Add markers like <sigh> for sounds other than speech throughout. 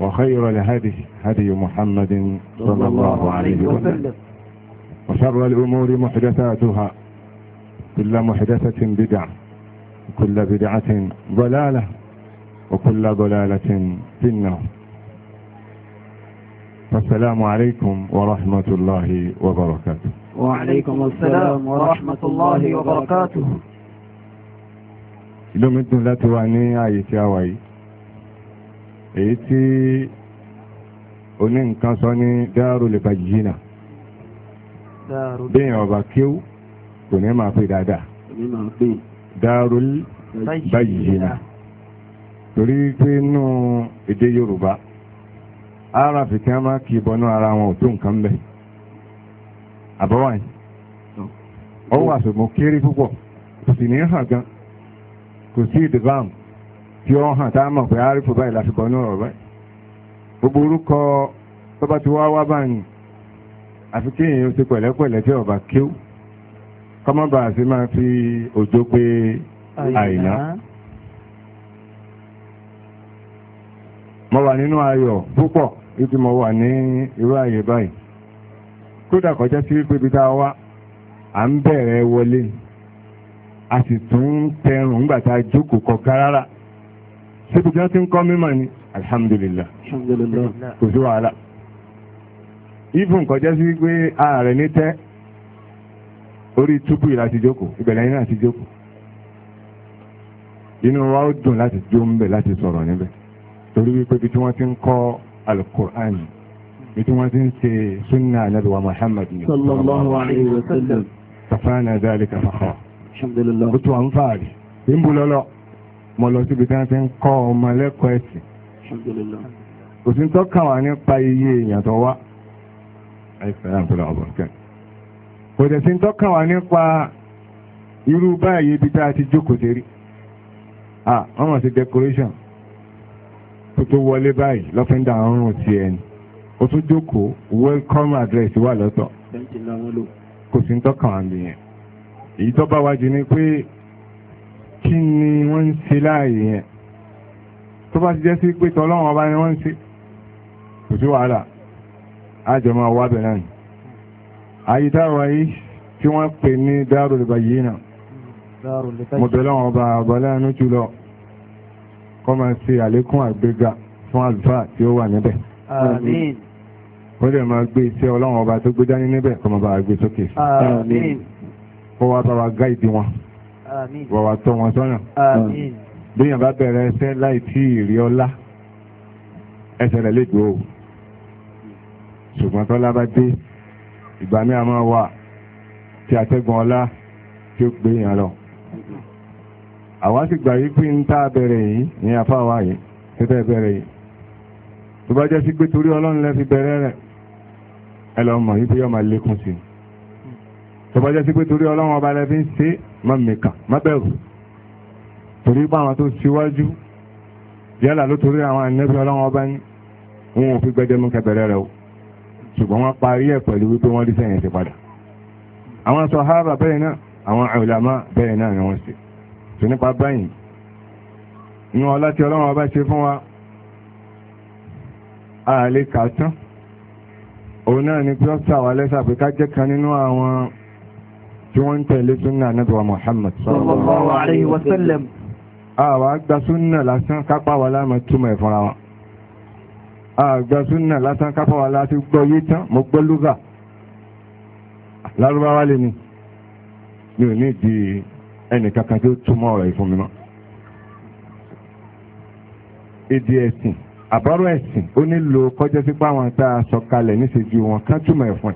وخير الهدي هدي محمد صلى الله عليه وسلم وشر الأمور محدثاتها كل محدثة بدعة كل بدعة ضلالة وكل ضلالة في النار فالسلام عليكم ورحمة الله وبركاته وعليكم السلام ورحمة الله وبركاته لم يدن لا تواني أي آوائي èyí tí oní nǹkan sọ ní dáàrú lè fàjìjìnà bí èèyàn ọba kíw kò ní máa pè dáadáa dáàrú fàjìjìnà torí pé nínú èdè Yorùbá ara fìkẹ́ máa kì í bọnú ara wọn ò tó nǹkan bẹ́ẹ̀ àbọ̀wá yìí ọwọ́ àṣùgbọ́n kéré púpọ̀ kò sì ní hàn gan kò sí ìdìbàmù. tí ó hàn tá a mọ̀ pé àrífò báyìí láti bọ̀ ní ọ̀rọ̀ báyìí gbogbo orúkọ bọ́bá ti wá wá báyìí àfi kéèyàn ó ti pẹ̀lẹ́pẹ̀lẹ́ tí ọba kéw kọ́mọ́bà máa fi òjò pé àìná. mo wà nínú ayọ̀ púpọ̀ ibi mo wà ní irú àyè báyìí kódà kọjá sí ibi tá à ń bẹ̀rẹ̀ wọlé a sì tún tẹrùn nígbà tá a síbi tí wọ́n ti ń kọ́ mímọ̀ ni alhamdulillah kò sí wàhálà ìfún kọjá sí pé ààrẹ ní tẹ́ orí túbú ìlà ti jókòó ìbẹ̀lẹ̀ yín láti jókòó inú wa ó dùn láti jó ń bẹ̀ láti sọ̀rọ̀ níbẹ̀ torí wípé bí tí wọ́n ti ń kọ́ alukur'an bí tí wọ́n ti ń ṣe sunna anabi wa muhammad ni. sallallahu alayhi wa sallam. kafana dhalika fakhra. alhamdulillah. o tún wà ń fààrí. ń bu lọ́lọ́ mo lọ síbi tí wọ́n ti ń kọ́ ọmọ lẹ́kọ̀ọ́ ẹ̀sìn kò sí wá nípa iye èèyàn tó wá kò dẹ̀ sí tó kàn wá nípa irú báyìí ibi tá a ti jókòó sí rí ah wọ́n mọ̀ sí decoration tó tó wọlé báyìí lọ́fíńdà ọ̀run ti ẹni ó tún jókòó welcome address wà lọ́tọ̀ kò sí tó kàn wá nìyẹn èyí tó bá wájú ni pé kí ni wọ́n ń ṣe láàyè yẹn tó bá ti jẹ́ sí pé tọ́lọ́wọ́n ọba ni wọ́n ń ṣe kò sí wàhálà àjọmọ́ wa bẹ̀rẹ̀ ni àyè táwọn yìí tí wọ́n pè ní dárò lè bá yìí náà mo bẹ̀rẹ̀ wọn ọba àbálẹ́nu jùlọ kọ́ máa ṣe àlékún àgbéga fún àlùfáà tí ó wà níbẹ̀ àmín ó lè máa gbé iṣẹ́ ọlọ́run ọba tó gbé dání níbẹ̀ kọ́ máa bá gbé sókè kó wá bá wa gáìdì wọn wọ̀wà tó wọn sọ́nà bíyàn bá bẹ̀rẹ̀ ẹsẹ̀ láì tí ìrí ọlá ẹsẹ̀ rẹ̀ lè gbòó ṣùgbọ́n tọ́lá bá dé ìgbà mi àmọ́ wà tí atẹ́gùn ọlá tí ó gbé yàn lọ àwa sì gbà yí pé ń tá bẹ̀rẹ̀ yìí ní afá wa yìí tẹ́tẹ́ bẹ̀rẹ̀ yìí tó bá jẹ́ sí pé torí ọlọ́run lẹ́ fi bẹ̀rẹ̀ rẹ̀ ẹ lọ mọ̀ yí pé yọ máa lékún sí tó bá jẹ́ sí pé torí ọlọ́run ọba lẹ́ fi ń ṣe é má mẹ́kà má bẹ̀rù torí bá àwọn tó síwájú yálà ló torí àwọn ànẹ́bí ọlọ́wọ́n bá ní wọn ò fi gbẹdẹmú kẹbẹrẹ rẹ o ṣùgbọ́n wọ́n parí ẹ̀ pẹ̀lú wípé wọ́n rí sẹ́yìn sí padà àwọn sàhábà bẹ́ẹ̀ náà àwọn ulama bẹ́ẹ̀ náà ni wọ́n ṣe tó nípa báyìí inú ọlá tí ọlọ́wọ́n bá ṣe fún wa àlè kà òun náà ni pé ó sàwálẹ́sà pé ká jẹ́ kan nínú àwọn tí wọ́n ń tẹ̀lé súnà Ànábì wa Muhammad sallallahu alayhi wa sallam àwa gba súnà lásán kápá wa láàmà túmọ̀ ẹ̀ fúnra wa àgbà súnà lásán kápá wa láti gbọ́ yé tán mo gbọ́ lúgà lárúbáwá lè ní mi ò ní di ẹnì kankan tó túmọ̀ ọ̀rọ̀ ìfún mi mọ́ ìdí ẹ̀sìn àbárò ẹ̀sìn ó nílò kọjá sí àwọn tá a sọ kalẹ̀ níṣẹ́jú wọn ká túmọ̀ ẹ̀ fún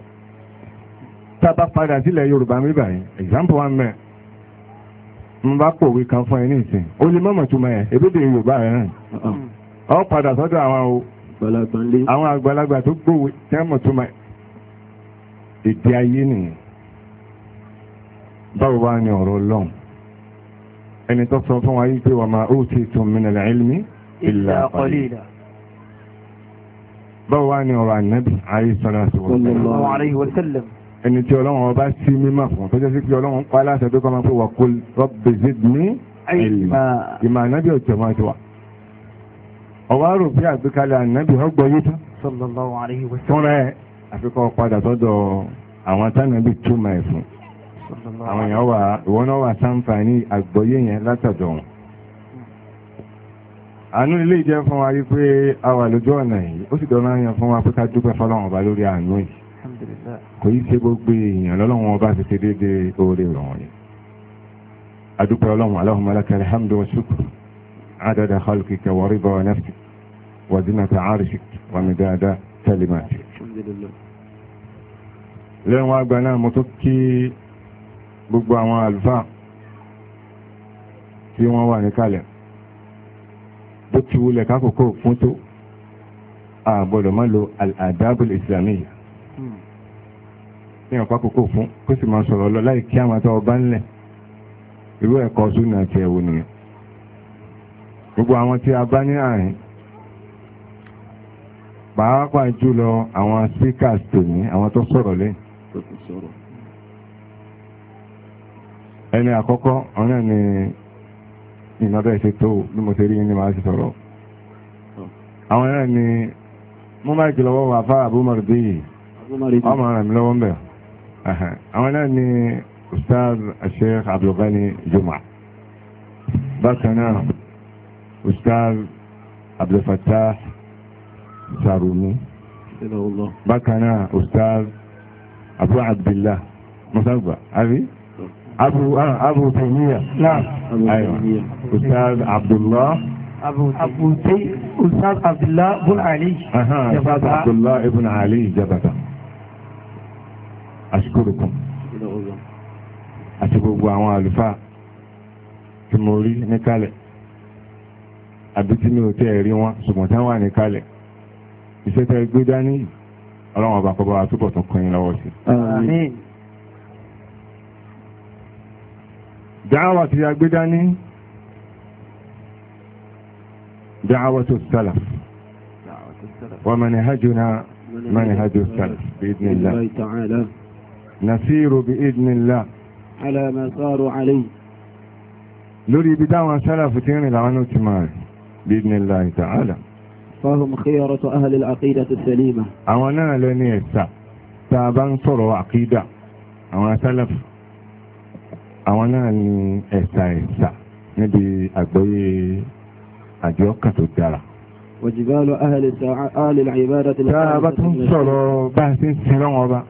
tábà padà sílẹ̀ yorùbá mi báyìí example wa mẹ́ n bá pòwe kan fún ẹ ní ìsìn o lè mọ̀mọ̀ tó mọ̀ ẹ́ ebédè yorùbá rẹ̀ náà ọ padà sọ́dọ̀ àwọn o àwọn àgbàlagbà tó gbòwe tẹ́mọ̀ tó mọ̀ èdè ayé nìyẹn báwo wá ní ọ̀rọ̀ ọlọ́run ẹni tó sọ fún wa yìí pé wà máa ó ti tún minal ilmi illa qalila báwo wá ní ọ̀rọ̀ ànábì alayhi salatu wa sallam ẹni tí ọlọ́wọ́n bá sí mímọ̀ fún tó jẹ́ sí pé ọlọ́wọ́n pa aláṣẹ tó kọ́ máa pé wà kó rabbi zidni ilma ìmọ̀ ànábì òjò máa ti wà. ọ̀wá rò pé àgbékalẹ̀ ànábì ọgbọ̀ yìí tán. sallallahu alaihi wasallam. fúnra ẹ àfikọ́ padà sọ́dọ̀ àwọn tánàbì túmọ̀ ẹ̀ fún. àwọn èèyàn wà ìwọ náà wà sáǹfààní àgbọ̀yé yẹn látọ̀dọ̀ wọn. àánú ilé ìjẹ́ fún wa yí pé a wà lójú ọ̀nà yìí ó sì dọ́nà yẹn fún wa pé ká dúpẹ́ fọlọ́run ọba lórí àánú yìí kò yí ṣe gbogbo èèyàn lọ́lọ́run ọba ti ṣe déédéé oore rẹ̀ wọ̀nyí. adúpẹ́ ọlọ́run Allahumma lakal hamdu wa shukru adada khalqika wa rida nafsik wa zinata arshik wa midada kalimatik. lẹ́yìn wá gba náà mo tún kí gbogbo àwọn àlùfáà tí wọ́n wà níkàlẹ̀ bó ti wulẹ̀ kákòókò fún tó àgbọ̀dọ̀ má lo al-adabul islamiyya ní ọ̀pá kòkó fún kó sì máa sọ̀rọ̀ lọ láì kí àwọn tó ọba ńlẹ̀ irú ẹ̀kọ́ súnà àti ẹ̀wò nìyẹn gbogbo àwọn tí a bá ní àárín pàápàá jùlọ àwọn speakers tòní àwọn tó sọ̀rọ̀ lẹ́yìn ẹni àkọ́kọ́ ọ̀nà ni ìnàbẹ̀ ṣe tó bí mo ṣe rí ní màá ṣe sọ̀rọ̀ àwọn ẹ̀rẹ́ ni mo máa kìlọ̀ wọ́wọ́ àfáà abúmọ̀rẹ̀ bí yìí ọmọ rẹ̀ mi lọ́wọ́ ń bẹ̀rẹ̀ àwọn náà ni ustaz sheikh abdulgani juma bákan náà ustaz abdulfatah sarumi bákan náà ustaz abu abdullah musagba abi abu ah, abu taymiya naam ayo ustaz abdullah abu abu tay ustaz abdullah ibn ali jabata abdullah ibn ali jabata àṣìkòròkùn àti gbogbo àwọn àlùfáà tí mo rí níkàlẹ̀ àbí tí mi ò tẹ́ rí wọn ṣùgbọ́n tí wọ́n wà níkàlẹ̀ iṣẹ́ tẹ́ gbé dání ọlọ́run ọba kọba àtúbọ̀ tó kàn yín lọ́wọ́ sí. dáhàwá tí a gbé dání dáhàwá tó sálà wọ́n mẹ́ni hajjuna mẹ́ni hajjuna bí idinilá. نسير بإذن الله على ما صار عليه لوري بدعوة سلفتين العنو تمار بإذن الله تعالى فهم خيرة أهل العقيدة السليمة أولا لن يسا تابان صروا عقيدة أولا سلف أولا لن يسا يسا نبي أقوي أجوكة الدرع وجبال أهل, السع... أهل العبادة تابان صروا بحث سلام وبحث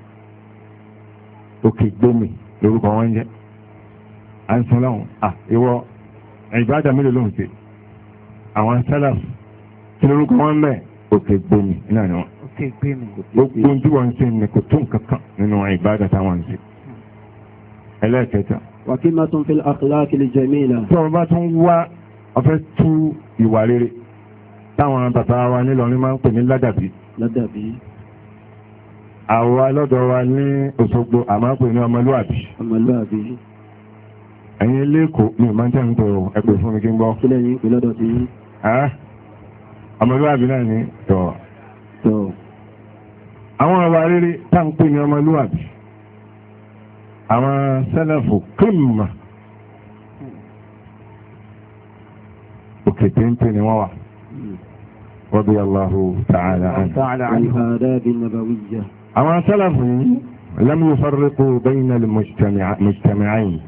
òkè gbómi lórúkọ wọn ń jẹ́ à ń sọ láwọn à ìwọ ìbáàdà mélòó ló ń ṣe àwọn sálàf kí lórúkọ wọn bẹ òkè gbómi náà ni wọn. òkè gbómi. gbogbo tí wọn ń ṣe ni kò tó nǹkan kan nínú ìbáàdà táwọn ń ṣe. ẹlẹ́ẹ̀kẹta. wàkí máa tún fi akhlaq al-jamila. tí wọn bá tún wá ọfẹ tú ìwà rere táwọn bàbá wa nílọrin máa ń pè ní ládàbí. ládàbí àwa lọ́dọ̀ wa ní Òṣogbo àmápè ní ọmọlúwàbí ẹ̀yin lẹ́kọ̀ọ́ ní ìmọ̀ntẹ́ ń pè ọ́ ẹ pè fún mi kí n gbọ́. kílẹ̀ yín pè lọ́dọ̀ sí yín. ọmọlúwàbí náà ní tọ̀. àwọn ọba rere tá ní ọmọlúwàbí àwọn sẹ́lẹ̀fù kìmà òkè téńté ni wọ́n wà. رضي الله تعالى عنه. وتعالى عن الآداب النبوية àwọn sálàfù yìí lam yufarriqu bayna al-mujtami'ayn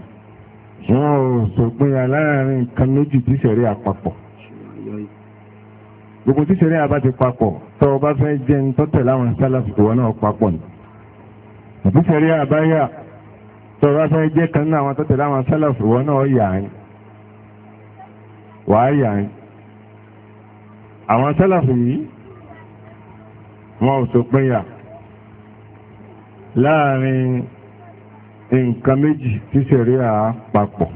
wọn ò sòpin aláàárín nǹkan méjì tí sẹ̀rí àpapọ̀ gbogbo tí sẹ̀rí àbá ti papọ̀ tó o bá fẹ́ jẹ́ ń tọ́tẹ̀ láwọn sálàfù ìwọ náà papọ̀ ni àti sẹ̀rí àbá yà tó o bá fẹ́ jẹ́ kan náà àwọn tọ́tẹ̀ láwọn sálàfù ìwọ náà yà á wàá yà á àwọn sálàfù yìí wọn ò sòpin yà láàrin nǹkan méjì tí sẹ̀rí à papọ̀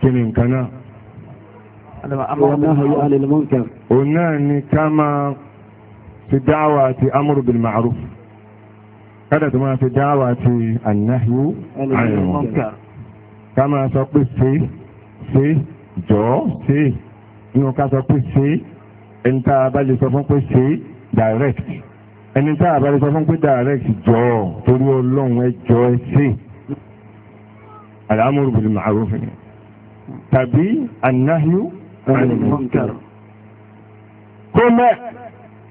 kí ni nǹkan náà òun náà ni ká máa fi dáwà ti amúrù bil ma'ruf kada tó máa fi dáwà ti annahyu anil munkar ká máa sọ pé ṣe ṣe jọ ṣe inú ká sọ pé ṣe ẹni tá bá lè sọ fún pé ṣe direct ẹni tá a bá lè sọ fún pé direct jọ ọ torí ọlọ́run ẹ jọ ẹ sí àlámúrú bìlì màrú fún mi tàbí anáhíu àlùmọ́ńkàrọ̀ kó mẹ́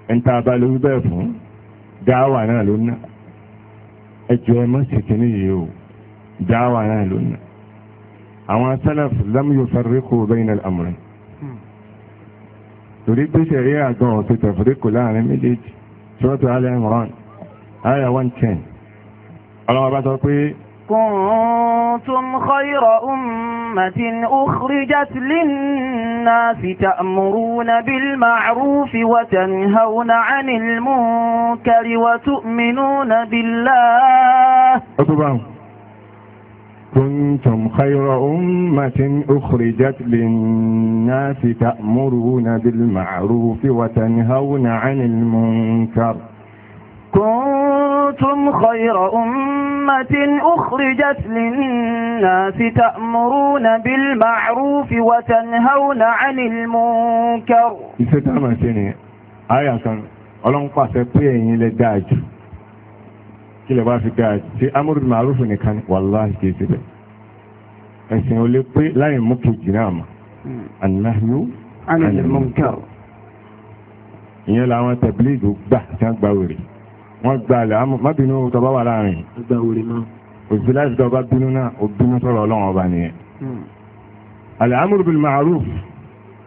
ẹni tá a bá lè wí bẹ́ẹ̀ fún dáwà náà ló ná ẹ jọ ẹ mọ́ o dáwà náà ló àwọn sálàf lámú yóò bẹ́yìn náà amúrẹ́ torí gbèsè rí àgbọn ọ̀sẹ̀ tẹ̀fọ́dé kò láàrin méjèèjì. Suratu Ali Imran aya 110 ọlọ́wọ́ bá sọ pé كنتم خير أمة أخرجت للناس تأمرون بالمعروف وتنهون عن المنكر وتؤمنون بالله كنتم خير أمة أخرجت للناس تأمرون بالمعروف وتنهون عن المنكر كنتم خير أمة أخرجت للناس تأمرون بالمعروف وتنهون عن المنكر. ìṣètò àmàṣe ni àyà kan ọlọ́run pàṣẹ tílẹ̀ bá fi dáa tí amúrú màrúfù nìkan wàláhì kìí ṣe bẹ́ẹ̀ ẹ̀sìn ò lè pé láì mú kejì náà mọ̀ ànáhìú ànàmọ́nkẹ́rù ìyẹn làwọn tẹ̀blíìgì gbà tí wọ́n gba wèrè wọ́n gba àlẹ́ má bínú tọ́ bá wà láàrin òsì láti tọ́ bá bínú náà ó bínú sọ̀rọ̀ ọlọ́run ọba nìyẹn àlẹ́ hmm. amúrú bìlì màrúfù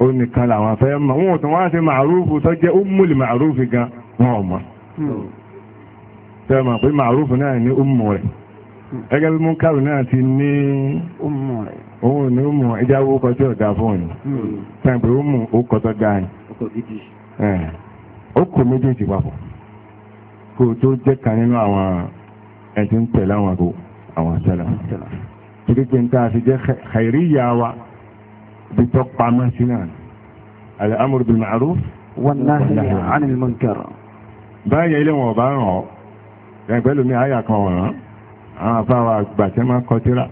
ó nìkan làwọn afẹ́ mọ̀ wọn ò tún wá ṣe màrúfù tó jẹ́ ó múlì màrúfù gan wọn ò mọ̀. Hmm tẹ́mà pé màrúfù náà ní ọmọ rẹ̀ ẹgẹ́ bí múnkàrù náà ti ní ọmọ rẹ̀ òun ní ọmọ ẹjá ókọ tí ọ̀dá fóònù tẹ́mà pé ọmọ ókọ tó dáa ni ó kò méjèèjì papọ̀ kó tó jẹ́ kan nínú àwọn ẹ̀tí ń tẹ̀lé àwọn àgbo àwọn sẹ́lẹ̀ torí pé n ta fi jẹ́ xayiriya wa bí tọ́ pamọ́ sí náà al-amru bil ma'ruf wan nahy anil munkar báyìí ilé wọn bá rán ọ ẹgbẹ́ lómi àyà kan ọ̀ràn àwọn afáwà àgbàtẹ́ máa kọ tíra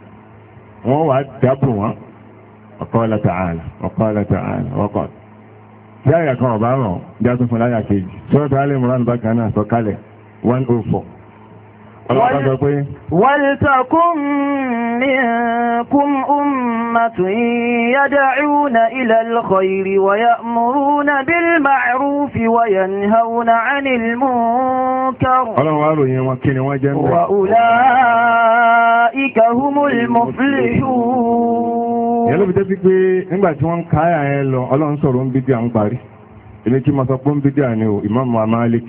wọ́n wà dábò wọn ọ̀kọ́lá tààlà ọ̀kọ́lá tààlà ọkọ̀ tí àyà kan ọ̀bá rọ̀ jásùn fún láyà kejì sọ́ọ̀tà alẹ́ mọ́rán bákan one sọ̀kalẹ̀ oh four. ولتكن منكم أمة يدعون إلى الخير ويأمرون بالمعروف وينهون عن المنكر وأولئك هم المفلحون yẹ́lò bí tẹ́sí pé nígbàtí wọ́n ń káyà ẹ lọ ọlọ́run sọ̀rọ̀ ń bídí à ń parí ilé kí ma sọ pé ń bídí à ní o Imam Malik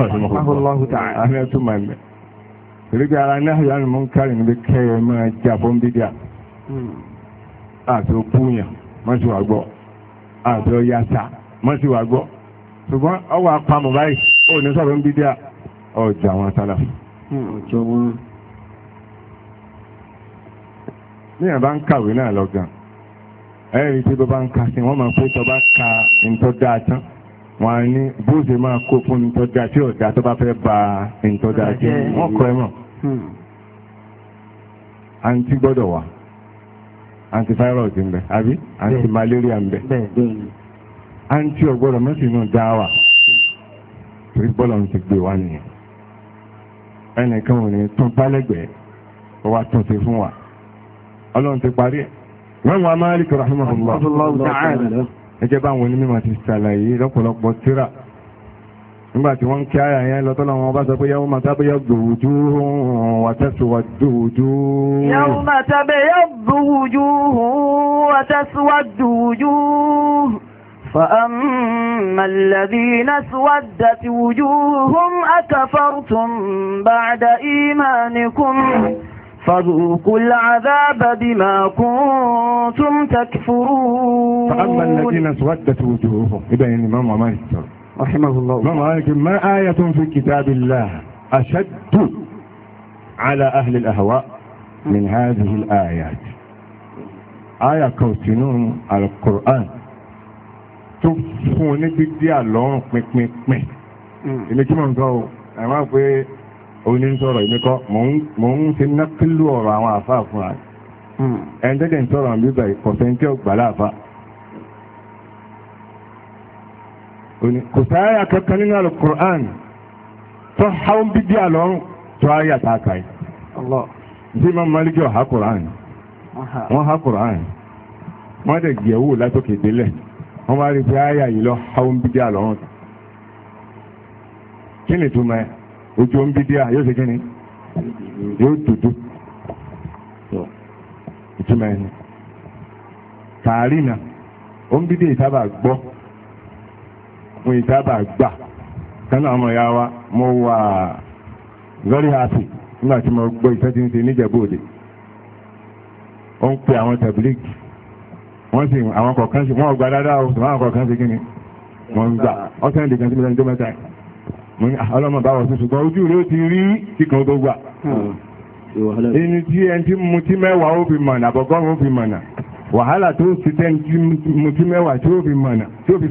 rahimahullah àmì ẹ̀tún màmí torípé ara náà yánu mú ń kárì níbi kẹyọ máa jà fún bídíà hmm. àti òpúyàn mọ́sí wà gbọ́ àti ọyàtà mọ́sí wà gbọ́ ṣùgbọ́n ọwọ́ apamọ̀ báyìí ó ní sọ̀rọ̀ ń bídíà ọjà àwọn sálà. Hmm, níyàn bá ń kàwé náà lọ gan ẹ̀rí tí bó bá ń ka sí wọ́n máa pé tó bá ka ntọ́ dáa tán wọ́n á ní bó ṣe máa kó fún ntọ́ dáa tí ọ̀dà tó bá fẹ́ ba ntọ́ dáa jẹ́ wọ́n kọ́ ẹ mọ̀. anti hmm. gbọ́dọ̀ wa antivirus ń bẹ àbí anti malaria anti ọgbọdọ mẹsìnú dáwà torí bọlọ ti gbé wa nìyẹn ẹnìkan ò ní tún pálẹgbẹẹ ó wá tún ṣe fún wa ti parí ẹ mẹwọn amáyálì kọrọ àhùnmáhùnmá ẹjẹ báwọn onímọ̀ ti ṣàlàyé lọ́pọ̀lọpọ̀ tíra. nígbàtí wọ́n ń kí àyà yẹn lọ́tọ́lọ́ wọn bá sọ pé yawma tabyaddu wujuhun wa taswaddu wujuhun. yawma tabyaddu wujuhun wa taswaddu wujuhun. فأما الذين اسودت وجوههم أكفرتم بعد إيمانكم فذوقوا العذاب بما كنتم تكفرون فأما الذين اسودت وجوههم إذا الإمام مالك rahimahullah mọ́mọ́ ayé kí máa ayé tó ń fi kitabillah ashaddu ala ahli al-ahwa min hadhihi al-ayat ayà kan sínú al-Qur'an tó fún ní dídí àlọ́run pínpínpín hmm. èmi kí mọ̀ nǹkan o ẹ̀ máa pé oní ń sọ̀rọ̀ èmi kọ́ mò ń fi nákìlú ọ̀rọ̀ àwọn àfáà fúnra ẹ̀ ń tẹ́jẹ̀ ń sọ̀rọ̀ àbí ìgbà ìkọ̀sẹ̀ ń tẹ́ ògbà láàfáà kò sáyà kankan nínú alukur'an tó háwọn bíbí àlọ́run tó ayà tá a kà yìí ṣé máa Málíkì ọ̀há kur'an wọ́n há kur'an wọ́n dẹ̀ gbẹ̀wò látòkè délẹ̀ wọ́n bá rí pé ayà yìí lọ háwọn bíbí àlọ́run kí ni túmọ̀ ojú ń wọn ìtàbà gbà kánà ọmọ ya wa mo wà very happy nígbà tí mo gbọ́ ìtọ́jú ní ti níjẹ̀bú òde ó gba o àwọn kọ̀ọ̀kan sí kíni ń gbà mẹ́ta mo ní ah, ọlọ́mọ bá sí ṣùgbọ́n ojú rẹ̀ ó ti rí tó gbà tí ẹni tí mẹ́wàá ó fi mọ̀nà ó fi wàhálà tó ti tẹ́ ẹni tí mẹ́wàá tí ó fi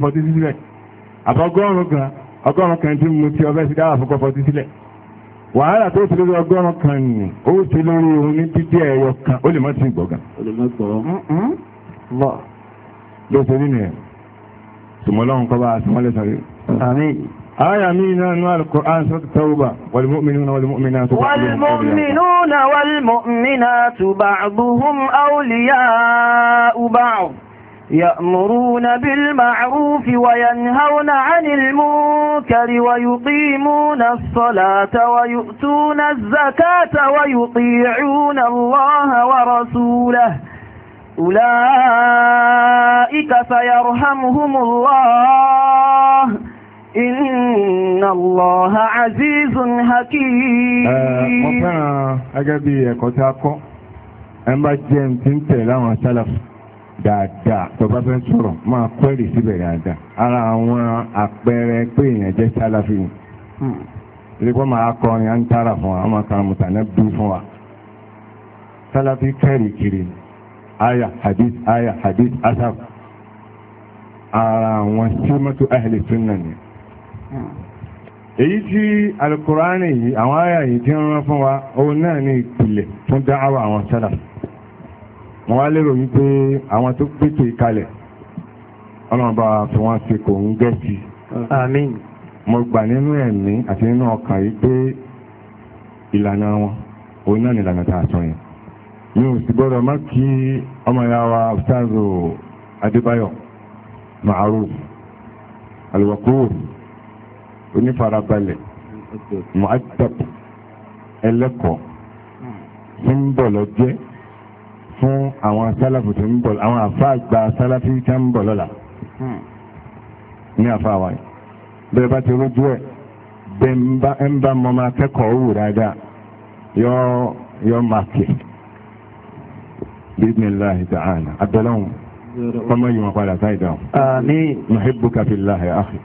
àbọ̀gọ́rùn kan ọgọ́rùn kan tí mo ti ọbẹ̀ sí dáwà fún kọfọ́ ti sílẹ̀ wàhálà tó ti lórí ọgọ́rùn kan nì ó ti lórí òun ní dídí ẹ̀yọ kan ó lè má ti gbọ̀gàn. ó lè والمؤمنون والمؤمنات بعضهم أولياء بعض يأمرون بالمعروف وينهون عن المنكر ويقيمون الصلاة ويؤتون الزكاة ويطيعون الله ورسوله أولئك سيرحمهم الله إن الله عزيز حكيم آه، dáadáa tó bá fẹ́ sọ̀rọ̀ máa kwẹ́rì síbẹ̀ ara àwọn àpẹẹrẹ pé èèyàn jẹ́ sálàfì ìrìkọ́ hmm. máa kọrin à ń tààrà fún wa àwọn kan mùtànà bí fún wa kẹ́rì kiri aya hadith aya hadith asaf ara àwọn símọ́tò ahli sunna ni hmm. èyí tí alukurani yìí àwọn aya yìí ti ń rán fún wa òun náà ní ìpìlẹ̀ fún dáhàwá àwọn wọ́n wá lérò wípé àwọn tó pètò ìkalẹ̀ ọlọ́ọ̀bá fi wọ́n ti kò ń gẹ́sì àmín mo gbà nínú ẹ̀mí àti nínú ọkàn yìí pé ìlànà wọn òun náà ni ìlànà tá a sọ yẹn mi ò sì gbọ́dọ̀ má kí ọmọ ìyá fún àwọn sálàfù tó ń bọ̀ àwọn àfáà gba sálàfù tó ń bọ̀ lọ́la hmm. ní àfáà wáyé bẹ́ẹ̀ bá ti rójú ẹ̀ bẹ́ẹ̀ ń bá mọ́ máa kẹ́kọ̀ọ́ wù dáadáa yọ yọ máa kẹ́ bisimilahi ta'ala abẹ́lẹ́wọ̀n kọ́mọ yìí wọn padà sáì dáhùn. àmín. nuhibbuka fillahi akhi.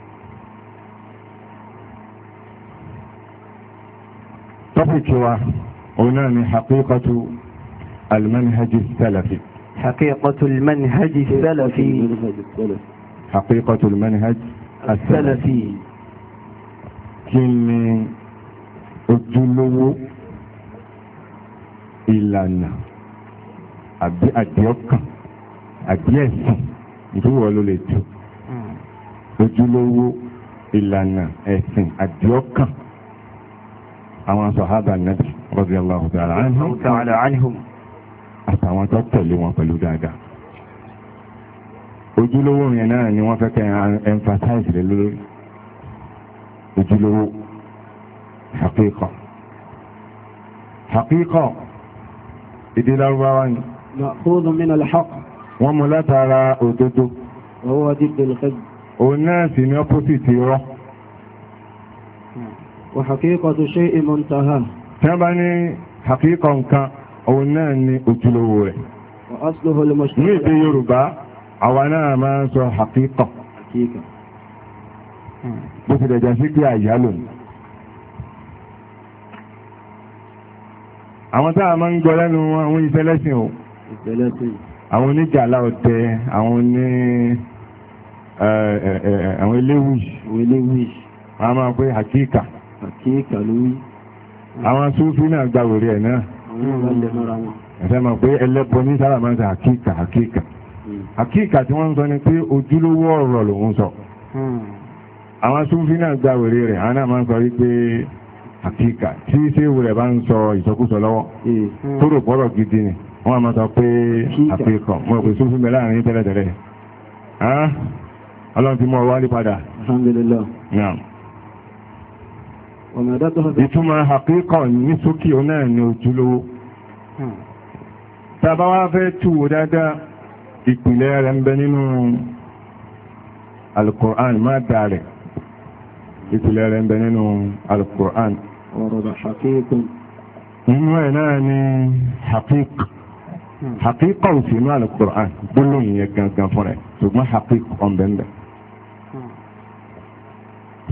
tọ́pìkì wa òun náà ni haqiqatu. المنهج السلفي حقيقة المنهج السلفي حقيقة المنهج السلفي كن الجلو إلا أن أبي أديوك أديس نتوه ولو ليتو الجلو إلا أن أسن أديوك أما صحابة النبي رضي الله تعالى عنهم رضي الله تعالى عنهم àtàwọn tó tẹ̀lé wọn pẹ̀lú dáadáa ojúlówó yẹn náà ni wọ́n fẹ́ kẹ́ emphasize lé lórí ojúlówó hakíkọ hakíkọ èdè lárúbáwá ni. nàkúrò mi nà lẹ́xọ́k. wọ́n mú látara òdodo. owó wa dídò lẹ́kẹ́. òun náà sì ní opposite rọ. wà hakíkọ tó ṣe ìmọ̀ ntàhà. tí bá ní hakíkọ nǹkan òun náà ni ojúlówó rẹ̀. ní èdè yorùbá àwa náà máa ń sọ àkíkà bó ti dẹ̀jà sí pé àyálò ni. àwọn táà máa ń gbọ́ lẹ́nu àwọn ìfẹ́lẹ́sìn o àwọn oníjàlá ọ̀tẹ àwọn oní àwọn eléwì àwọn máa pé àkíkà àwọn súnfì náà gbàwèrè ẹ̀ náà ẹ̀fẹ́ mọ̀ pé ẹlẹ́bọ ní sára máa ń sọ àkíkà àkíkà hmm. àkíkà tí wọ́n ń sọ ni pé ojúlówó ọ̀rọ̀ lòun sọ hmm. àwọn súnfí náà gba wèrè rẹ̀ àwọn náà máa ń sọ wípé àkíkà tí séwù rẹ̀ bá ń sọ ìsọkúsọ lọ́wọ́ tó hmm. rò pọ́rọ̀ gidi ni wọ́n máa sọ pé àkíkà mo pè súnfí mi láàrin tẹ́lẹ̀tẹ́lẹ̀ ọlọ́run ti mú ọ wálé padà. alhamdulillah. ìtumọ̀ àkíkà ní sókè ọ náà ni ojúlówó tàbá wá fẹ́ túwò dáadáa ìpìlẹ̀ rẹ̀ ń bẹ nínú alukur'an má dáa rẹ̀ ìpìlẹ̀ rẹ̀ ń bẹ nínú alukur'an nínú ẹ̀ náà ni haqiq hmm. haqiqa òsì inú alukur'an gbólóhùn yẹn gangan fún rẹ̀ ṣùgbọ́n haqiq ọ̀nbẹ̀ńbẹ̀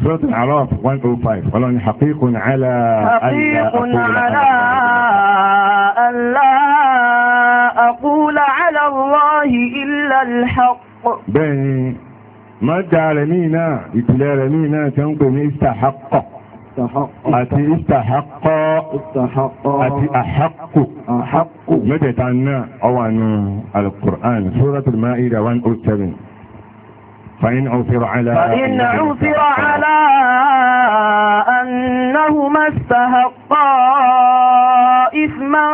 سورة الأعراف 105 ولن حقيق على حقيق على ألا أقول على الله إلا الحق بني مادة عالمينا إتلا عالمينا تنقل استحق أتي استحق استحق أتي أحق أحق متى عنا عن القرآن سورة المائدة 107 فإن عثر على فإن عثر على أنهما استحقا إثما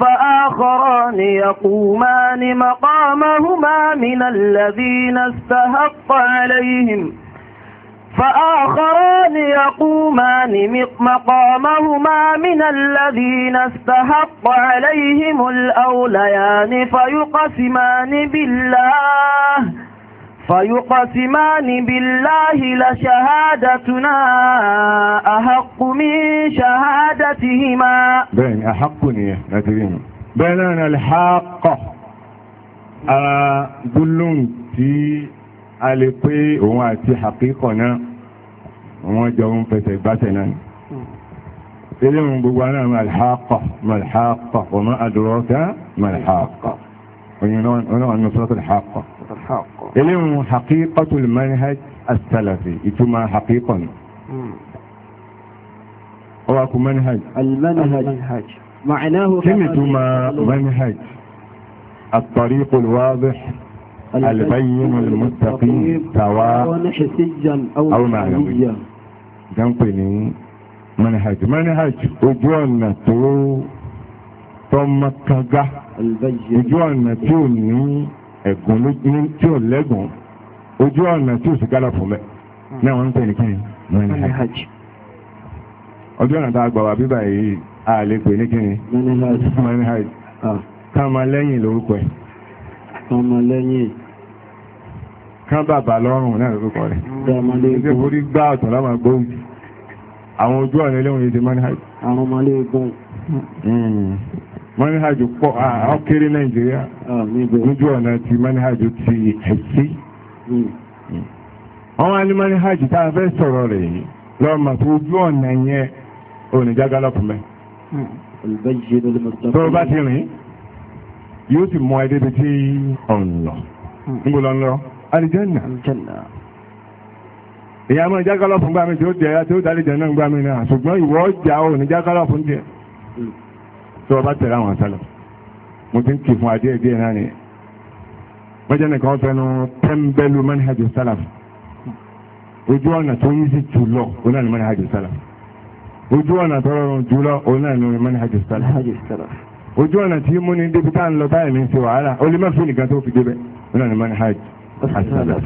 فآخران يقومان مقامهما من الذين استحق عليهم فآخران يقومان مقامهما من الذين استحق عليهم الأوليان فيقسمان بالله فيقسمان بالله لشهادتنا أحق من شهادتهما بين أحق نية نترين بيننا الحق أرى قلن تي ألقي وماتي حقيقنا ومجاهم فتبتنا إلهم بقوانا ما الحاقة ما الحاقة وما أدراك ما الحاقة ونحن نصرة الحاقة الحق حقيقة المنهج السلفي إتما حقيقة هو منهج المنهج المنهج معناه كلمة منهج الطريق الواضح البين المستقيم سواء حسيا أو, أو معنويا جنبني منهج منهج وجوانا تو ثم كجه وجوانا توني ẹ̀gùn lójú tí ò lẹ́gùn ojú ọ̀nà tí ò sì gálà fún mẹ́ náà wọ́n ń pè ní kíni mọ́ni hajj ojú ọ̀nà tá a gbà wá bíbà yìí a lè pè ní kíni ah. mọ́ni hajj kàmá lẹ́yìn lórúkọ ẹ̀ kàmá lẹ́yìn kán bàbà lọ́rùn náà lórúkọ rẹ̀ ṣe forí gbá ọ̀tọ̀ láwọn gbóòjì àwọn ojú ọ̀nà ilé wọn yìí ti mọ́ni hajj àwọn ọmọ ilé manhajù pọ̀ àkéré nàìjíríà lójú ọ̀nà ti manhajù ti ẹ̀sí àwọn á ní manhajù tá a fẹ́ sọ̀rọ̀ rẹ̀ yìí lọ́mà tó ojú ọ̀nà yẹn oníjágálọ́pù mẹ́ hmm. tó bá ti rìn yóò sì mọ ẹdẹ bí tí ọ̀nà hmm. níbo lọ́nà alìjẹ́nà ìyá mọ́ ìjágálọ́pù gbàmí tí ó jẹ́ tí ó dálé jẹ́ náà gbàmí náà ṣùgbọ́n ìwọ́ ọjà oníjágálọ́pù ń jẹ́ hmm tí wọ́n bá tẹ̀lé àwọn àtàlẹ̀ mo ti ń kì fún adé díẹ̀ náà ni bọ́jà nìkan fẹnu tẹ́ḿbẹ́lú manhajù sálàf ojú ọ̀nà tó yí sí jù lọ òun náà ni manhajù sálàf ojú ọ̀nà tó rọrùn jù lọ òun náà ni manhajù sálàf ojú ọ̀nà tí mú ní débi tá à ń lọ báyìí ní ṣe wàhálà ó lè má fi nìkan tó fi débẹ̀ òun náà ni manhajù sálàf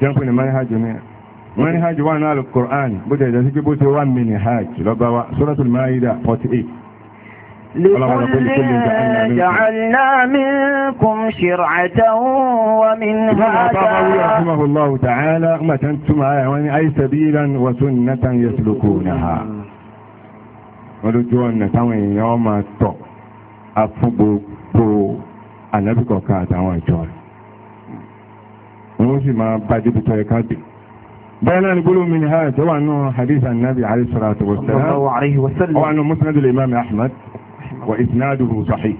jẹ́ ń pè ní ni manhajù wà ní alukur'an bó tẹ̀ jẹ́ sí pé bó ti wà mí ni hajj lọ́ba wa suratul maida 48 لكل جعلنا منكم شرعة ومنها رحمه الله تعالى ما تنتم أي سبيلا وسنة يسلكونها ولجوا أن táwọn يوم ọmọ أفبو بو ànábìkọ̀ọ́ká àtàwọn ìjọ rẹ̀ ونوشي ما بادي bá débi بينا نقول من هذا أنه حديث النبي عليه الصلاة والسلام وأنه مسند الإمام أحمد وإسناده صحيح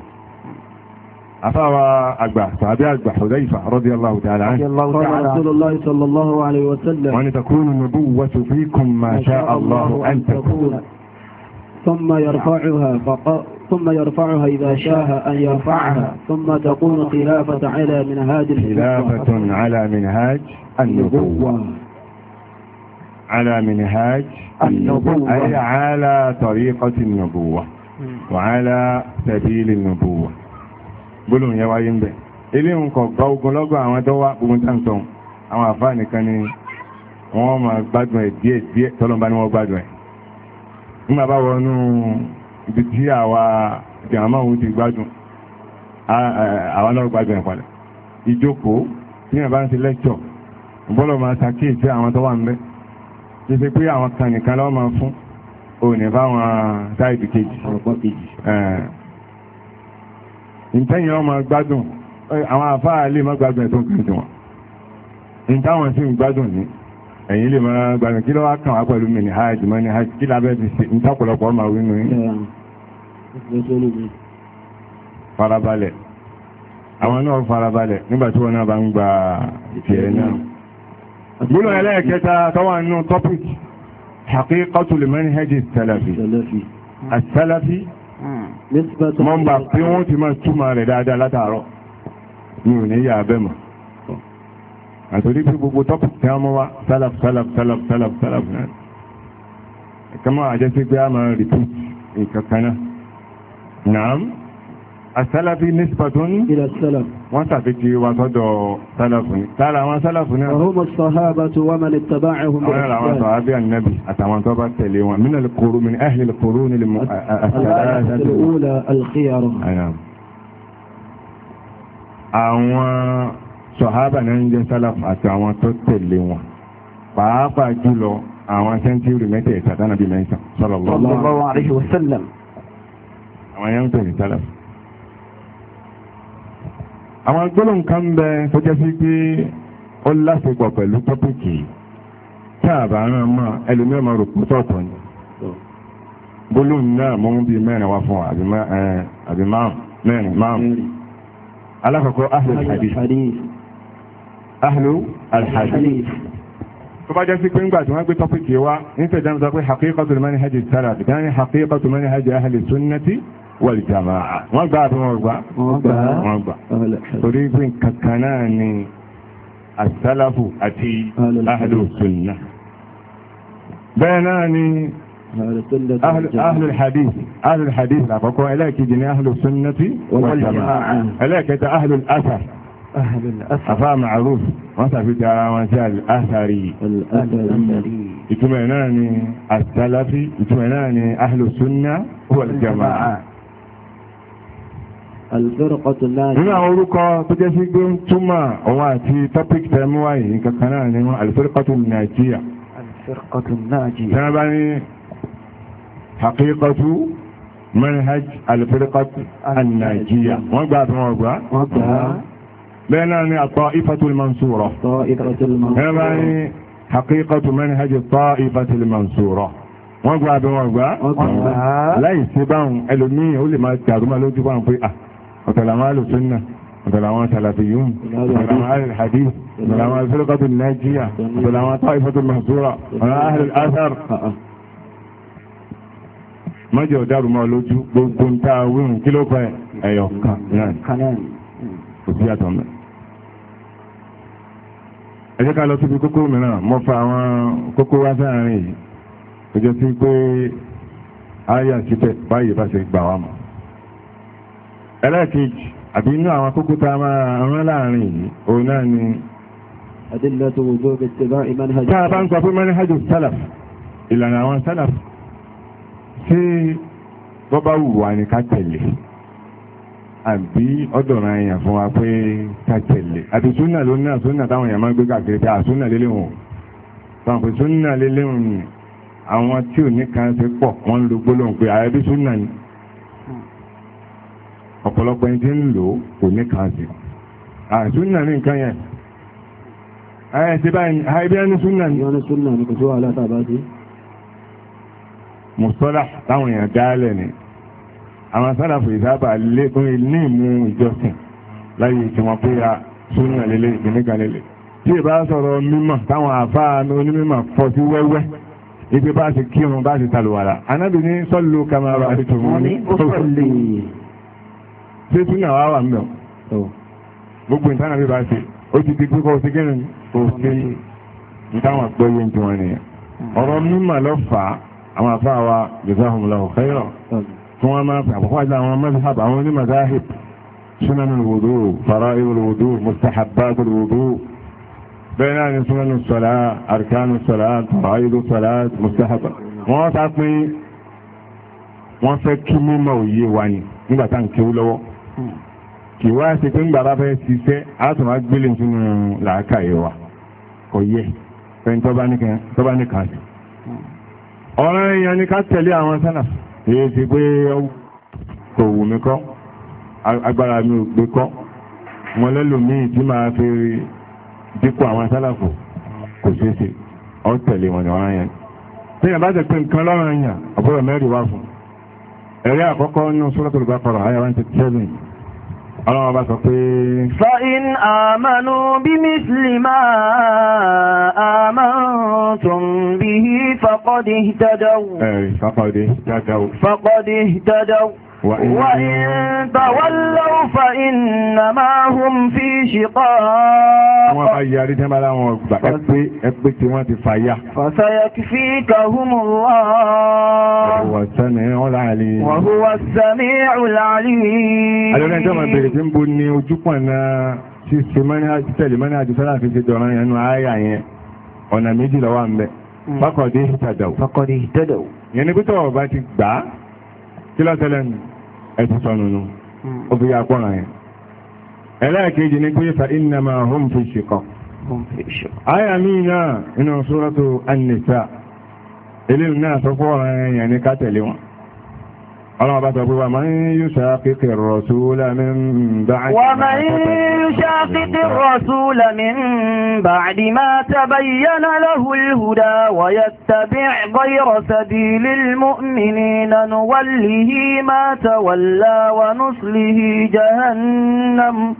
أفاوى أكبر صحابي أكبر حذيفة رضي الله تعالى عنه قال رسول الله صلى الله عليه وسلم وأن تكون النبوة فيكم ما شاء الله أن تكون ثم يرفعها فقط ثم يرفعها إذا شاء أن يرفعها ثم تكون خلافة على منهاج خلافة على منهاج النبوة على منهاج النبوة أي على طريقة النبوة wàhálà tẹ̀bí ilé nùbùwà gbólóhùn yẹn wáyé ń bẹ̀ ilé nǹkan gba ogun lọ́gbọ̀n àwọn tó wá ogun táǹtàn àwọn àfáà nìkan ni wọ́n máa gbádùn ẹ̀ díẹ̀ díẹ̀ tọ́lọ́mbá ni wọ́n gbádùn ẹ̀ nígbà bá wọnú ibi tí àwa jàmáà òun ti gbádùn àwa náà gbádùn ẹ̀ padà ìjókòó tí wọ́n bá ń ti lẹ́kṣọ̀ bọ́lọ̀ máa ṣàkíyèsí àwọn tó wà ń bẹ̀ ṣe pé àwọn kan nìkan lọ́wọ́ máa fún òní fáwọn táìpì kejì ọ̀pọ̀ kejì ìtẹ́yìn ọmọ gbádùn àwọn àfáà lè má gbádùn ẹ̀tọ́ nǹkan tí wọn ìtàwọn sì ń gbádùn ní ẹ̀yìn lè má gbádùn kí ló wá kàn wá pẹ̀lú mi ní hajj mọ́ ní hajj kí lábẹ́ fi ṣe ìtàpọ̀lọpọ̀ ọmọ wínú yín farabalẹ̀ àwọn náà farabalẹ̀ nígbàtí wọn náà bá ń gba ìfẹ́ náà gbólóhùn ẹlẹ́ẹ̀kẹta tọ́wọ́ nínú tọ́pìkì حقيقة المنهج السلفي السلفي mọ́n bá pé wọ́n ti máa túmọ̀ rẹ̀ dáadáa látàárọ̀ ní ò ní yà abẹ́ mọ̀ àtòrí pé gbogbo tọ́pù tí wọ́n wá sálàf sálàf sálàf sálàf sálàf náà ẹ̀ka máa jẹ́ sí pé a máa rìpíìtì nǹkan kan náà nàám asálàfí nísìpàtún wọ́n sàfíkí wa sọ́dọ̀ sálàfí tààrà àwọn sálàfí náà ọ̀rọ̀mọ̀ sọ̀hábà tó wà mẹ́lẹ̀ tàbá ẹ̀hùn bẹ̀rẹ̀ àwọn àwọn sọ̀hábà annabi àtàwọn tó bá tẹ̀lé wọn mínà lẹ́kọ̀ọ́rọ̀ mi ní ẹ̀hìn lẹ́kọ̀ọ́rọ̀ ní lẹ́mọ̀ àwọn sọ̀hábà náà ń jẹ́ sálàfí àti àwọn tó tẹ̀lé wọn pàápàá jùlọ àwọn sẹ́ńtírì mẹ́tẹ̀ẹ̀ta àwọn yẹn ń tẹ̀lé sálàfí àwọn gbólóhùn kan ń bẹ tó jẹ́ sí pé ó lásìpọ̀ pẹ̀lú tọ́pìkì tá a bá rán mọ́ ẹlòmíràn máa rò pé tọ́ọ̀tọ̀ ni gbólóhùn náà mọ́ ń bí mẹ́rin wá fún wa àbí mẹ́rin márùn alákọ̀ọ́kọ́ ahlu alhadith ahlu alhadith tó bá jẹ́ sí pé ńgbà tí wọ́n gbé tọ́pìkì wa nítorí dáná sọ pé haqiqatul manhaj as-salaf dáná haqiqatul manhaj ahli sunnati والجماعة مرضى مرضى مرضى تريد أن تكناني السلف أتي أهل السنة بيناني أهل, أهل الحديث أهل الحديث لا فقوا إليك جني أهل السنة والجماعة إليك أنت أهل الأثر أهل الأثر أفا معروف مثلا في تعالى وانسال الأثري الأثري يتمناني السلف يتمناني أهل السنة والجماعة nínú àwọn orúkọ tó jẹ́ sí pé túmọ̀ òun àti topic tẹ́mú wáyé nǹkan kan náà ni wọ́n alifirikọ́tù nàìjíríà tí wọ́n bá ní haqiqatu manhaj alifirikọ́tù nàìjíríà wọ́n gbà tí wọ́n gbà bẹ́ẹ̀ náà ni at-ta'ifatu al-mansura wọ́n bá ní haqiqatu manhaj at-ta'ifati al-mansura wọ́n gbà tí wọ́n gbà láì sí báwọn ó lè máa dàrú lójú báwọn pé ah ọ̀tọ̀làwọn alùsùnà ọ̀tọ̀làwọn sàlàfíyùn ọ̀tọ̀làwọn alìhàdí ọ̀tọ̀làwọn alìfẹ́lẹ́kọ̀tù nàíjíríà ọ̀tọ̀làwọn táìfẹ́tù mahzura ọ̀làwọn alìhàdí mọ́jọ̀ dárù mọ́ lójú gbogbo ń tá a wíhùn kí ló fẹ́ ẹ̀yọ̀ kan náà kò sí àtọ̀ mẹ́. ẹ jẹ́ ká lọ síbi kókó mìíràn mo fa àwọn kókó wá sáàárín yìí kò jẹ́ sí pé ayé àti bẹ́ẹ̀ báyìí bá ṣe gbà wá mọ́ ẹlẹ́ẹ̀kejì àbí inú àwọn kókó tá a máa rán láàrin yìí òun náà ni adillatu wujubi ittiba'i manhaj tá a bá ń sọ pé manhaj sálàf ìlànà àwọn sálàf tí bọ́bá wù wá ní ká tẹ̀lé àbí ọ̀dọ̀ràn èèyàn fún wa pé ká tẹ̀lé àti súnà ló náà súnà táwọn èèyàn máa gbé káàkiri pé àsúnà lélẹ̀ wọn táwọn pé súnà lélẹ̀ wọn àwọn tí ò ní kan ṣe pọ̀ wọ́n ń gbólóhùn pé àyẹ̀bí súnà ni ọ̀pọ̀lọpọ̀ ẹni tí ń lò kò ní kàásì àṣúnà ní nǹkan yẹn ah, ẹ̀ ti báyìí àìbí ẹni súnà ní ọ̀nà súnà ní kò tó wà látàbá sí mùsọ́lá táwọn èèyàn dálẹ̀ ni àwọn sálàfò ìsábà lé fún ilé ìmú ìjọsìn láyé tí wọ́n pé ya ah, súnà lélẹ̀ ìgbìnníkan lélẹ̀ tí ìbá sọ̀rọ̀ mímọ̀ táwọn àfáà onímọ̀ fọ́ sí wẹ́wẹ́ ibi bá ti kírun bá ti tàlùwàlà anábì ní sọ́lù kamara àti tòun ní ó sọ̀lù ṣé súnà wà wà mẹ́ gbogbo ìtànà bí bá ṣe ó ti di pé kọ́ sí kẹ́rin kò ṣe ìtàwọn àpẹẹrẹ tí wọ́n nìyẹn ọ̀rọ̀ mímọ̀ lọ fà á àwọn afá wa jazahumullahu khairan tí wọ́n máa fẹ́ àpapọ̀ àti àwọn mazhab àwọn onímọ̀ záhìb sunanul wudu fara'idul wudu mustahabbatul wudu bẹ́ẹ̀ náà ni sunanus salat arkanus salat fara'idus salat mustahaba wọ́n ta pín wọ́n fẹ́ kí mímọ̀ òye wa ni nígbà tá lọ́wọ́ kì wá ṣe pé ńgbà bá fẹ́ ṣiṣẹ́ alátùmá gbélé sínú làákàyè wa kò yẹ ẹni tó bá ní kan sí. ọ̀rọ̀ èèyàn ni ká tẹ̀lé àwọn sánà èyí ti pé kò wù mí kọ́ agbára mi ò gbé kọ́ wọn lẹ́lòmíì tí máa fi dípò àwọn sálàfò kò ṣeé ṣe ọ tẹ̀lé wọn ni ọ̀rọ̀ yẹn. tí yàrá bá ti pín nǹkan lọ́rọ̀ yẹn ọ̀bọ̀rọ̀ mẹ́rin wá fún un. ẹ̀rí àkọ́kọ́ nínú Suratul Baqara àyà one thirty seven Ọlọ́run bá sọ pé. Fa in àmànú bí mísìlì máa àmàntùn bí fàkọ́dé dáadáa. Ẹ̀rì fàkọ́dé dáadáa. Fàkọ́dé dáadáa. وإن تولوا فإنما هم في شقاق فسيكفيكهم الله وهو السميع العليم وهو السميع العليم ألونا أنت ما بيرتين بني وجوكونا سيستماني تتلماني أجسنا في سيدونا ينو آية يعني ọ̀nà méjì lọ́wọ́ ń bẹ fákọ̀dé ìtàdàwò fákọ̀dé ìtàdàwò yẹn ni pé tọ́wọ́ bá ti gbàá kí lọ́tẹ̀lẹ̀ ní ẹ̀tì sọnùnù hmm. ó fi yà pọ̀ràn yẹn ẹlẹ́ẹ̀kejì ní pé fa innama hum fi shiqaq àyà míì náà nínú suratu an-nisa eléyìí náà sọ fọ́ọ̀rọ̀ yẹn ní ká tẹ̀lé wọn قال بعده ومن يشاقق الرسول من بعد ومن يشاقق الرسول من بعد ما تبين له الهدى ويتبع غير سبيل المؤمنين نوله ما تولى ونصله جهنم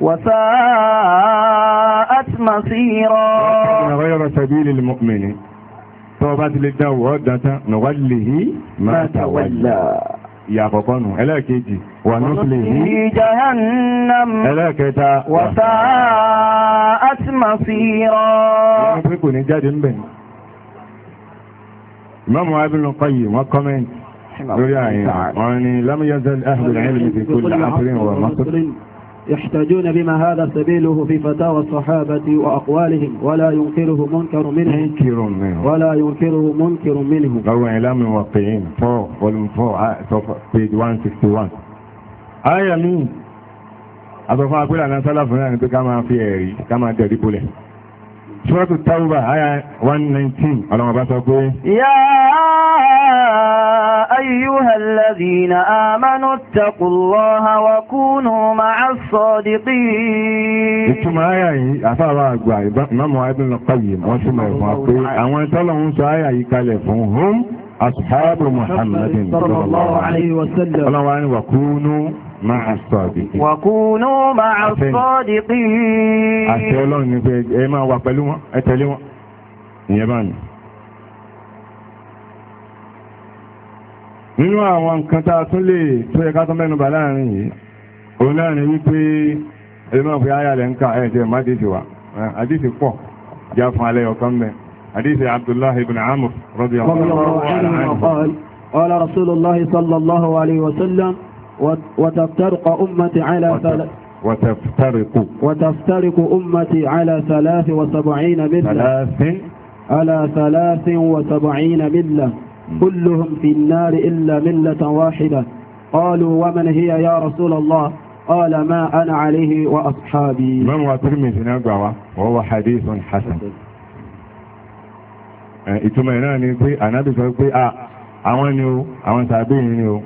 وساءت مصيرا غير سبيل المؤمنين tọ́ bá ti lè dá wọ́ dántán nàwà lè hí máa tàwàlá ìyàkọ̀kọ́ nù ẹlẹ́ẹ̀kejì wà ní lè hí ẹlẹ́ẹ̀kẹta wàtá átìmà sí rọ́ wọ́n pé kò ní jáde ń bẹ̀ Imam Ibn Qayyim wọ́n kọ́mẹ́ntì lórí àyìn wọ́n ni lam yazal ahlul يحتاجون بما هذا سبيله في فتاوى الصحابة وأقوالهم ولا ينكره منكر منه منكر منه ولا ينكره منكر منه لو إعلام الواقعين فوق volume 4 page 161 آية مين أتفاقل أنا سلف أنا كما في كما تدري Ṣúrọ́tù Tàúbà, àyà 119, ọlọ́mọba sọ pé. Yá ayyúhà lẹ́dìnà àmánú tẹkùlọ́ha wà kúnù máa sọ̀dìdì. Ìtumọ̀ àyà yìí, àfáàwà àgbà ìmọ̀mọ̀ Ibnul Qayyim, wọ́n túnmọ̀ ẹ̀fún pé àwọn tọ́lọ̀hún sọ àyà yìí kalẹ̀ fún hum, ashabu Muhammadin sallallahu alaihi wa sallam. Ọlọ́wọ́ máa sọ̀dìkì. wàkúnú máa sọ̀dìkì. àṣẹ ọlọ́run ni pé ẹ máa wà pẹ̀lú wọn ẹ tẹ̀lé wọn ìyẹn bá mi. nínú àwọn nǹkan tá a tún lè tó yẹ ká tún mẹ́nu bà láàrin yìí òun náà ni wípé ẹ máa fi ayálẹ̀ ń kà ẹ̀ jẹ́ mádìsí wa àdìsí pọ̀ já fún alẹ́ ọ̀kan mẹ́ àdìsí Abdullahi ibn Amr radiyallahu anhu. قال رسول الله صلى الله عليه وسلم وتفترق أمتي على ثلاث وتفترق وتفترق أمتي على ثلاث وسبعين ملة ثلاث على ثلاث وسبعين ملة كلهم في النار إلا ملة واحدة قالوا ومن هي يا رسول الله قال ما أنا عليه وأصحابي من وترمز نقوى وهو حديث حسن ìtumọ̀ ìnáà ni pé ànábì sọ pé àwọn ni o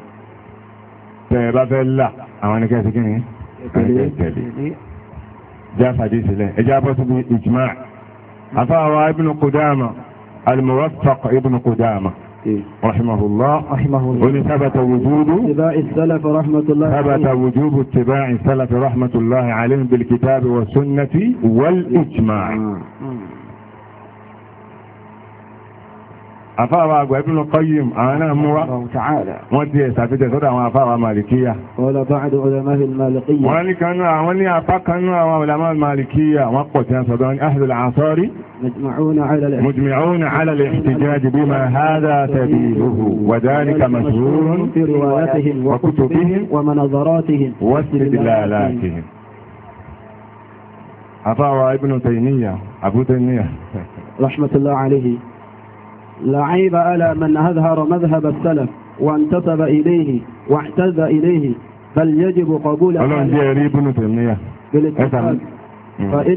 tẹ́ bá fẹ́ là àwọn ẹni kẹ́sì kí ni tẹ̀lé já fàdí sílẹ̀ ẹjá bọ́ síbi ìjìmá afáwa ibn Qudama al-Muwattaq ibn Qudama رحمه الله رحمه الله ثبت وجوب اتباع السلف رحمة الله ثبت وجوب اتباع السلف رحمة الله عليهم بالكتاب والسنة والإجماع afawa àgbà ibn qayyim ana náà ta'ala wá wọ́n ti ẹ̀sàfíjẹ̀ sọ́dọ̀ àwọn àfáàwà màlìkíyà wọ́n ní kanú àwọn ní afakan kanú ulama al màlìkíyà wọ́n pọ̀ tí a sọ̀dọ̀ ní ahlul asari mujmi'una ala al-ihtijaj bima hadha sabiluhu wa dhalika mashhurun fi riwayatihim wa kutubihim wa manazaratihim wa istidlalatihim afawa ibn Taymiyya Abu Taymiyya rahmatullah alayhi لا عيب على من أظهر مذهب السلف وانتسب إليه واعتز إليه بل يجب قبول أهل ابن تيمية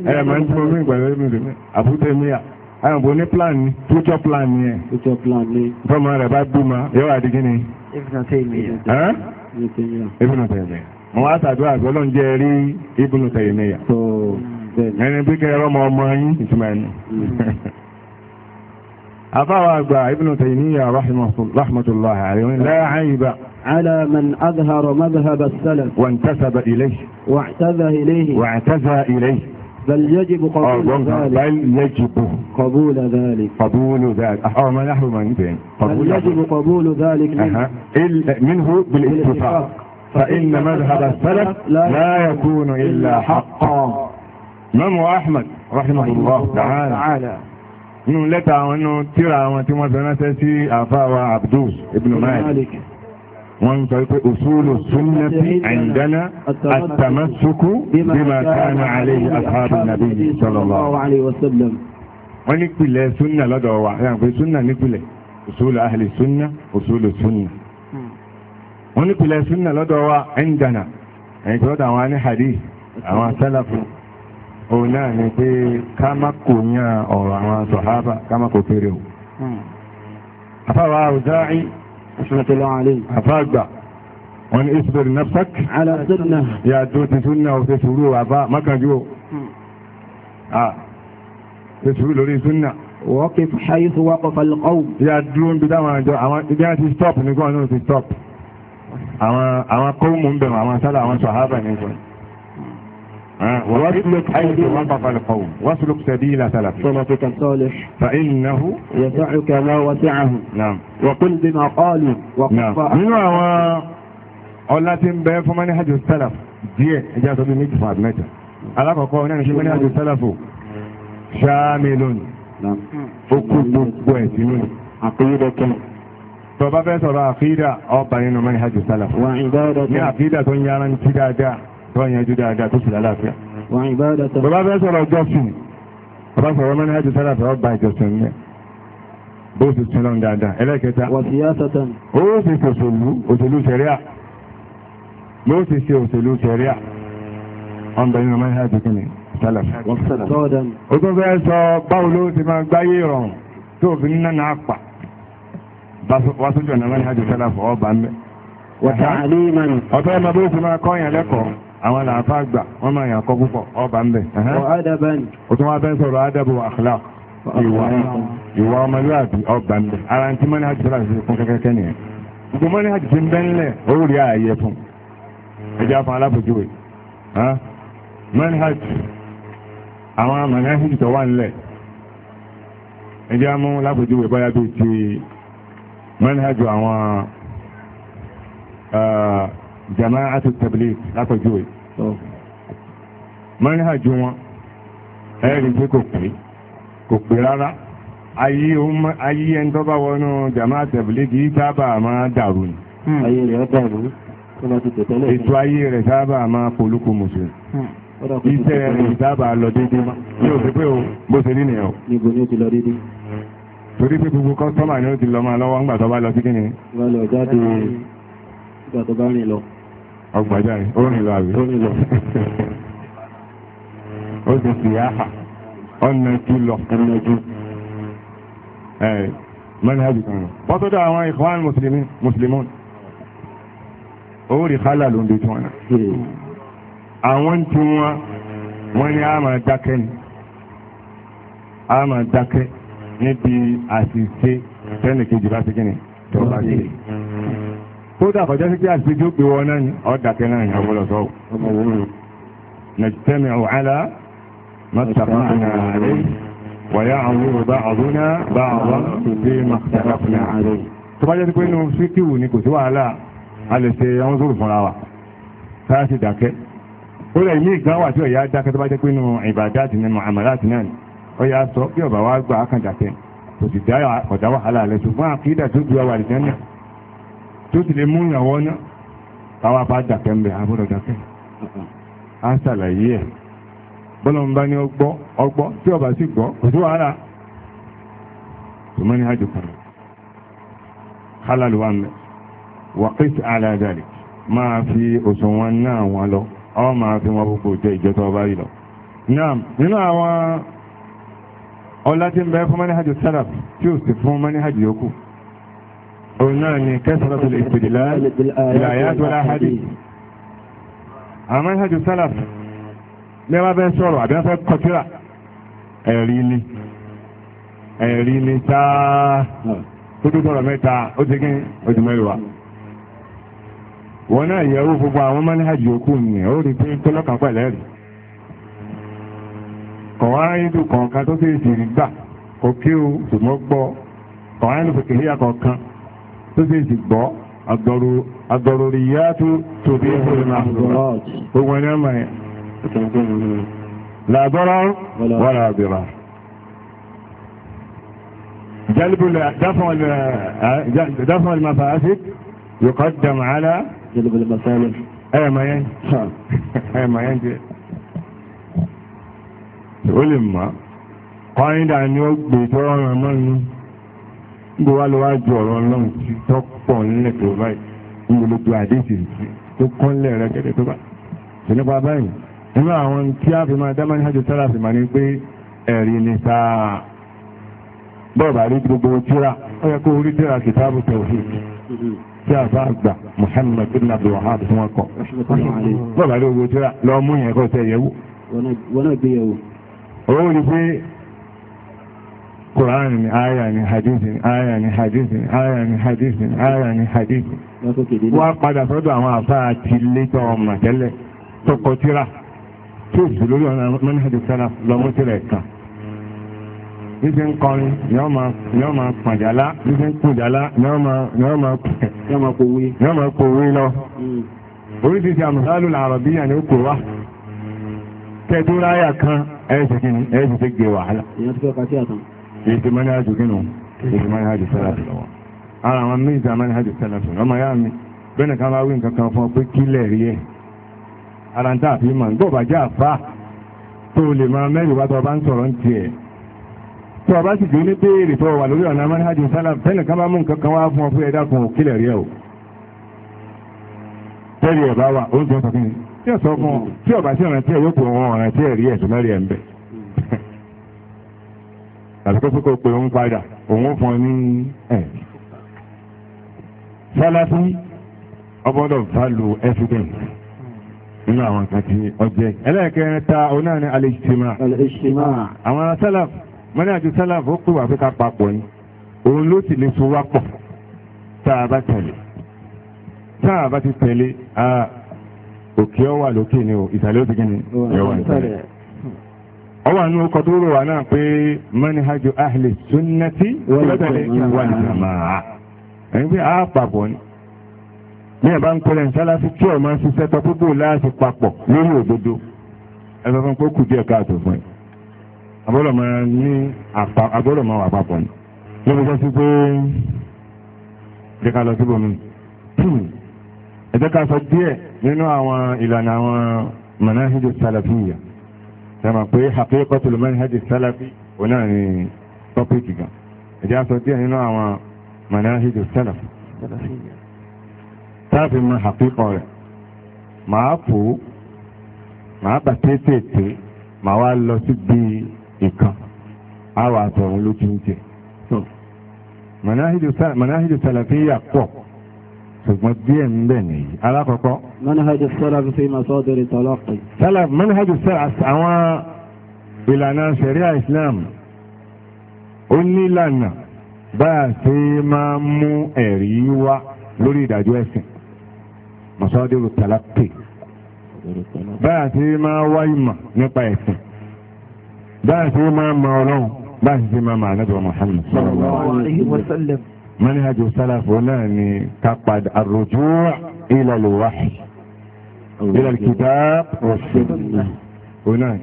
ẹ máa ń tún mí pẹ̀lú ẹ̀mí rẹ̀ àbútẹ́míyà àwọn òbò ní plan ni future plan ni ẹ̀ fọmọ rẹ̀ bá bímọ yóò wá di kí ni. ibùnà tẹ̀yìmẹ̀yà. ibùnà tẹ̀yìmẹ̀yà. mo wá sàdúrà pé ọlọ́run jẹ́ rí ibùnà tẹ̀yìmẹ̀yà. ẹni bí kẹrọ ọmọ ọmọ yín ìtumọ̀ ẹni. Mm. أفاوى ابن تيمية رحمه, رحمة الله عليه لا عيب على من أظهر مذهب السلف وانتسب إليه واعتذى إليه واعتذى إليه بل يجب قبول ذلك بل يجب قبول ذلك قبول ذلك اه ما نحو من بين بل يجب قبول ذلك منه, منه بالاتفاق فإن مذهب السلف لا يكون إلا حقا إمام أحمد رحمه الله تعالى nínú lẹ́tà àwọn nínú tíra àwọn tí wọ́n fi ránṣẹ́ sí àfáwà Abdul ibn Malik wọ́n ń sọ pé òṣùlù sunnati àìdáná àtàmásùkú bima kana alayhi ashabu nàbí sallallahu alayhi wa sallam wọ́n nípìlẹ̀ súnnà lọ́dọ̀ wa ẹ̀yàn pé súnnà nípìlẹ̀ òṣùlù ahli súnnà òṣùlù súnnà wọ́n nípìlẹ̀ súnnà òun náà ni pé ká má kò yàn ọ̀rọ̀ àwọn sọ̀hábà ká má kò kéré o. Hmm. àfáwà àwùjáì àfáàgbà wọ́n ní isbir nafsak yà tó ti súnà ò ṣe sùúrù àbá mákànjú o. ṣe sùúrù hmm. lórí súnà wọ́kí ṣayíṣu wákọ̀fà lọ́wọ́. Yà dúró ń bi dáwọn àjọ àwọn ibi àti stop ní kọ́ ọ̀nà ti stop. Àwọn kọ́ọ̀mù ń bẹ̀rù àwọn sálà àwọn sọ̀hábà ní kọ́. واسلك وصف القوم واسلك سبيل سلف سلفك الصالح فانه يسعك ما وسعه نعم وقل بما قالوا وقف نعم و... قال لاتين بيف السلف دي اجازه من مجفاد متى على بقى هنا نشوف من السلف شامل نعم فكتب كويس عقيده فبابا ترى عقيده او بين من هج السلف وعباده tó yanjú dáadáa tó sì lálàáfíà bàbá fẹ́ sọ̀rọ̀ jọ́sìn bàbá sọ̀rọ̀ mẹ́rin hajj sálà fẹ́ ọba ìjọsìn mẹ́ bó ti tún lọ́n dáadáa ẹlẹ́kẹta ó ti ṣe òṣèlú òṣèlú sẹ̀ríà bó ti ṣe òṣèlú sẹ̀ríà ọ̀nbẹ nínú mẹ́rin hajj kìíní sálà ó ọ̀tọ́ ẹ̀ bó ti máa kọ́ yẹn lẹ́kọ̀ọ́ àwọn àlàáfà àgbà wọ́n máa yàn kọ́ púpọ̀ ọba ń bẹ̀. o tún wá fẹ́ sọ̀rọ̀ adabu akhlaq ìwà ìwà ọmọlúwàbí ọba ń bẹ̀ ara ń tí mọ́ni hajj sọ́la ṣe fún kẹ́kẹ́kẹ́ nìyẹn. gbogbo mọ́ni hajj ti ń bẹ́ ńlẹ̀ ó rí ààyè fún ẹja fún alábòjúwe mọ́ni hajj àwọn mọ́ni hajj tó wà ńlẹ̀ ẹja mú alábòjúwe báyà bíi ti mọ́ni hajj àwọn jama'atu tabligh látọ̀jú ẹ̀ mọ́nìhàjú wọn ẹ̀rì pé kò pé kò pé rárá ayé ẹni tó bá wọnú jama'atu tabligh yìí sábà máa dàrú ni ayé rẹ̀ ó dàrú tó bá ti tẹ̀tẹ̀lẹ̀ ètò ayé rẹ̀ sábà máa polúkú mùsùlùmí iṣẹ́ rẹ̀ sábà lọ déédéé ní òfin pé o bó ṣe rí nìyẹn o níbo ni ó ti lọ déédéé torí pé gbogbo kọ́sọ́mà ni ó ti lọ máa lọ́wọ́ ńgbà tó bá lọ sí kíni. wọ́n lọ jáde ìgbà tó bá rìn lọ. ọgbàjá rẹ̀ ó rìn lọ àbí. ó rìn lọ. <laughs> ó ti sì áhà ọ̀nà jù lọ. ọ̀nà jù. ẹ mẹ́rin hajj kan wọ́n tó dá àwọn ikhwan mùsùlùmí owó rí hálà ló ń dojú wọn. àwọn tí wọn wọn ní a máa dákẹ́ ni a máa dákẹ́ níbi àṣìṣe tẹ́nìkejì bá ti kí ni tó bá kí ni ó dàkọjá sí pé àṣíjú pé wọn náà ọ̀dàkẹ́ náà yà wọ́lọ̀ sọ́ọ̀ nàìjíríà mẹ́wàá alá mọ́tàkùn àrẹ wàyá àwọn bá àdúnà bá àwọn tòbí mọ́tàkùn àrẹ tó bá jẹ́ sí pé inú síkìwù ni kò sí wàhálà a lè ṣe àwọn sóòrò fúnra wa káà sì dákẹ́ ó rẹ̀ ní ìgbà wà tí ọ̀yá dákẹ́ tó bá jẹ́ pé inú ìbàdá àti nínú àmàlà àti náà ọ̀yá sọ bí ọ̀bà wa gbà á kàn dákẹ́ kò sì dá ọ̀dá wàhálà rẹ̀ ṣùgbọ́n àkídà tó ju àwàdìjẹ́ náà tó ti lè mú ìyàwó náà táwa bá dàkẹ́ ń bẹ̀ àbúrò dàkẹ́ á ṣàlàyé ẹ̀ bọ́lọ̀ ń bá ní ọgbọ́ ọgbọ́ tí ọba sì gbọ́ kò sí wàhálà hajj wa wà kìsì aládàlẹ̀ máa fi òṣùwọ̀n náà wọn lọ ọ máa fi wọn gbogbo jẹ ìjọ tó bá rí lọ. náà nínú àwọn ọlá tí ń bẹ fún hajj sálàf tí sì fún hajj yòókù òun náà ni kẹsàrọ̀tò lè pèdè láyàtò láhàdì àmọ́ ìhàjò sálàf mẹ́wàá bẹ́ sọ̀rọ̀ àbí wọ́n fẹ́ kọtíra ẹ̀rí ni ẹ̀rí ni táà tó tó tọrọ mẹ́ta ó ti kín ojú mẹ́rìnwá wọn náà yẹ̀wò gbogbo àwọn mẹ́nìhàjì òkú ni ó rí pé tọ́lọ́kàn pẹ̀lẹ́ rí kọ̀wáìdù kọ̀ọ̀kan tó sì rí gbà kò kí o ṣùgbọ́n gbọ́ kọ̀wáìdù fòkè híyà kọ̀ọ̀kan tó الضروريات تبيح gbọ́ àgọ̀rọ̀rìyàtú tóbi لا ضرر ولا ضرار جلب دفع آه، دفع المفاسد يقدم على جلب المصالح اي ما ينجي <laughs> اي ما ينجي تقول اما ان يوجد بيتوان امان gbogbo wa ló wá ju ọ̀rọ̀ ọlọ́run tí tó pọ̀ nílẹ̀ tó báyìí gbogbo ló ju àdéhìí tó kọ́ńlẹ̀ rẹ̀ gẹ́gẹ́ tó báyìí tó nípa báyìí nínú àwọn tí a fi máa dámọ́ ní hajj sára fi máa ní pé ẹ̀rí ni sáà bọ́ọ̀bà rí gbogbo tíra ó yẹ kó orí tíra kìtàbù tawhid tí a bá gbà Muhammad bin Abdul Wahhab tí wọ́n kọ́ bọ́ọ̀bà rí gbogbo tíra lọ́ọ́ mú yẹn kọ́ tẹ̀ yẹ̀wò. náà gbé yẹ̀wò. Kùránì ni àyà ni hadithi ni àyà ni hadithi ni àyà ni hadithi ni àyà ni hadithi. Wá padà sọ́dọ̀ àwọn àfáà ti létọ́ ọmọ tẹ́lẹ̀ tọkọ tíra tí ó sì lórí ọ̀nà mẹ́nìhàdì sára lọ́mú tíra ẹ̀ka. Bí ṣe ń kọrin ni wọ́n máa pàjálá bí ṣe ń pàjálá ni wọ́n máa pòwé lọ. Oríṣiríṣi àmùsálù làrọ̀bíyà ni ó kò wá. Kẹ́ẹ̀dúrà yà kan ẹ̀ẹ́sì kìíní ẹ̀ẹ́sì ti gbé wàhálà. Ìyẹn ti fẹ́ pàṣẹ àtàn. kìí ṣe manhajù kínú kìí ṣe manhajù sálàfù lọ́wọ́ ara àwọn míì ta manhajù sálàfù ọmọ ya mi bẹ́ẹ̀ ká máa wí nǹkan kan fún ọ pé kílẹ̀ rí ẹ̀ ara ń tà fi mọ̀ nígbà bàjẹ́ àfà tó lè máa mẹ́rin wá tó ọba ń sọ̀rọ̀ ń tiẹ̀ tó ọba sì gbé ní béèrè tó wà lórí ọ̀nà manhajù sálàfù bẹ́ẹ̀ ká máa mú nǹkan kan wá fún ọ fún ẹ̀dá kan òkílẹ̀ rí ẹ̀ o tẹ́lẹ̀ ẹ̀ bá wà ó sọ fún mi tí fún ọ tí ọba sí ọ̀nà tí ẹ̀ yóò wọn ọ̀nà tí ẹ̀ rí ẹ̀ tó mẹ́rin ẹ̀ ń bẹ̀. <laughs> tàbí kó kó pé òun padà òun fún ọ ní ẹ̀. sálásí ọgbọ́dọ̀ value evidence nínú àwọn nǹkan tí ọjẹ́ ẹlẹ́ẹ̀kẹrin ta onáà ní al-ijtima. al-ijtima. àwọn sálàf mọ́ni àti sálàf ó pè wá pé ká papọ̀ ni òun ló sì lè so wá pọ̀ tá a bá tẹ̀lé tá a bá ti tẹ̀lé òkè ọ wà lókè ni o ìsàlẹ̀ ó ti gẹ́ni ẹ̀ ọwọ́ àánú ọkọ̀ tó rò wá náà pé manhaju ahli sunnati wal jamaa ẹni pé a papọ̀ ni ní ẹ̀ bá ń pẹ́lẹ̀ nsálásí tí ọ̀ máa ń ṣiṣẹ́ tọ́ púpọ̀ láti papọ̀ lórí òdodo ẹ fẹ́ fún pé ó kù díẹ̀ káàtó fún ẹ agbọ́dọ̀ máa ní agbọ́dọ̀ máa wà papọ̀ ni lórí sọ́sí pé jẹ́ lọ síbò mi ká sọ díẹ̀ nínú àwọn ìlànà àwọn manahiju salafiyya sẹ́mà pé haqiqatul manhaj salafi onáà ní tọ́pìkì gan ẹ̀jẹ̀ aṣọ díẹ̀ nínú àwọn manhaj salaf táàfin ma haqiqa rẹ̀ màá fò ó màá bà tètè màá wá lọ sí bí ìkan á wà sọ̀rọ̀ lójú ń jẹ. manhaj salafi yà pọ̀ ṣùgbọ́n díẹ̀ ń bẹ̀ nìyí alákọ̀ọ́kọ́. manhajus salaf fi masadiri talaqi. salaf manhajus salaf àwọn ìlànà sẹ̀ríà islam ó nílànà bá a ṣe máa mú ẹ̀rí wá lórí ìdájọ́ ẹ̀sìn masadiru talaqi bá a ṣe máa wá ìmọ̀ nípa ẹ̀sìn bá a ṣe máa mọ ọlọ́run bá a ṣe máa mọ ànábì Muhammad sallallahu alaihi wasallam manhajù sálàfù náà ni ká padà àròjú ila al-wahyi ila al-kitab wa sunnah òun náà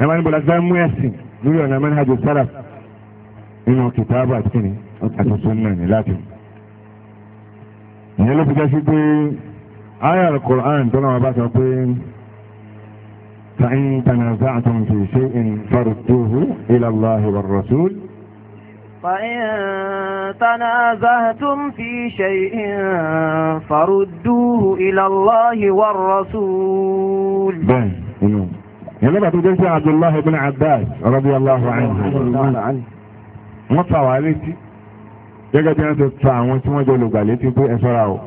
ẹ máa ń bọ̀lá sí mú ẹ̀sìn lórí ọ̀nà manhajù sálàfù nínú kìtàbù àti kìnnì àti sunnah ní láti ìyẹn ló fi jẹ́ pé ayé al tó náà bá sọ pé فإن تنازعتم في شيء فردوه إلى الله والرسول فإن تنازهتم في شيء فردوه إلى الله والرسول يلبى تجلس عبد الله بن عباس رضي الله عنه wọ́n fà wá létí gẹ́gẹ́ bí wọ́n ti fa àwọn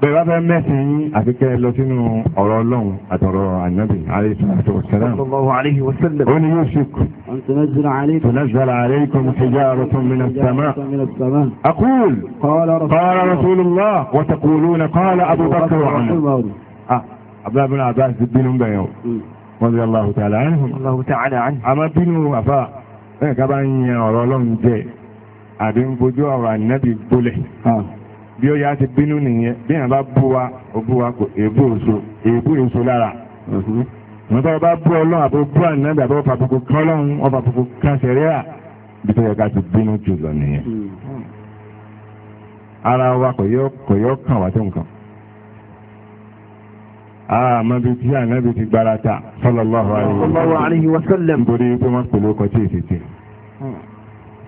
bẹ́ẹ̀ bá fẹ́ mẹ́sìn yín àti kẹ́ ẹ lọ sínú ọ̀rọ̀ ọlọ́run àtọ̀rọ̀ ànábì alayhiṣàlátù wassalam. ó ní yóò ṣekú. tunazzalu alaykum hijaratun minas sama. aqul qala rasulullah wa taquluna qala Abu Bakr wa Umar. Ah, abdullahi bin abbas ti bínú bẹ̀yẹ̀ o. wọ́n mm. ti bí ó yá ti bínú nìyẹn bí yàn bá bú wa ó bú wa kò èébú èso èébú èso lára wọn mhm. tọ́ bá bú ọlọ́run àbó bú ànábì àbó fàbùkù kan ọlọ́run ọ fàbùkù kan sẹ̀ríà bí tó yẹ ká ti bínú jù lọ nìyẹn. Mhm. ara wa kò yọ kò yọ kàn wá tó nǹkan. àmọ́ bíi tí ànábì ti gbára ta sallallahu alaihi wa sallam nítorí pé wọ́n pèlú ọkọ̀ tí èsì tiẹ̀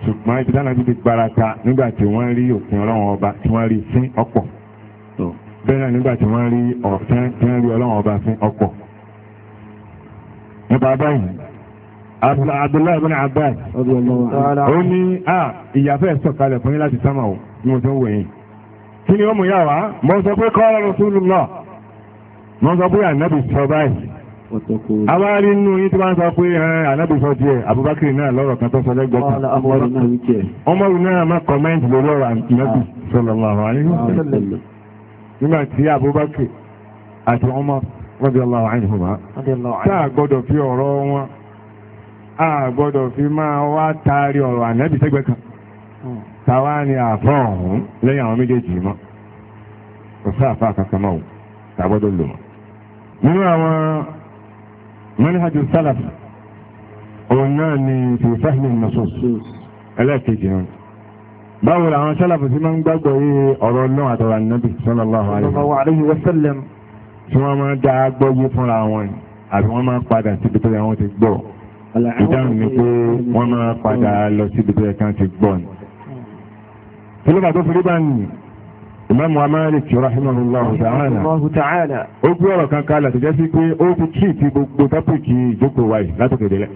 ṣùgbọ́n ibi táwọn ti gbarata nígbà tí wọ́n rí òfin ọlọ́run ọba tí wọ́n rí fún ọ̀pọ̀ bẹ́ẹ̀ náà nígbà tí wọ́n rí ọ̀fin tí wọ́n rí ọlọ́run ọba fún ọ̀pọ̀. nípa báyìí Abdullahi bin Abbas ó ní à ìyàfẹ́ sọ̀kalẹ̀ fún yín láti sámà ó ní mo ti ń wò yín. kí ni ó mú yà wá mo sọ pé kọ́ Rasulullah mo sọ pé ànábì sọ báyìí. àwárí inú yí tí n sọ pé Abubakar náà lọrọ kan tó sọ lẹ́gbẹ̀ẹ́ kan náà má kọ́mẹ́ǹtì lórí ọ̀rọ̀ ànábì ah. sallallahu alaihi wasallam nígbà tí Abubakar àti Umar radiyallahu anhuma tá a gbọ́dọ̀ fi ọ̀rọ̀ wọn a fi máa wá taari kan hmm. ni àwọn méjèèjì manhaj salaf òun náà ni fi fahmi nusus hmm. ẹlẹ́ẹ̀kejì náà báwo la àwọn sálàfù sí máa ń gbàgbọ́ yé ọ̀rọ̀ náà àtọ̀rọ̀ ànábì sallallahu alaihi wa sallam tí wọ́n máa dá gbọ́yé fúnra wọn àbí wọ́n máa padà síbi tó yẹ wọ́n ti gbọ́ ìdáhùn ni pé wọ́n máa padà lọ síbi tó yẹ kí wọ́n ti gbọ́ ni. kí ló bá tó fi rí bá nìyí Imam Malik rahimahullahu ta'ala. Ó gbé ọ̀rọ̀ kan kalẹ̀ tó jẹ́ sí pé ó ti kí ti gbogbo tápìkì ìjókòó wáyé látòkè délẹ̀.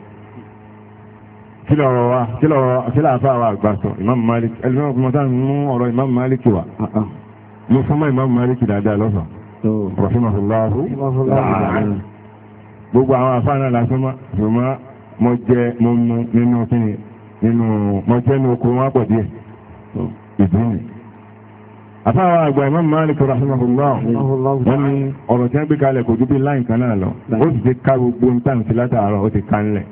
Kílọ̀ wa kílọ̀ kílọ̀ afá wa àgbà sọ Imam Malik ẹlẹ́wọ̀n kò mọ̀ sáà mú ọ̀rọ̀ Imam Malik wa. Mo fún mọ́ Imam Malik dáadáa lọ́sàn. Rahimahullahu ta'ala. Gbogbo àwọn afá náà lásán mọ́ ṣùgbọ́n mo jẹ mo mu nínú kíni nínú mo jẹ́ nu oko wọn pọ̀ díẹ̀. Ìdí afáwọn àgbà imam malik rahimahullah wọ́n ní ọ̀rọ̀ tí wọ́n gbé kalẹ̀ kò ju bí láì kan náà lọ ó sì ti ká gbogbo ń tàn sí látàárọ̀ ó ti ká ńlẹ̀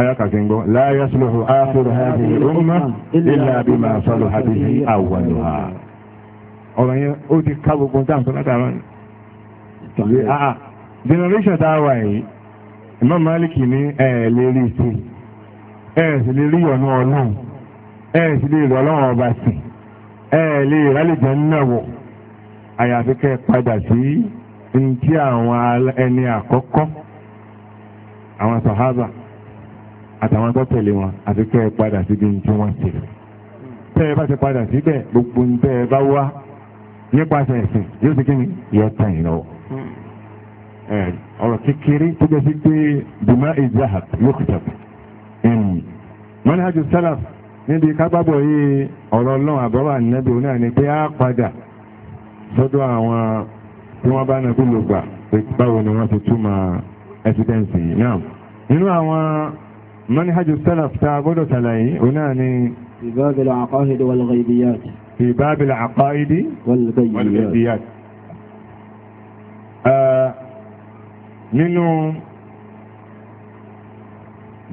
ayaka fi ń gbọ́ la yasluhu akhiru hadhihi umma illa bima salaha bihi awwaluha ọ̀rọ̀ yẹn ó ti ká gbogbo ń tàn sí látàárọ̀ ni. Ah, ah. generation tá a wà yìí imam malik ní ẹ̀ lè rí sí ẹ̀ sì lè rí ọ̀nà ọlọ́run ẹ̀ sì lè rí ọlọ́run ọba sìn ẹ lè rálẹ̀jẹ̀ náà wọ̀ àyàfi kẹ́ padà sí ntí àwọn ẹni àkọ́kọ́ àwọn sàhábà àtàwọn tó tẹ̀lé wọn àfi kẹ́ padà síbi ntí wọ́n ṣe tẹ́ ẹ bá ti padà síbẹ̀ gbogbo ntẹ́ ẹ bá wá nípasẹ̀ ẹ̀sìn yóò ti kíni yọ tàn yín lọ́wọ́ ọ̀rọ̀ kékeré tó bẹ́ẹ̀ sí pé bùmá ìjáhà yóò kìtàbù ẹ̀yìn mọ́nà àjò sálàfù níbi kágbàbọ̀ yìí ọ̀rọ̀ ọlọ́run àbọ̀wà nẹ́bí oní àní pé á padà sọ́dọ̀ àwọn tí wọ́n bá na kú lò gbà pé báwo ni wọ́n ti túmọ̀ ẹ́sídẹ́ǹsì náà nínú àwọn manhajus salaf tá a gbọ́dọ̀ ṣàlàyé oní àní. fi babil aqaid wal ghaibiyat. fi nínú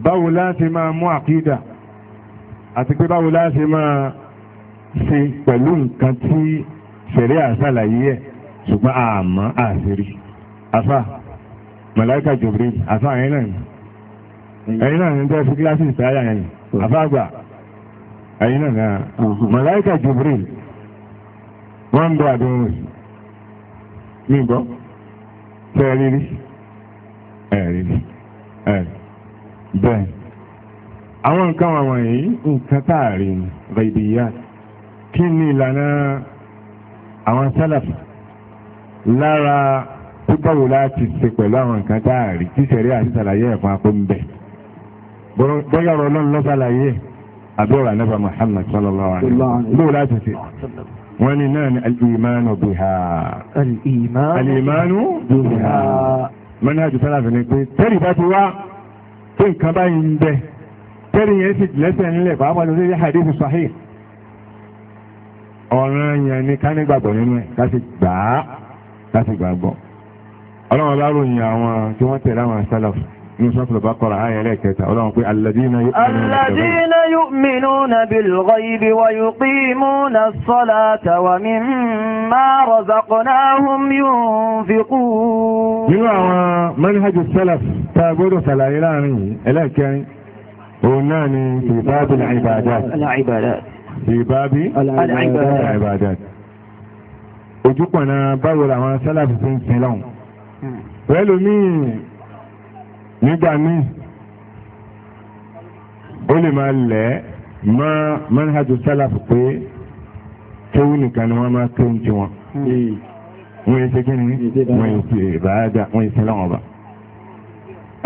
báwo láti máa mú àkídà àti pé báwo la ṣe máa ṣe pẹ̀lú nǹkan tí ṣẹ̀rẹ́ àṣàlàyé ẹ̀ ṣùgbọ́n àmọ́ àṣírí afá màláìka Jibril afá ẹ̀yin náà ẹ̀yin náà ní tẹ́ fi kíláàsì ìtayà yẹn afá mm. àgbà ẹ̀yin náà ni mm-hmm. màláìka Jibril wọ́n ń bẹ àdéhùn rẹ̀ mí gbọ́ tẹ́ rírí ẹ̀ rírí ẹ̀ bẹ́ẹ̀ àwọn nǹkan àwọn yìí nǹkan táàrí ni rẹ̀dìyà kí ni ìlànà àwọn sálàfì lára pípọ̀wò láti ṣe pẹ̀lú àwọn nǹkan táàrí tí sẹ̀rí àti sàlàyé ẹ̀fọn apó ń bẹ̀ bóyá ọ̀rọ̀ ọlọ́run ló sàlàyé àbí ọ̀rọ̀ anábà Muhammad sallallahu alaihi wasallam lóò láti ṣe wọ́n ní náà ni al-imanu biha al-imanu biha mọ́nà ni pé tẹ́rì ti wá tí nǹkan báyìí ń bẹ́ẹ̀ tẹ́rì yẹn sì lẹ́sẹ̀ nílẹ̀ pàápàá lórí hadith sahih ọ̀ràn yẹn ni ká nígbàgbọ́ nínú ẹ̀ ká gbà á ká gbàgbọ́ ọlọ́run bá ròyìn àwọn tí wọ́n tẹ̀lé àwọn sálàfù ní sọ́tùlù bá kọ́ra ayẹ lẹ́ẹ̀kẹta ọlọ́run pé alladina yu'minuna bil ghaibi wa yuqimuna as-salata wa mimma razaqnahum yunfiqun nínú àwọn manhajus salaf tá a gbọ́dọ̀ sàlàyé láàrin ẹlẹ́ẹ̀kẹrin òun náà ni ìbábi al-ibadat ìbábi al-ibadat ojúpọ̀nà báwo làwọn sálàfì fi ń sin lọ́hùn hmm. pẹ̀lú míì nígbà míì ó lè máa lẹ̀ mọ́ manhajú sálàfì pé kéwú nìkan ni wọ́n máa kéwú tiwọn hmm. wọ́n yẹ ṣe kí ni wọ́n yẹ ṣe ìbáadà wọ́n yẹ ṣe lọ́wọ́ bá.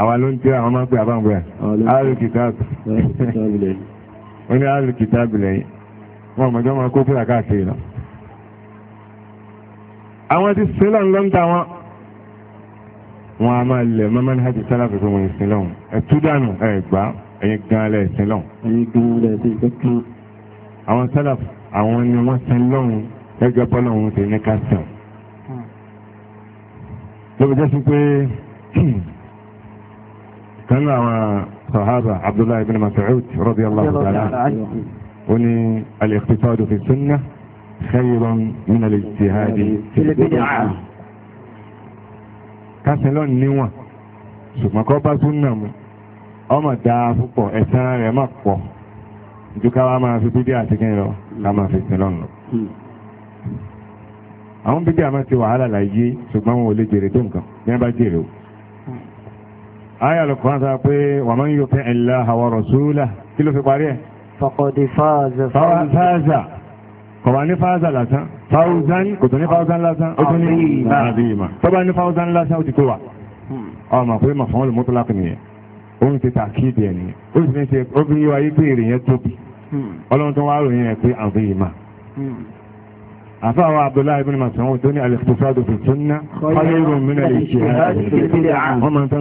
àwọn ló ń tẹ́ àwọn máa ń pè àbáǹgbẹ́ alùkìtàbù <laughs> wọ́n ní alùkìtàbù lẹ́yìn wọ́n mọ̀jọ́ máa kó fúra káàkiri lọ. àwọn ti sílọ̀ ń lọ́ńtà wọn wọn a máa lẹ̀ mọ́mọ́ ní hajj sálàfẹ́ tó wọ́n sílọ̀ ẹ̀tú dànù ẹ̀gbá ẹ̀yìn gan lẹ̀ sílọ̀. àwọn sálàf àwọn ni wọ́n sílọ̀ gẹ́gẹ́ bọ́lọ̀ wọn ti ní ká sàn. Hmm. lóbi pé kanú àwọn sahaba abdullahi ibn mas'ud radiyallahu ta'ala ó ní al-iqtisadu fi sunnah khayrun min al-ijtihadi fil bid'ah kásìlọ́ níwọ̀n ṣùgbọ́n kọ́ bá súnnà mu ọmọ dáa púpọ̀ ẹ̀sán rẹ̀ má pọ̀ ju ká wá máa fi bídí àti kí n lọ ká máa fi sin lọ́nà. Hmm. àwọn bídí àmọ́ ti wàhálà láyé ṣùgbọ́n wọn ò lè jèrè tó nǹkan ní wọ́n bá jèrè o ayé alùkùnrin sọ pé wà máa ń yọ fẹ́ ẹ̀lá àwọn rọ̀súlà kí ló fi parí ẹ̀. fọkọ̀dé fáàzà. fáàzà kọ̀wá ní fáàzà lásán fáwùzán kò tó ní fáwùzán lásán ó tún ní àbíyìmá tó bá ní ọmọ pé ń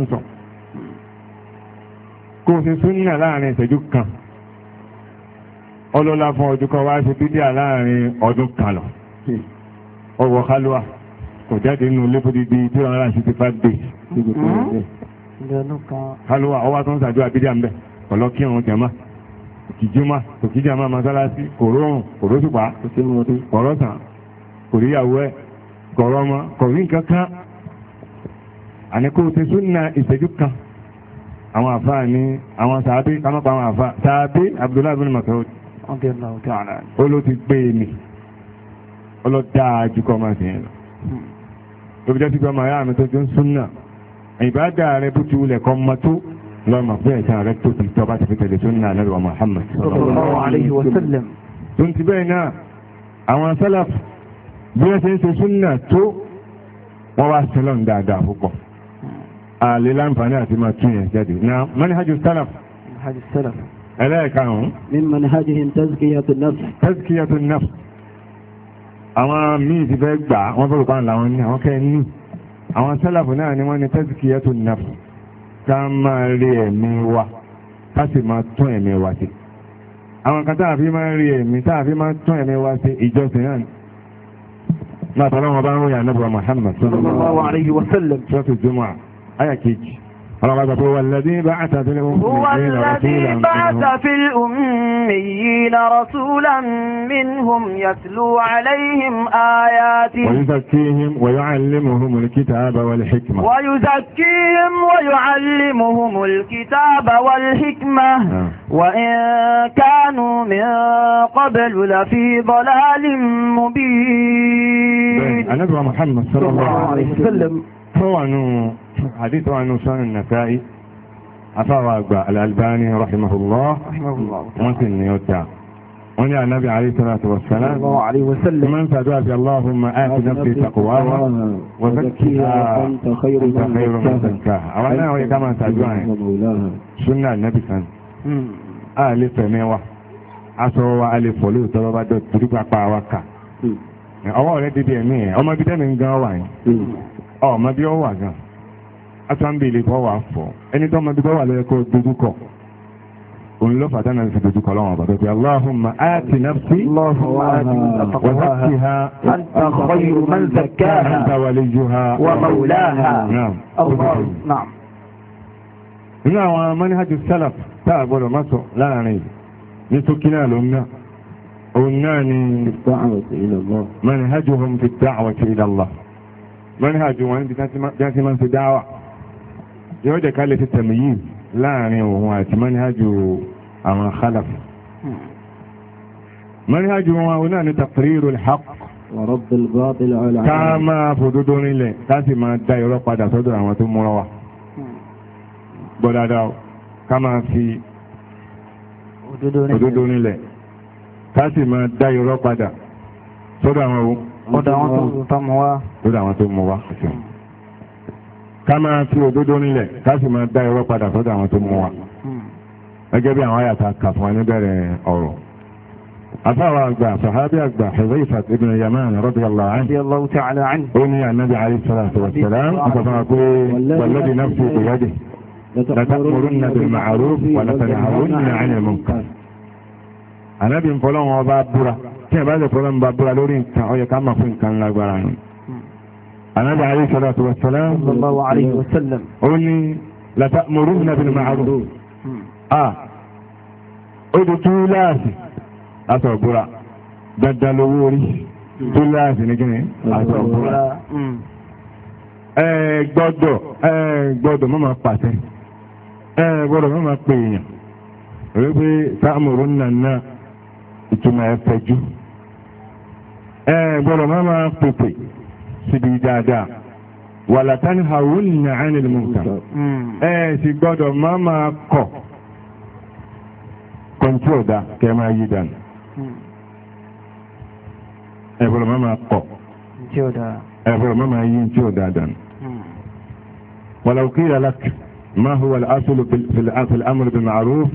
ti kó o ṣe súnà láàrin ìṣẹ́jú kan ọlọ́lá fún ọdún kan wá ṣe bídíà láàrin ọdún kan lọ ọwọ́ kálúwà kò jáde nínú ilé fódìdí tí wọn rà sí ti bá dé kálúwà ọwọ́ tó ń ṣàdúrà bídíà ń bẹ̀ ọlọ́kírun jẹ̀má kìjúmá kò kíjà máa mọ́sálásí kò rọrùn ẹ̀ kò rọ́mọ nǹkan kan àníkó o ṣe ìṣẹ́jú kan àwọn àfáà ní àwọn sàábé kámọ́pá àwọn àfáà sàábé Abdullahi bin Mas'ud olo ti gbé e mi ọlọ́dáa jù kọ́ máa sì yẹn lọ. lóbi hmm. jẹ́ sípẹ́ màá yá àmì tó ti ń súnà ìbáàdà rẹ bó ti wulẹ̀ kọ́ mọ́ tó lọ́mọ fún ẹ̀sán rẹ tó ti tọ́ba ti fi tẹ̀lé súnà náà lọ́wọ́ Muhammad. tó àwọn sálàf bí wọ́n ti ṣe súnà tó wọ́n wá sẹ́lọ̀ ń dáadáa púpọ̀ àlè láǹfààní àti máa tún yẹn jáde na manhaj salaf. manhaj salaf. ẹlẹ́ẹ̀karùn-ún. min manhajihim tazkiyatu nafs. tazkiyatu nafs. àwọn míì ti fẹ́ gbà wọ́n fẹ́ rúpa làwọn ní àwọn kẹ́ẹ̀ ní àwọn sálàfù náà ni wọ́n ní tazkiyatu nafs ká máa rí ẹ̀mí wa ká sì máa tún ẹ̀mí wa sí. àwọn kan tá a fi máa rí ẹ̀mí tá a fi máa tún ẹ̀mí wa sí ìjọsìn náà ni ما طالما بقى يا نبي محمد صلى الله عليه وسلم سورة الجمعة آية كيكي هو الذي بعث في الأميين رسولا بعث في الأميين رسولا منهم يتلو عليهم آياته ويزكيهم ويعلمهم الكتاب والحكمة ويزكيهم ويعلمهم الكتاب والحكمة آه. وإن كانوا من قبل لفي ضلال مبين أنا محمد صلى الله عليه وسلم هو hadith wa nínú Sunan Nasa'i afáwà àgbà al-Albani rahimahullah wọ́n sì ní ó dáa wọ́n ní ànábì alayhi salatu wa salam man sàdúrà sí Allahumma aati nafsi taqwaha wa zakkiha anta khayru man zakkaha àwọn náà wọ́n yẹ ká máa sàdúrà yẹn súnà nábì kan hmm. a lè fẹ̀mí wa aṣọ wa a lè fọ̀ lóòótọ́ bá bá dọ̀ torí pápá wa kà hmm. ọwọ́ rẹ̀ dídí ẹ̀mí ẹ̀ ọmọ ibi tẹ́mi gan wà yẹn hmm. ọmọ bí ó wà gan. atambele kọ́ wà fọ́ ẹni tó ọmọdé bọ́ wà lọ́yẹ kó dojúkọ òun ló fàtà náà fi dojúkọ lọ́wọ́ ọba tó pé aláhùnmá áàtì nafsi wàhásìhá àtàkọ́yù mọ́nzàkáhà àtàwàlẹ́jùhá wàmàwùláhà. nínú àwọn manhajus salaf tá a gbọ́dọ̀ má sọ láàrin yìí ní sókí náà ló la ná òun náà ni manhajuhum fi da'wati ila Allah manhaju wọn níbi tí wọ́n ti máa ń ṣe dáwà. tí ó jẹ́ ká lè ti tẹ̀mí yìí láàrin òun àti mọ́níhájú àwọn khalaf mọ́níhájú hmm. wọn àwọn náà ní taqriru al-haqq ká máa fòdodo nílẹ̀ ká sì máa dá irọ́ padà sọ́dọ̀ àwọn tó múra wa hmm. gbọ́dáadáa ká máa fi òdodo nílẹ̀ ká sì máa dá irọ́ padà sọ́dọ̀ àwọn tó mú wa ká máa fi òdodo nílẹ̀ ká sì máa dá irọ́ padà sọ́dọ̀ àwọn tó mú wa gẹ́gẹ́ bí àwọn àyàtà kà fún wa níbẹ̀rẹ̀ ọ̀rọ̀ afáwà àgbà sàhábí àgbà Hudhayfah ibn Yaman radiyallahu anhu ó ní ànábì alayhi salatu wa salam nípa fún wa pé walladhi nafsi biyadihi latamurunna wa latanahunna 'anil munkar ànábì ń fọlọ́wọ́n ọba búra tí ẹ̀ bá ṣe fọlọ́wọ́n ọba búra nǹkan ó yẹ النبي عليه الصلاة والسلام صلى الله عليه وسلم قلني لتأمرن بالمعروف آه ادو تولاسي أتو برا ددلوري tólàsì ní kíni hmm. hmm. àtọ̀kùnrin hmm. ẹ gbọ́dọ̀ ẹ gbọ́dọ̀ mọ́ máa pàṣẹ ẹ gbọ́dọ̀ mọ́ máa pè èèyàn rí pé táàmùrún nàná ìtumọ̀ ẹ fẹjú ẹ gbọ́dọ̀ mọ́ máa pèpè سبيدادا ولا تنهون عن المنكر اي سي غودو ماما كو كنتو دا كما يدان اي بولو ماما كو جودا ايه بولو ماما يين جودا دان ولو قيل لك ما هو الاصل في الامر بالمعروف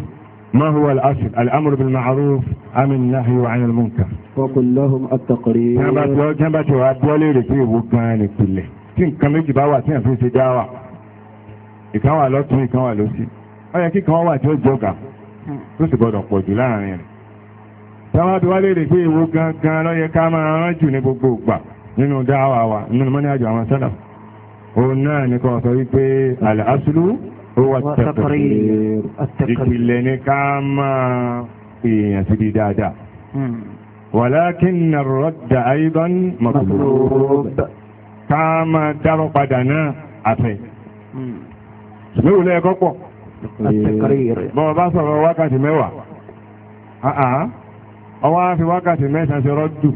ما هو الأصل الأمر بالمعروف أم النهي عن المنكر وقل لهم التقرير جنبة أدولي لكي وكان كله tí nǹkan méjì bá wà tí èèyàn fi ṣe dá wà ìkan wà lọ́tún ìkan wà lọ́sí ó yẹ kí kan wà tí ó jọ̀gà tó sì gbọdọ̀ pọ̀ jù láàrin rẹ̀ táwọn àti wálé rè pé èwo gangan ló yẹ ká máa rán jù ní gbogbo ìgbà nínú dáwà wa nínú mọ́ní àjọ àwọn sálà òun náà ní kan sọ wípé àlàásùlù هو التقرير ìpìlẹ̀ ni ká máa pèèyàn síbi dáadáa ولكن الرد أيضا مطلوب ká máa dárọ̀ padà náà àfẹ́ ṣùgbọ́n ilé ẹ̀kọ́ pọ̀ bọ́ọ̀ bá sọ̀rọ̀ wákàtí mẹ́wàá ọwọ́ á fi wákàtí mẹ́sàn-án ṣe rọ́dù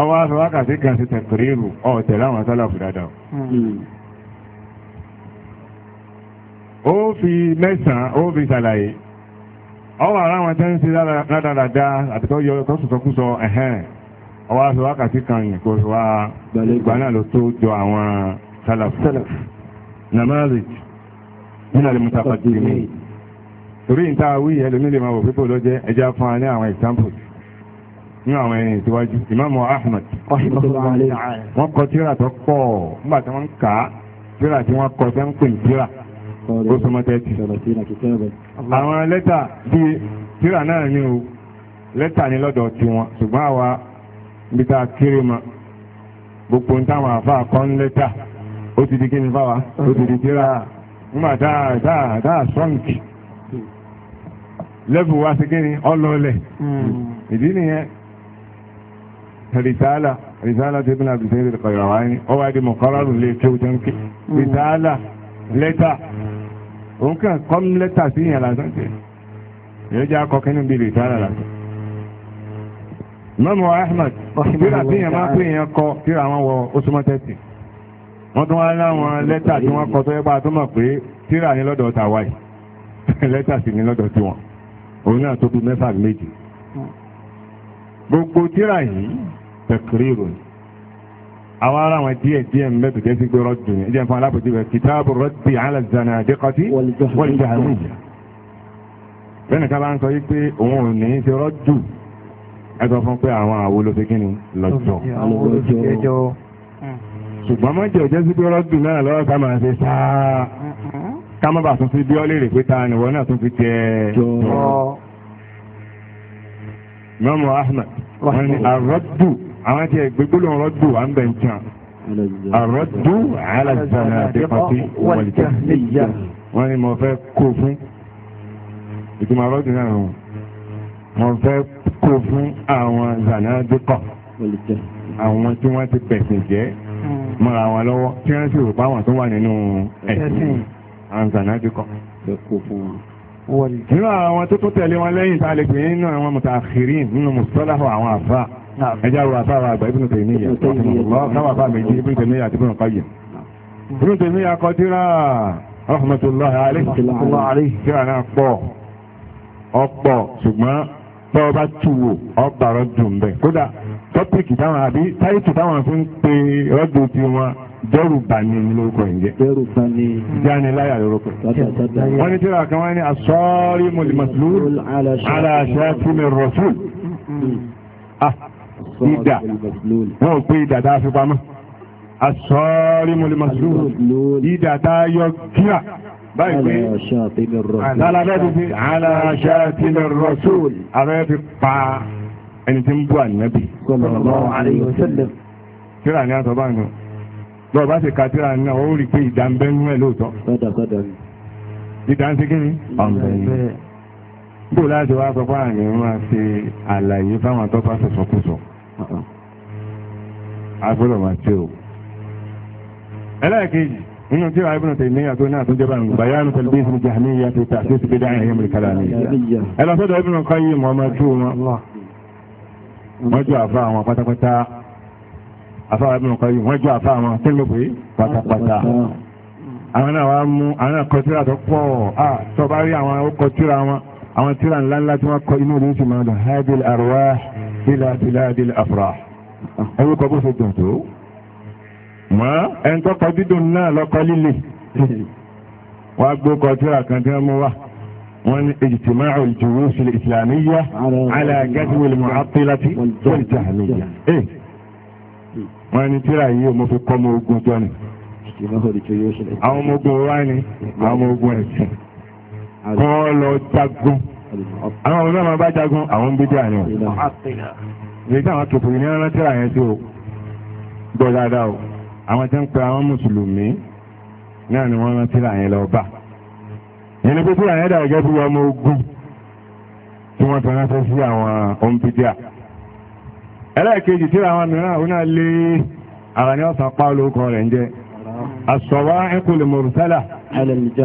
ọwọ́ á fi wákàtí kan sí tẹ̀kìrìrù ọ̀tẹ̀ láwọn sálàfù dáadáa ó fi mẹ́sàn-án ó fi ṣàlàyé ọwọ́ ara wọn tẹ́ ń ṣe ládàradà àti tó yọ tó sọ̀tọ̀kúsọ ẹ̀hẹ́n ọwọ́ aṣọ wákàtí kan yìí kò wá ìgbà náà ló tó jọ àwọn sálàfù namazij nínú mi torí lè máa wò pípò ló jẹ ẹja fún wa ní àwọn examples àwọn ẹni Ahmad kọ tíra tó pọ̀ nígbà tí ń kà tíra tí kọ tẹ́ ń pè ní ó súnmọ́ tẹ́tì. àwọn lẹ́tà bíi tíra náà ni o lẹ́tà ni lọ́dọ̀ tiwọn ṣùgbọ́n àwa bí tá a kéré ma gbogbo ń táwọn àfa kọ́ ń lẹ́tà ó ti di kí ni fáwa ó ti di tíra ńgbà dáa dáa dáa sọ́ǹkì lẹ́bù wa sí kíni ọlọ́ọ̀lẹ̀ hmm. ìdí nìyẹn rìsáàlà rìsáàlà tí Ibn Abdul Sayyid al-Qayrawani ọwọ́ adé mọ̀kọ́rọ́rù lè kéwù jẹ́ ń rìsáàlà lẹ́tà òun kàn kọ́m lẹ́tà sí yẹn lásán tẹ̀ yóò jẹ́ akọ kínní bíi rìtárà lásán. mọ́mú Ahmad tíra tí yẹn máa pè yẹn kọ tíra wọn wọ osùmọ́ tẹ́tì wọ́n tún wá láwọn lẹ́tà tí wọ́n kọ tó yẹ bá a tó mọ̀ pé tíra ni lọ́dọ̀ ta wáyé <laughs> lẹ́tà sì ni lọ́dọ̀ tiwọn òun náà tó bí mẹ́fà méjì hmm. gbogbo tíra yìí tẹ̀kìrì ìròyìn àwọn ará wọn díẹ̀ díẹ̀ ń bẹ́ẹ̀ tẹ̀sí pé rọ́dù ní ìjẹun fún alábòjú rẹ̀ kìtàbù rọ́dì alàzànà àdékọ́tì wọ́lìjàhàmìyà bẹ́ẹ̀ni ká bá ń sọ yí pé òun ò ní ṣe rọ́dù ẹ sọ fún pé àwọn àwo ló fi kíni lọ́jọ́ ṣùgbọ́n mọ́jọ́ jẹ́ sí pé rọ́dù náà lọ́wọ́ ká máa ṣe sáà ká má bàa tún fi bí ọ́ pé ta nìwọ náà tún fi jẹ́ jọ́ mọ́mọ́ Ahmed wọ́n ní àrọ́dù àwọn tí ẹgbẹ́ gbólóhùn rọ́dù à ń bẹ̀ ń tàn àrọ́dù alàzànà àdépàtì wọ̀lìkà wọ́n ní mo fẹ́ kó fún ìtumọ̀ rọ́dù náà rọ̀ mo fẹ́ kó fún àwọn zànà àdépà àwọn tí wọ́n ti bẹ̀sìn jẹ́ hmm. mọ́ra wọn lọ́wọ́ tí wọ́n sì rò báwọn tó wà nínú ẹ̀sìn àwọn zànà àdépà nínú àwọn tó tún tẹ̀lé wọn lẹ́yìn tá a lè pè é nínú àwọn mùtàkìrín nínú mùsọ́láhù àwọn àfáà ẹjá wo àfáwà àgbà Ibn Taymiyyah náwà fà méjì Ibn Taymiyyah àti Ibn Qayyim Ibn Taymiyyah kọ tíra rahmatullahi alayhi tíra náà pọ̀ ọ̀pọ̀ ṣùgbọ́n bọ́ọ̀ bá túwò ọgbà rọ́dùn bẹ́ẹ̀ kódà tọ́pìkì táwọn àbí táìtì táwọn fi ń pe rọ́dùn tí wọn dẹ́rù bani lórúkọ yìí jẹ́ dẹ́rù bani jániláyà lórúkọ wọ́n ní tíra kan wọ́n ní asọ́rí mọ̀lìmọ̀lù aláṣẹ́ fúnmi rọ̀ṣùl ìdà wọn ò pé ìdà tá a fi pamọ́ asọ́ọ́rí mọ̀lẹ́mọ̀sùlùmù ìdà tá a yọ kíra báyìí pé àtàlàbẹ́ ti fi aláṣà ti lè rọ́sùl abẹ́ fi pa ẹni tí ń bú ànábì. kíra ni a sọ báyìí nù lọ́ọ̀ bá ti ka kíra náà ó rí i pé ìdá ń bẹ́ nú ẹ̀ lóòótọ́ ìdánsí kí bó láti wá sọ fún àná ṣe àlàyé fáwọn tó bá agbọ́dọ̀ máa ṣe o. ẹlẹ́ẹ̀kejì nínú tí wàá ibùdó tèmi àti oní àtúnjọba ń gbà yánu pẹ̀lú bíi sinjá ní ìyá tó ta tó ti fi dáhùn ẹ̀yẹ́ mìíràn ní ìyá. ẹ lọ sọ́dọ̀ ibùdó kan yìí mọ́ máa tú wọn. wọ́n àfa àwọn pátápátá àfa àwọn ibùdó kan yìí wọ́n jọ àfa àwọn tẹ́lẹ̀pẹ́ pátápátá. àwọn náà wàá mú àwọn náà kọtíra tó pọ̀ à tọ́ba rí àwọn kọtíra wọn àwọn tíra ńláńlá tí wọ́n kọ inú ìlú sì máa إلى بلاد الأفراح أيوة قبوس الدهتو ما أنت قددنا لقليل وأبوك وترى كانت موه وان اجتماع الجيوش الإسلامية على جدو المعطلة والجهمية إيه وان ترى يوم في قوم وجودنا àwọn ọmọ ogun wa ni àwọn ọmọ ogun ẹ̀sìn kọ́ lọ jagun àwọn ọmọ náà bá jagun àwọn bídí àní o èyí táwọn kẹfìrí ní ọ̀nà tíra yẹn tí o dáadáa o àwọn tí ń pe àwọn mùsùlùmí náà ni wọ́n rán tíra yẹn lọ bá yẹn ni pé tíra yẹn dàgbẹ́ bí ọmọ ogun tí wọ́n tán ránṣẹ́ sí àwọn ombidia ẹlẹ́ẹ̀kejì tíra àwọn mìíràn àwọn náà lé ara ní ọ̀sán pàálù orúkọ rẹ̀ ń jẹ́ asọ̀wá ẹ̀kọ́ lè mọ̀rùsálà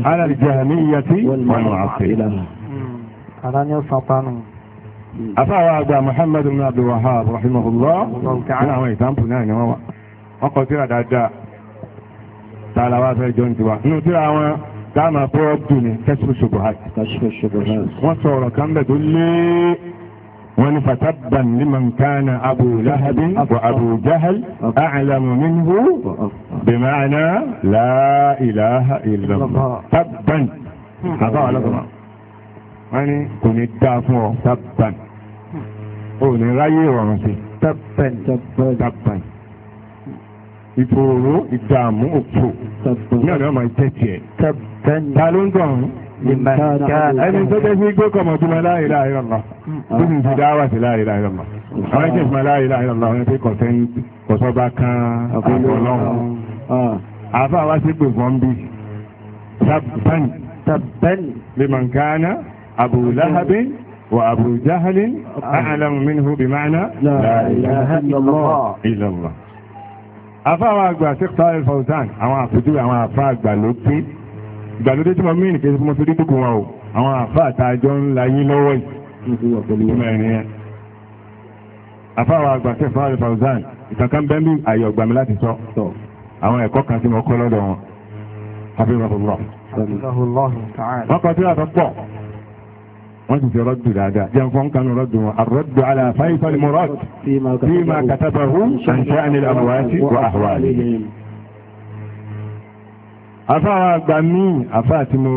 alàlìjàmíyàtì wọn àfẹ́ aláníọ́ sanpanu. afáwọn àgbà Muhammad ibn Abdul Wahhab rahimahullah ní àwọn ìtàmpù náà ni wọ́n wà wọ́n kọ tíra dáadáa tààlà wá fẹ́ jọ ní tiwa nínú tíra wọn dáàmà pọ́ọ̀bù ni kẹ́sìfù ṣubuhat wọ́n sọ̀rọ̀ kan bẹ̀ tó lé wọ́n fatabban liman kana abu lahabin wa abu jahal a'lamu minhu bima'na la ilaha illallah tabban àbáwọ̀ hmm. lọ́gbọ̀n wọ́n ní kò ní dá fún ọ tábàn ò hmm. ní ráyè ìrọ̀rùn sí tábàn tábàn ìfòòró ìdààmú òfò ní ọ̀nà ọmọ ìtẹ́tì ẹ̀ ta ló ń dọ̀rùn ẹni tó tẹ́ sí gbé kọ̀mọ̀ tó máa láàyè láàyè ọ̀la tó sì ti dáwà sí láàyè láàyè ọ̀la àwọn ẹ̀jẹ̀ tó máa láàyè láàyè ọ̀la wọn ti kọ̀tẹ́ kọ̀sọ́ba kan ọlọ́run ah. àfa wa sí gbè fọ́nbí tábàn tábàn lè mọ̀ nǹkan náà. أبو لهب وأبو جهل أعلم منه بمعنى لا إله إلا الله إلا الله afáwọn àgbà Sheikh Saalih Al Fawzān àwọn àpèjúwe àwọn àfa àgbàlódé ìgbàlódé tí mo mí nìkan tí mo fi dídùkú wọn o àwọn àfa àtàjọ ńlá yín lọ́wọ́ yìí afáwọn àgbà Sheikh Saalih Al Fawzān ìtànkán bẹ́ẹ̀ bí àyè ọ̀gbà mi láti sọ àwọn ẹ̀kọ́ kan tí mo kọ́ lọ́dọ̀ wọn hafizahullah wọ́n kọ́ sí àtọ́pọ̀ wọ́n ti fi rọ́dù dáadáa jẹun fún kanu rọ́dù wọn arọ́dù ala fáifá ni mo rọ́d bí ma kàtàbà hu ṣàǹṣẹ́ àni àmàwáṣí wà àhùwàlì. afa àgbà míì afa àti mo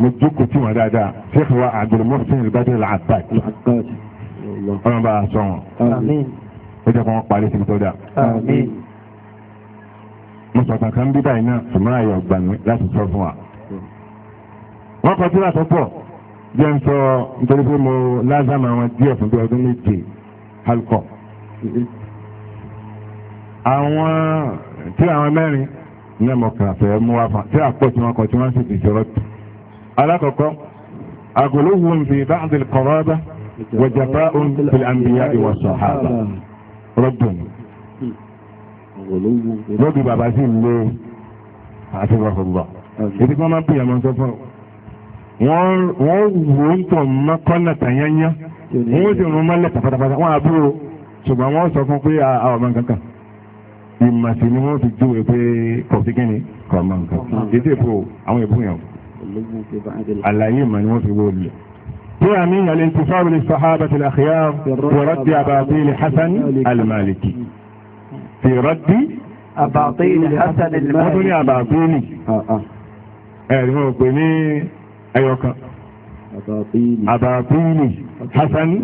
mo jókòó tí wọn dáadáa sheikh wa abdulmuhsin al-badr al-abbad ọlọ́run bá a sọ wọn ó jẹ́ kó wọ́n parí síbi tó dáa mo kan bí báyìí náà sùmọ́ra yọ̀ gbàmí láti sọ fún wa wọ́n kọjú láti pọ̀ jẹ́ ń sọ nítorí pé mo lázàmù àwọn díẹ̀ fún bí ọdún méje alukọ. àwọn tí àwọn mẹ́rin ní ẹ̀mọ̀kà fẹ́ mú wa fà tí àpò tí wọ́n kọ tí wọ́n sì ti sọ̀rọ̀ tù. alákọ̀ọ́kọ́ agolóhùn fi bá àdìl kọ̀rọ̀ọ́bà wọ̀jàpá òun fi àǹbíyá ìwà sọ̀hábà rọ́dùn. rọ́dùn bàbá sì ń lo àti rọ̀fọ̀gbọ̀. ètò kí máa ń pè é àmọ́ sọ́fọ́ wọ́n wò ń tọ̀ mọ́kànlá tàyányá wọ́n sì rún mọ́lẹ̀ pàtàkì wọ́n àbúrò ṣùgbọ́n wọ́n sọ fún pé àwọn ọmọ nǹkan kan ìmọ̀sí ni wọ́n fi júwe pé kọ̀ọ̀sí kínní kọ̀ ọmọ nǹkan ètò èpo àwọn èbú yẹn àlàyé ìmọ̀ ni wọ́n fi wó lulẹ̀. تعمين الانتصار للصحابة الأخيار في رد أباطيل حسن المالكي في رد أباطيل حسن المالكي أباطيل أباطيل أباطيل ẹyọkan àbàbíìnì hasani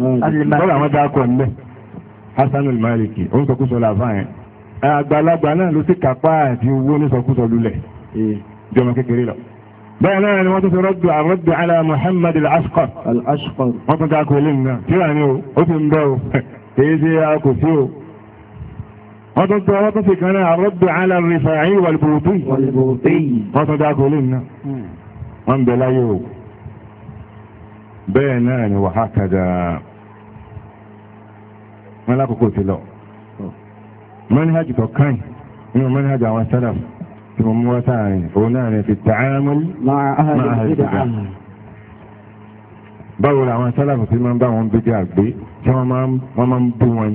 bọ́lá àwọn dákọ̀ ńlẹ̀ hasani al-maliki ó ń sọ kúsọ làfáà yẹn àgbàlagbà náà ló sì kápá àti owó ní sọkúsọ lulẹ̀ jọmọ kékeré lọ. bẹ́ẹ̀ náà ni wọ́n tún fi rọ́dù àrọ́dù ala muhammad al-ashqar wọ́n tún dákọ̀ ilé nǹkan tí wà ní o ó sì ń bẹ́ o èyí sì á kò sí o. wọ́n tún tún wọ́n tún fi kan náà àrọ́dù ala rifa'i wal wọ́n tún dákọ̀ ilé nǹkan wọ́n ń bẹ láyé o bẹ́ẹ̀ náà ni wàhá kàdà wọ́n lákòókò ti lọ manhaj tó kàn nínú manhaj àwọn sálàf tí mo mú wá sáàrin òun náà ni fi ta'amul ma'a ahli bid'ah báwo la àwọn sálàfù tí máa ń bá wọn bídí àgbé tí wọ́n máa ń bú wọn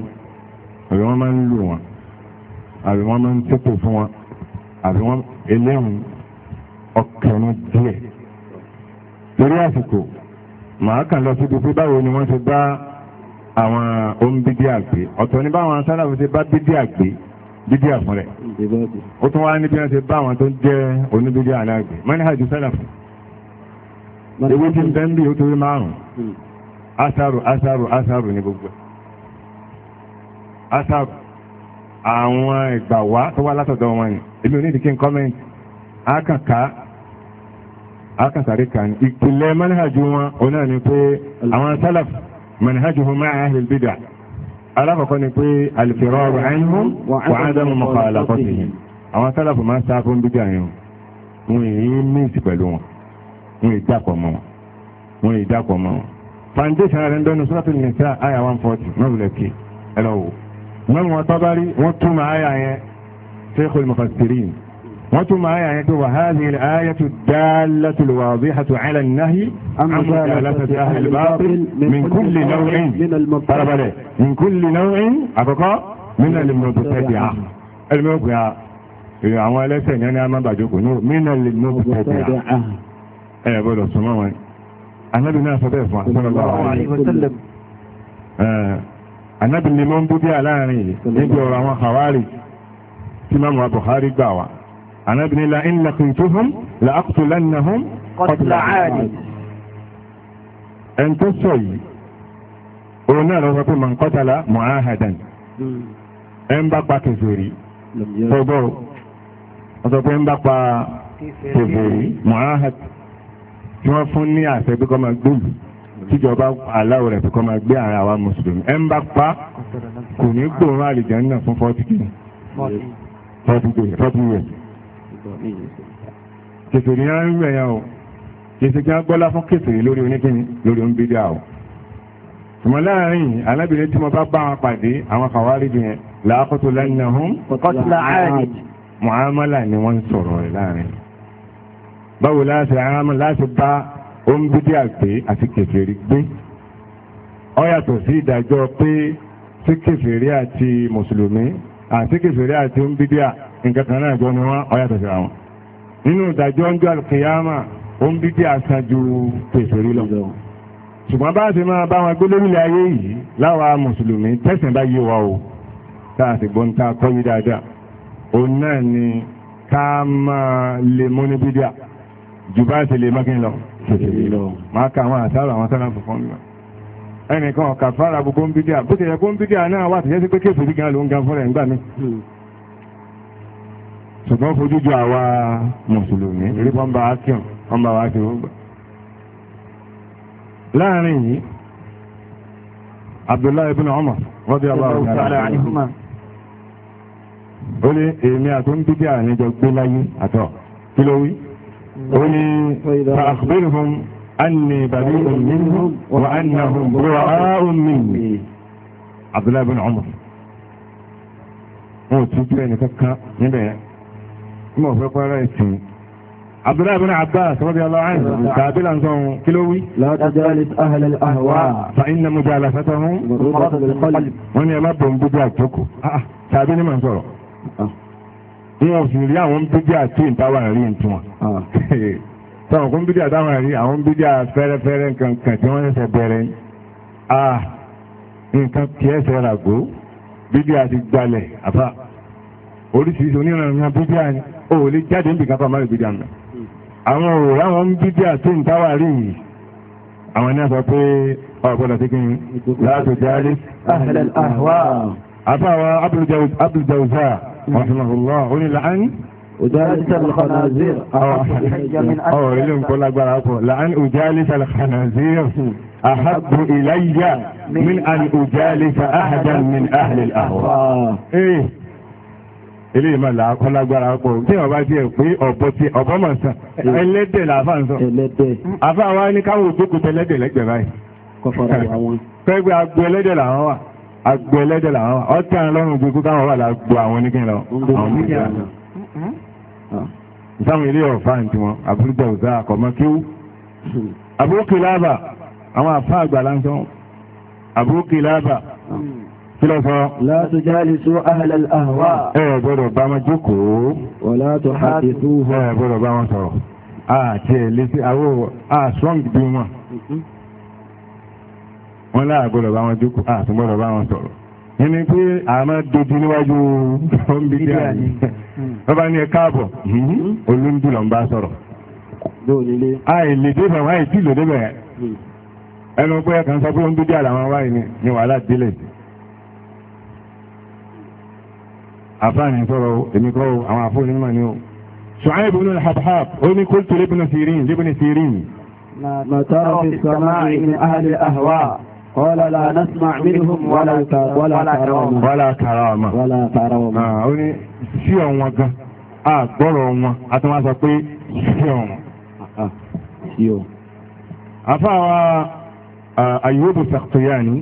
àbí wọ́n máa ń lù wọn àbí wọ́n máa ń tẹ́pọ̀ fún wọn àbí wọ́n eléhùn ọkànnú díẹ̀ torí àsìkò màá kàn lọ síbi pé báwo ni wọ́n ti bá àwọn oníbídí àgbé ọ̀tọ̀ ní báwọn sálàfù ti bá bídí àgbé bídí àfún rẹ̀ ó tún wá ní bí wọ́n ti bá àwọn tó jẹ́ oníbídí àlágbé mọ́níhàjú sálàfù ewé tí ń bẹ́ ń bí ó torí márùn-ún hmm. asaru asaru asaru ní gbogbo asaru àwọn ìgbà wá tó wá látọ̀dọ̀ wọn ni èmi ò ní ìdíkín kọ́mẹ́ntì á kàn ká akasari kan ìpìlẹ̀ manhajù wọn ọ̀nà ni pé àwọn salaf manhajù wọn máa ahli bid'ah alákọ̀ọ́kọ́ ni pé alifirọ́rù anhum wà ádámù mukhalafatuhum àwọn salaf máa sá fún bid'ah yẹn wọn èyí mìíràn pẹ̀lú wọn wọn èyí dàpọ̀ mọ́ wọn wọn èyí dàpọ̀ foundation rẹ̀ ń dọ́nu nisa àyà one forty mọ́wùlẹ̀ kí ẹ lọ wò. wọn tọ́bárí wọ́n yẹn Sheikhul mufassirin وثم يعني هذه الآية الدالة الواضحة على النهي عن مجالسة أهل الباطل من كل نوع من طلب من كل نوع أبقى من المبتدعة المبتدعة يعني عموا ليس أنا ما بجوكم من المبتدعة أي إيه أبو الله سلام النبي نعم فتيف صلى الله عليه وسلم أنا آه، اللي من بدي على نبي ورحمة خوالي تمام وابو خارج دعوة anábì ní la in lakuntuhum la aqtulannahum qatla aadi ẹn tó sọ yìí òun náà lọ sọ pé man qatala mu'ahadan ẹ ń hmm. bá pa kèfèrí hmm. tọgbọ ọ sọ pé ń bá pa kèfèrí mu'ahad tí wọ́n fún ní àṣẹ pé kọ́ máa gbé yìí tíjọba aláwọ̀ rẹ̀ kọ́ máa gbé ara wa mùsùlùmí ẹ̀ ń bá pa kò ní gbòòrùn àlìjẹ́ náà fún fọ́tí kìíní fọ́tí years kèfèrè yẹn ń rẹ̀ yẹn o kèsì kí wọ́n gbọ́lá fún kèfèrè lórí oníkíni lórí oníbídà o tùmọ̀ láàrin alábìrin tí mo bá bá wọn pàdé àwọn kàwárí bi yẹn làákòtò lẹ́nà hún mọ̀hámàlà ni wọ́n ń sọ̀rọ̀ rẹ̀ láàrin báwo láti àmà láti bá oníbídà gbé àti kèfèrè gbé ó yàtọ̀ sí ìdájọ́ pé tí kèfèrè àti mùsùlùmí àti kèfèrè àti oníbídà nǹkan kan náà gbọ́ ni wọ́n ó yàtọ̀ sí àwọn nínú ìdájọ́ ń jọ àlùkìyàmà ó ń bídí àṣà ju pèsèrè lọ ṣùgbọ́n bá a ti máa bá wọn gbé lórílẹ̀ ayé yìí láwa mùsùlùmí tẹ̀sán bá yé wa o tá a sì gbọ́n tá a kọ́ yí dáadáa òun náà ni ká máa lè mú ní bídíà ju bá a ti lè mọ́kìn lọ pèsèrè lọ máa ka àwọn àṣà àwọn sọ́nà fúnfún mi ẹnìkan kàfàrà gbogbo ń bídíà bó ti yẹ kó ń bídíà náà wà tìyẹ́sí pé kéfìrí gan ló ń gan fúnra ẹ̀ ń gbà mí ṣùgbọ́n fojú ju àwa mùsùlùmí rí wọ́n bá wa kírun wọ́n bá wa kírun gbà. láàrin yìí Abdullahi ibn Umar radiyallahu ta'ala anhuma ó ní èmi àti ń bíbí àníjọ gbé láyé àtọ kí ló wí ó ní fa akhbirhum anni bari'un minhum wa annahum bura'a'un minni Abdullahi ibn Umar wọn ò tún bí ẹnì kankan níbẹ̀ yẹn mọ̀ fẹ́ pẹ́rẹ́ ìsìn Abdullahi bin Abbas radiyallahu anhu tàbí lansọ ohun kí ló wí. La tujalis ahla al-ahwa. Fa inna mujalasatahum. Wọ́n ní ẹ má bọ̀ ń bíbí àjókò. Ah, ah, tàbí ní màá sọ̀rọ̀. Wọ́n ah. ò sì rí àwọn bíbí àti ìtawà rí ìtumọ̀. <laughs> Sọ̀rọ̀ kún bíbí àtàwọn rí àwọn bíbí àfẹ́rẹ́fẹ́rẹ́ kankan tí wọ́n ṣẹ̀ṣẹ̀ bẹ̀rẹ̀. Nǹkan kì í ṣe ràgó. Bíbí àti gbalẹ̀ àfa o ò lè jáde níbi kan pàmò ìbídí àmì àwọn òòrùn àwọn ń bídí àti ìtawà rí yìí àwọn ní àsọ pé ọ̀pọ̀lọ̀ tí kí n láti jáde àfáwà abúlùjáwùsá ọ̀sánàfọ̀lọ́ onílàán ọ̀rọ̀ ilé nǹkan lágbára pọ̀ láán ujálisa alkhanazir ahabbu ilayya min an ujalisa ahadan min ahli al-ahwa ilé ìmọ̀ lágbára pọ̀ tí wọ́n bá jẹ́ pé ọ̀bọ ti ọ̀bọ mọ̀ sàn ẹlẹ́dẹ̀ làáfà ń sọ àfà wa ní káwọn òjókòó tẹlẹ́dẹ̀ lẹ́gbẹ̀ẹ́ báyìí pẹ́gbẹ́ agbo ẹlẹ́dẹ̀ làwọn wà agbo ẹlẹ́dẹ̀ làwọn wà ọ̀tí àwọn ọlọ́run gbogbo káwọn wà lágbo àwọn oníkìn lọ. Ah. sáwọn ilé ọ̀fà ntí wọn àbúrúgbà òsà àkọ́mọ́ kíw àbúrúkì láàbà àwọn àfà àgbà láńsán àbúrúkì láàbà ah kílọ̀sọ́. látò jáàlì tó ahàlẹ̀ àhàwà. ẹ gbọ́dọ̀ bá wọn jókòó. wọ̀lá tó hàtì tó hù. ẹ gbọ́dọ̀ bá wọn sọ̀rọ̀. àti ẹ̀ létí àwọ̀ àṣọ́ǹg bí wọn. wọn láà gbọ́dọ̀ bá wọn jókòó àti gbọ́dọ̀ bá wọn sọ̀rọ̀. ẹni pé àmọ́ dojú níwájú ọ̀nbílẹ̀ àní. wọ́n bá ní ẹ káàbọ̀ olóńdù hmm. lọ́n bá sọ̀rọ̀. àìlèdè bàwọn àìtí lòdè bẹ̀rẹ̀ ẹnu pé ẹ kàn sọ pé ó ń dúdú wáyé ni wàhálà délẹ̀ sí. àfáàní sọ̀rọ̀ èmi kọ́ o àwọn àfóònù mímọ̀ ni o. ṣùgbọ́n ibùdó ní habhab ó ní kó tó lébùnà sírín lébùnà sírín. màtàrà fi sọmá ìní ahàlì àhùwà kọ́lá la nasma minhum wàlá karama. wàlá karama. wàlá karama. Ah, ó ní sí ọ̀wọ́n gan àgbọ̀rọ̀ wọn àtúnwá sọ pé sí ọ̀wọ́n. àfáàwá ayéwòbù sàkóyà ni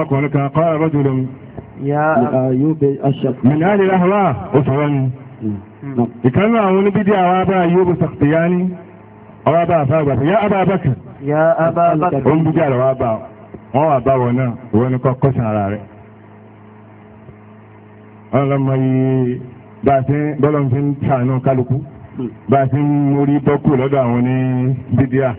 ọkùnrin kan kọ́ ẹ̀rọ ayúbẹ̀ aṣàkùn. Mìnà lè ráhùwá ó sọ̀rọ̀ ni. Ìkànnì àwọn oníbídí àwọn abá ayúbẹ̀ sàkùtìyá ní ọwọ́ abá àfáàgbà yá abá abákì. Yá abá abákì. Ó ń bídí àlọ́wọ́ abá wọn wà bá wọn náà ìwọ ni kọ́kọ́ sàn ara rẹ̀. Wọ́n lọ mọ iye bá a ti bọ́lọ̀ fi ń sànú kálukú hmm. bá a ti ń mórí bọ́kù lọ́dọ̀ àwọn oníbídí à.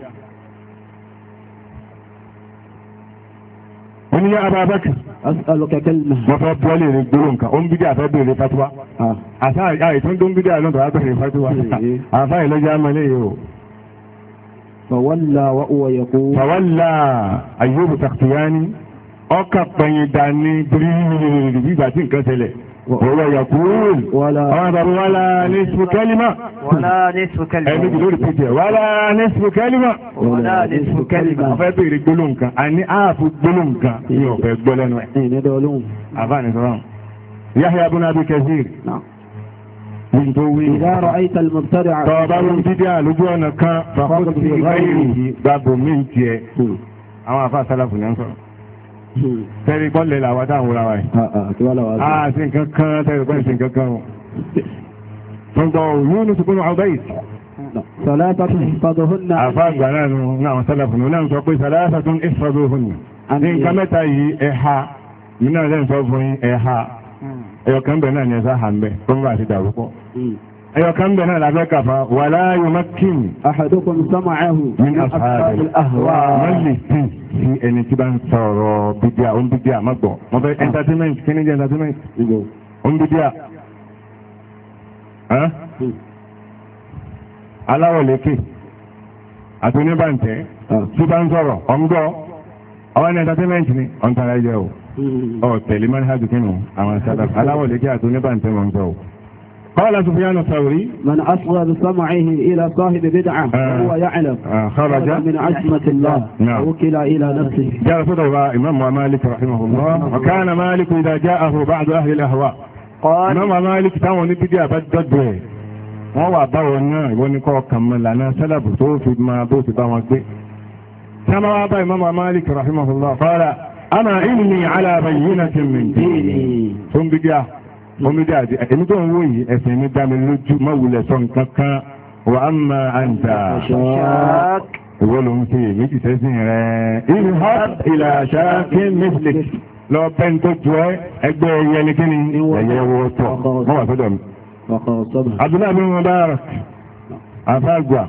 wọ́n ní yá ababakar wọ́n fẹ́ bọ́ọ̀lì rẹ̀ gbóró nǹkan ó ń bídí àfẹ́ bèèrè fatuwa àṣà àìtó ń bídí àlọ́ tó wá bèèrè fatuwa àfà ìlọ́jà amalẹ̀ yìí o. fawalla wa uwa yako. fawalla ayélujára takitiyani ọkà pẹ̀yìn dání bíríbí ìgbà tí nǹkan ṣẹlẹ̀. Wọ́lá yàkúrùn wọ́lá nísù kẹ́límà. Wọ́lá nísù kẹ́límà. Ẹni bí lórí pẹ̀tẹ̀ wọ́lá nísù kẹ́límà. Wọ́lá nísù kẹ́límà. Ọ̀fẹ́ bèèrè gbólóǹkan, a ní ààfù gbólóǹkan ní ọ̀fẹ́ gbọ́lẹ́nu ẹ̀. Ìnídọ́ olóhùn. Àbáni sọ́rọ̀. Yahya ibn Abi Kathir. Min tó wí. Ìdá rọ̀ àìta lùmọ̀tàrí àrùn. Tọ́ọ̀bá ló ń dídí àlójú ọ̀nà kan, fàkóso ìgbà yìí, gbàgbọ́ mi ń Àwọn àfáà sálàfù ni wọ́n sọ̀rọ̀ tẹ́rí pọ́lẹ̀ làwà táwọn wòra wa yìí. a ah, ah, ah, ṣe nǹkan kan tẹ́rí pọ́lẹ̀ ṣe nǹkan kan o. tọ́gbọ̀ Yunus ibn Ubayd. sàlátàtún ìfàdóhùnà. àfàgbà náà nù náà sálàfù nù náà sọ pé sàlátàtún ìfàdóhùnà. ní nǹkan mẹ́ta yìí ẹ̀ha yìí náà lẹ́nu sọ fún ẹ̀ha hmm. ẹ̀yọ̀kan bẹ̀ náà ni ẹ̀sà hà ń bẹ̀ tó ń bá àti dàrú pọ̀. Hmm. أيوة كم بنا لا كفى ولا يمكن أحدكم سمعه من أصحاب الأهواء مجلس في أن تبان صار بديا أم بديا ما بقى ما بقى entertainment كن يجي entertainment أم بديا ها aláwọ̀ lékè àti oníbàǹtẹ́ ah. tí bá ń sọ̀rọ̀ ọ̀ǹgọ́ ọwọ́ ní entertainment ni ọ̀ǹtara ẹ̀jẹ̀ o hmm. ọ̀ tẹ̀lé manhajù kínú àwọn sábà aláwọ̀ lékè àti oníbàǹtẹ́ wọn sọ̀rọ̀. قال سفيان الثوري من أصغى بسمعه إلى صاحب بدعة وهو آه. يعلم آه خرج من عزمة الله نعم. وكل إلى نفسه جاء فضوا إمام مالك رحمه الله نعم. وكان مالك إذا جاءه بعض أهل الأهواء قال إمام مالك تو نبدي أبدد هو وهو أبدو أن كمل انا وكمل لنا سلب صوفي بما دوت بمك به كما اعطى إمام مالك رحمه الله قال أما إني على بينة من ديني ثم بجاه omi dí àti èmi tó ń wò yìí ẹ̀sìn mi dá mi lójú má wulẹ̀ sọ nǹkan kan wà á ma àǹtà ìwọ ló ń ṣe èméjì sẹ́sìn rẹ̀ ìhọ́p ìlàṣà kí mẹ́sìlẹ̀ lọ pẹ́ni tó tu ẹ́ ẹgbẹ́ ẹyẹ ni kí ni ẹyẹ wọ́ tọ̀ mọ́ wà sọ́dọ̀ mi. abdullahi bin mubarak afagba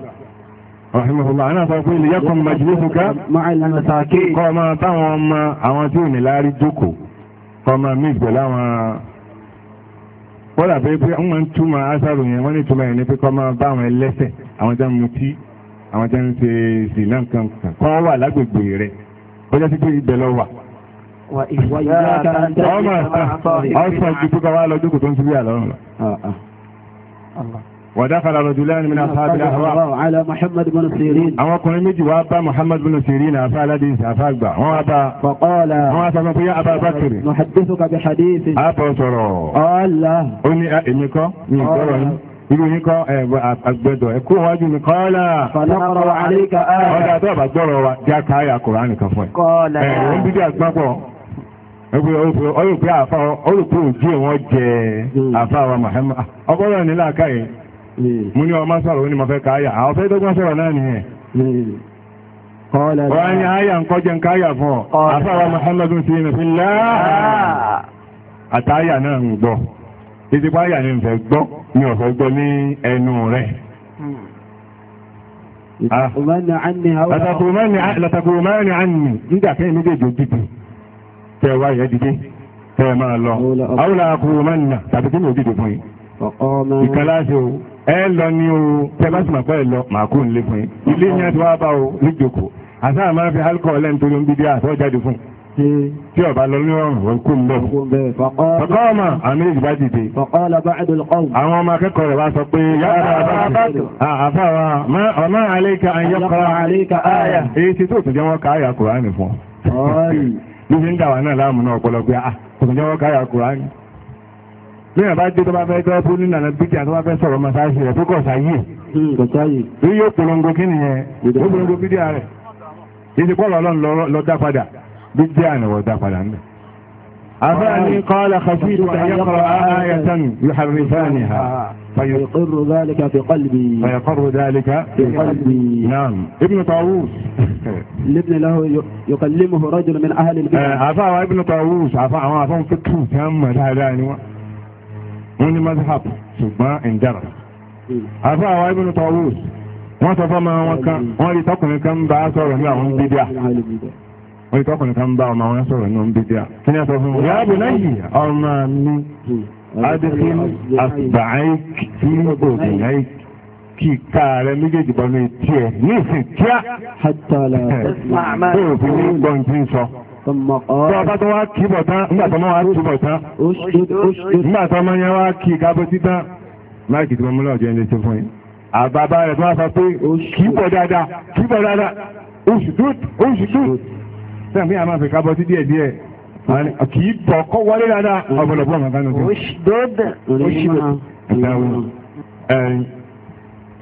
rahimahullah ana sọ pé ilé yẹkùn majlisuka kọ́ ọ máa táwọn ọmọ àwọn tí ò ní láárí jókòó kọ́ ọ máa mí ìgbẹ́ láwọn wọ́n dà pé wọ́n máa ń túmọ̀ aṣáàrò yẹn wọ́n ní túmọ̀ yẹn ní pé kọ́ máa bá àwọn ẹlẹ́sẹ̀ àwọn jẹ́ mutí àwọn jẹ́ ń ṣe zìnà nǹkan kan kọ́ wà lágbègbè rẹ̀ ó jẹ́ sí pé ibẹ̀ lọ wà. ọmọ ọ̀sán ju pé kọ́ wá lọ jókòó tó ń ṣubú àlọ́run lọ. Ah, ah. ودخل رجلان من أصحاب الأهواء على محمد بن سيرين أو كن يجي وأبا محمد بن سيرين أفا لديس أفا أكبا وأبا فقال وأبا يا أبا بكر نحدثك بحديث أبا سرو قال لا أني أمكو irú yín kọ́ àgbẹ̀dọ̀ ẹ̀kú wájú mi kọ́ọ́lá. fọlọ́kọ̀rọ̀ àríkà ẹ̀. ọ̀dà tó bá gbọ́rọ̀ wa já káyà Kùránì kan fún ẹ. kọ́ọ́lá. ẹ̀ ń bí díà gbọ́pọ̀ olùpẹ̀ àfa olùpẹ̀ òjì wọn jẹ àfa wa Muhammad ọgbọ́n náà nílà mú hmm. ní ọmọ sọ̀rọ̀ ó ní mo fẹ́ káyà àwọn fẹ́ dọ́gbọ́n sọ̀rọ̀ náà nìyẹn hmm. ọ̀rọ̀ ni àyà ń kọjẹ́ ń káyà fún ọ àfáwà Muhammadun sí ìrìn fílá ah. àtàyà náà ń gbọ́ ìtìpá àyà ni ìfẹ́ gbọ́ ni ọ̀fẹ́ gbọ́ ní ẹnu rẹ̀ látàkùrùmọ́ni àní nígbà kẹ́ ìmúdé ìjọ dìbò tẹ́wà ìyẹ́ dìde tẹ́ máa lọ àwùlà àkùrùmọ́ni tàbí kí ni òdìdò fún yìí ìkàláṣẹ́ ẹ lọ ni o tẹlasi ma pẹ́ lọ màá kó nílé fún yín ilé yẹn ti wá bá o níjòkó àtàwọn máa fi alcohol lẹ́nu torí ń bí díẹ̀ àtọ́ jáde fún tí ọba lọ wọn kó ń bẹ. ọmọ àmì ìjìbá dìde. àwọn ọmọ akẹ́kọ̀ọ́ rẹ̀ wá sọ pé yàrá àbáwá ọmọ àlẹ́kà àyẹ̀kọ́ èyí ti tó tún jẹ́ wọ́n ká fún ọ. <laughs> bí fi ń dà wà náà láàmú náà ọ̀pọ̀lọpọ̀ àtúnjẹ́ ah, wọ́n ká àyà bẹ́ẹ̀ bá dé tó bá fẹ́ tọ́ fún nílànà bíjà tó bá fẹ́ sọ̀rọ̀ masáàsì rẹ̀ tó kọ̀ sáyé tó yóò polongo kí nìyẹn ó polongo bídíà rẹ̀ ìdí kọ́ lọ́lọ́ lọ dá padà bídíà ni wọ́n dá padà ń bẹ̀. أفاني قال خشيت أن يقرأ آية يحرفانها فيقر ذلك في قلبي فيقر ذلك في قلبي نعم ابن طاووس الابن له يكلمه رجل من أهل البيت عفا ابن طاووس عفا عفا فكر كم هذا wọ́n ní mazhab ṣùgbọ́n ẹ̀ǹdára àfa àwa ibùdó tawus wọ́n sọ fọ́mọ wọn kan wọ́n rí tọkùnrin kan bá a sọ̀rọ̀ ní àwọn bídíà wọ́n rí tọkùnrin kan bá ọmọ wọn sọ̀rọ̀ ní àwọn bídíà kí ni ẹ sọ fún wọn. yàrá bò náyì ọmọ mi adéfín àtìbàáyé sí òbínáyé kí káàrẹ méjèèjì bọ́ ní tiẹ̀ ní ìsìn kíá. hàtàlà <laughs> Tọ́bátọ́ wá kí bọ̀ tán, nígbàtọ́mọ́ wá kí bọ̀ tán, nígbàtọ́mọ́ yẹn wá kí ìgábó títán, láìkì tí mo múlọ̀ jẹ́ ilé tó fún yìí. Àbábá rẹ̀ tó wá sọ pé kí bọ̀ dáadáa, kí bọ̀ dáadáa, oṣù tó, oṣù tó. Sẹ́yìn fún yàrá máa kábọ̀ sí díẹ̀ díẹ̀. Kì kọ́ wọlé dáadáa, ọ̀pọ̀lọpọ̀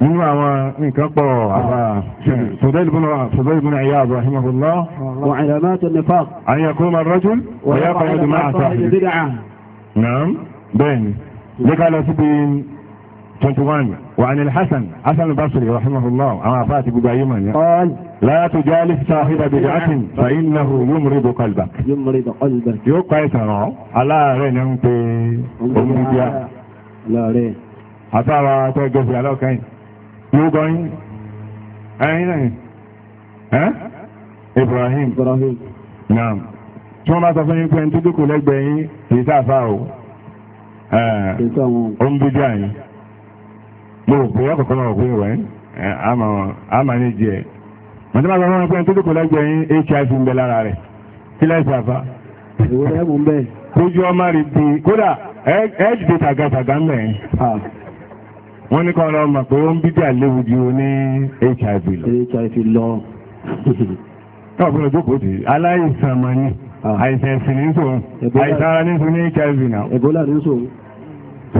nínú àwọn nǹkan pọ̀ àbá Fudayl ibn Iyad rahimahullah wa alamat an-nifaq an yakuna ar-rajul wa yaq'ud ma'a sahibi naam bẹ́ẹ̀ni lẹ́ka lọ síbi 21 wa anil Hasan Hasan al-Basri rahimahullah àwọn àfáà ti gbogbo ayé mà ní. لا تجالس صاحب بدعة فإنه يمرض قلبك يمرض قلبك يو قايت انا على رين انت لا رين اتارا تجلس على كاين ló kọ yín ẹ̀yin náà ẹ́ Ibrahim naam tí wọ́n bá sọ fún yín pé ẹni tó dúkù lẹ́gbẹ̀ẹ́ yín kì í sáfà o ó ń bíjà yín mo rò pé ọkọ̀ọ̀kan náà wọ̀ wẹ̀ àmà ní jẹ́ wọ́n ti máa sọ fún yín pé ẹni tó dúkù lẹ́gbẹ̀ẹ́ yín HIV ń bẹ lára rẹ̀ kí lẹ́ sáfà. kójú ọmọ rẹ̀ bí kódà ẹ́ẹ́dì tàgàtàgà ń bẹ̀ yín wọ́n ní kọ́ lọ́mọ pé ó ń bí díà léwu ju ní HIV lọ. HIV lọ. náà fún ọjọ́ kò tí aláìsàn mọ̀ ní ah. àìsàn ẹ̀sìn ní sòun àìsàn ara ní sòun ní HIV náà. Ebola ní sòun.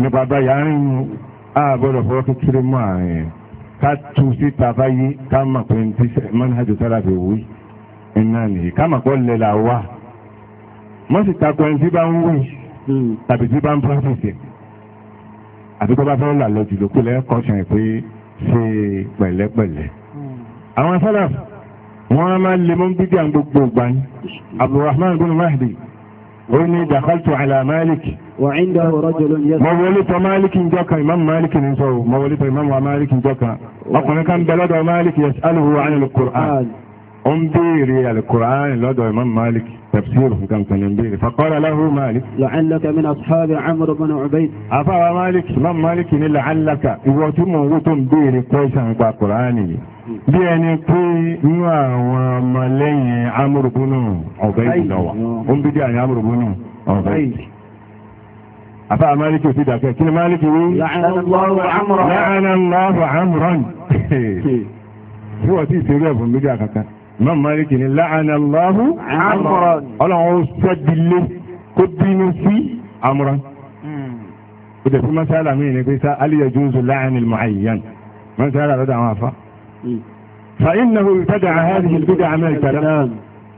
nípa báyìí àárín mu àbọ̀dọ̀ fọwọ́ kékeré mọ́ àárín yẹn ká tu síta báyìí ká mọ̀ pé ní ti mọ́nájú tẹ́lábì wí iná nìyí ká mọ̀ pọ́ lẹ́la wà mọ́sí takọ̀ ẹni tí bá ń wí hmm. tàbí tí bá ń pàṣẹ àbí tó bá fẹ́ là lọ jùlọ kú lẹ́ẹ̀kọ́ sàn pé ṣe pẹ̀lẹ́pẹ̀lẹ́. àwọn sálàf wọn a máa lè mú bídí àwọn gbogbo ìgbà ní abdulrahman bin mahdi ó ní dakhaltu ala malik. wà á ń dá ọ̀rọ̀ jọlọ ní yẹsẹ̀. mo wọlé tọ malik ń jọkan imam malik ń sọ mo wọlé tọ imam wa malik ń jọkan ọkùnrin kan bẹ lọ́dọ̀ malik yas'aluhu 'an al-Qur'an ó ń béèrè alukur'an lọ́dọ̀ imam malik tafsir nǹkan kan ń béèrè faqala lahu malik. la'allaka min ashabi amr ibn ubayd. àfàwà malik imam malik ni la'allaka ìwọ tí mò ń wò tó ń béèrè kọ́ṣán pa kur'an yìí. bí ẹni pé inú àwọn ọmọlẹ́yìn amr ibn ubayd lọ́wọ́ ó ń bí díà ní amr ibn ubayd. àfàwà malik ò ti dàkẹ́ kí ni malik wí. la'ana allahu amran. tí wọ́n ti ṣe rẹ̀ fún méjì àkàkàn. من مالك لعن الله عمرا على عصد الله قدين في عمرا وده في مسألة مين بيسا هل يجوز اللعن المعين مسألة بدع ما فا فإنه ابتدع هذه البدع مالك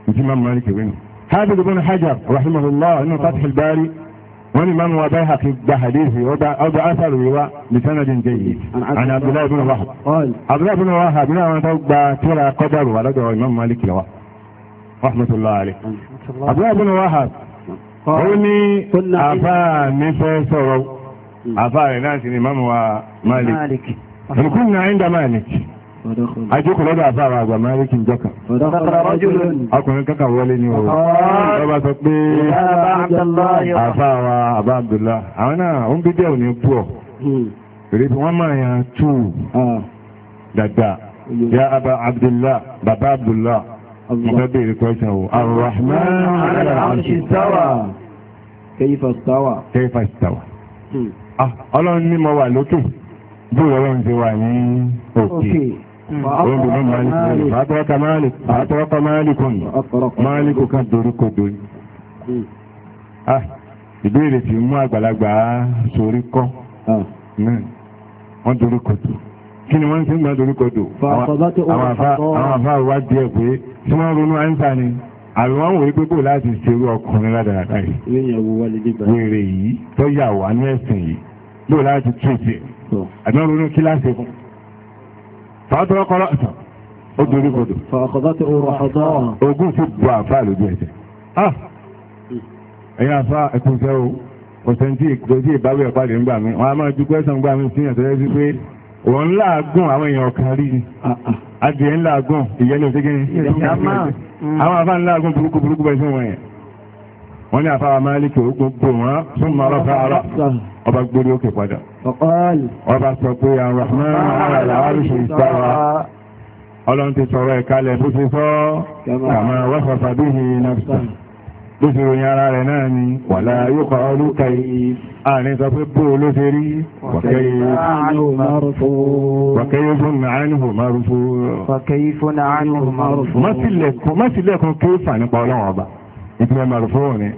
مثل من مالك هذا ابن حجر رحمه الله انه آه. فتح الباري wọ́n ni máa ń wá báyìí àti gba hadithi ọba asaru yìí wá bisanadin jayyid àni abdullahi bin wahab abdullahi bin wahab ní àwọn tó gba tíra kọ́dọ̀rù wà lọ́dọ̀ imam malik lọ́wọ́ rahmatullahi alayhi abdullahi bin wahab ó ní àfáà mi fẹ́ sọ̀rọ̀ hmm. àfáà rẹ̀ náà sì ni imam wa malik. kunna inda malik àjókòó lọ́dọ̀ àfáàrà àgbà máa rí kí n jọ́kà ọkùnrin kọ́kà wọlé ní o ó bá sọ pé àfáàrà àbá àbdùlá àwọn náà ó ń bí díẹ̀ òní pú ọ̀ hmm. rí wọ́n máa yan tú ah. dàgbà hmm. ya àbá àbdùlá bàbá àbdùlá mo fẹ́ béèrè kọ́ṣán o arrahman ala arshi stawa kayfa stawa kayfa stawa hmm. ah, ọlọ́run ní mo wà lókè bí ọlọ́run ti wà ní òkè. Hmm. oúnjẹ náà Malik àtọ́wọ́ka Malik àtọ́wọ́ka Malik ọ̀nà Malik kan dorí kodò ìbéèrè ti mú àgbàlagbà sórí kọ́ ah. wọ́n dorí kodò kí ni wọ́n ti ń gbà dorí kodò àwọn afá wa díẹ̀ pé tí wọ́n ronú àǹsà ni àlùwọ́n wòye pé bò láti ṣerú ọkùnrin ládàradà yìí wèrè yìí tó yà wà ní ẹ̀sìn yìí bò láti tún ìṣe àdánwò ronú kíláàsì fún fàátọ́rọ́ kọ́rọ́ ẹ̀sán ó dorí kodò. fàkọ́dá ti oorun àkọ́dá ọ̀hún. ogun ti bu àfa lójú ẹsẹ̀. Ah! ẹ̀yin àfa ẹ̀kúnṣẹ́ o ọ̀sẹ̀ tí ìgbésí ìbáwí ẹ̀pá lè ń gbà mí wọn a máa ju pẹ́sàn gbà mí sí ẹ̀sẹ̀ sí pé òun ńlá gùn àwọn èèyàn kan rí ni ah, ah. adìẹ ńlá gùn ìyẹn ló ṣégé ni mm. àwọn àfa ńlá gùn burúkú burúkú bẹ́ẹ̀ sí wọn yẹn wọn ní àfa wa máa lè kí ogun bò wọn fún mọ́ ọlọ́fà ọlọ́ ọba gbórí òkè padà ọba sọ pé Ar-Rahman aláàrùsù ìsára ọlọ́run ti sọ̀rọ̀ ẹ̀kalẹ̀ bó ti sọ́ kàmà wọ́sọ̀fà bí i nàfṣà bó ti ròyìn ara rẹ̀ náà ni wàlá yóò kọ́ ọdún kẹ́yì àárín sọ pé bó ló ṣe rí wàkẹ́yì fún nàánù márùfù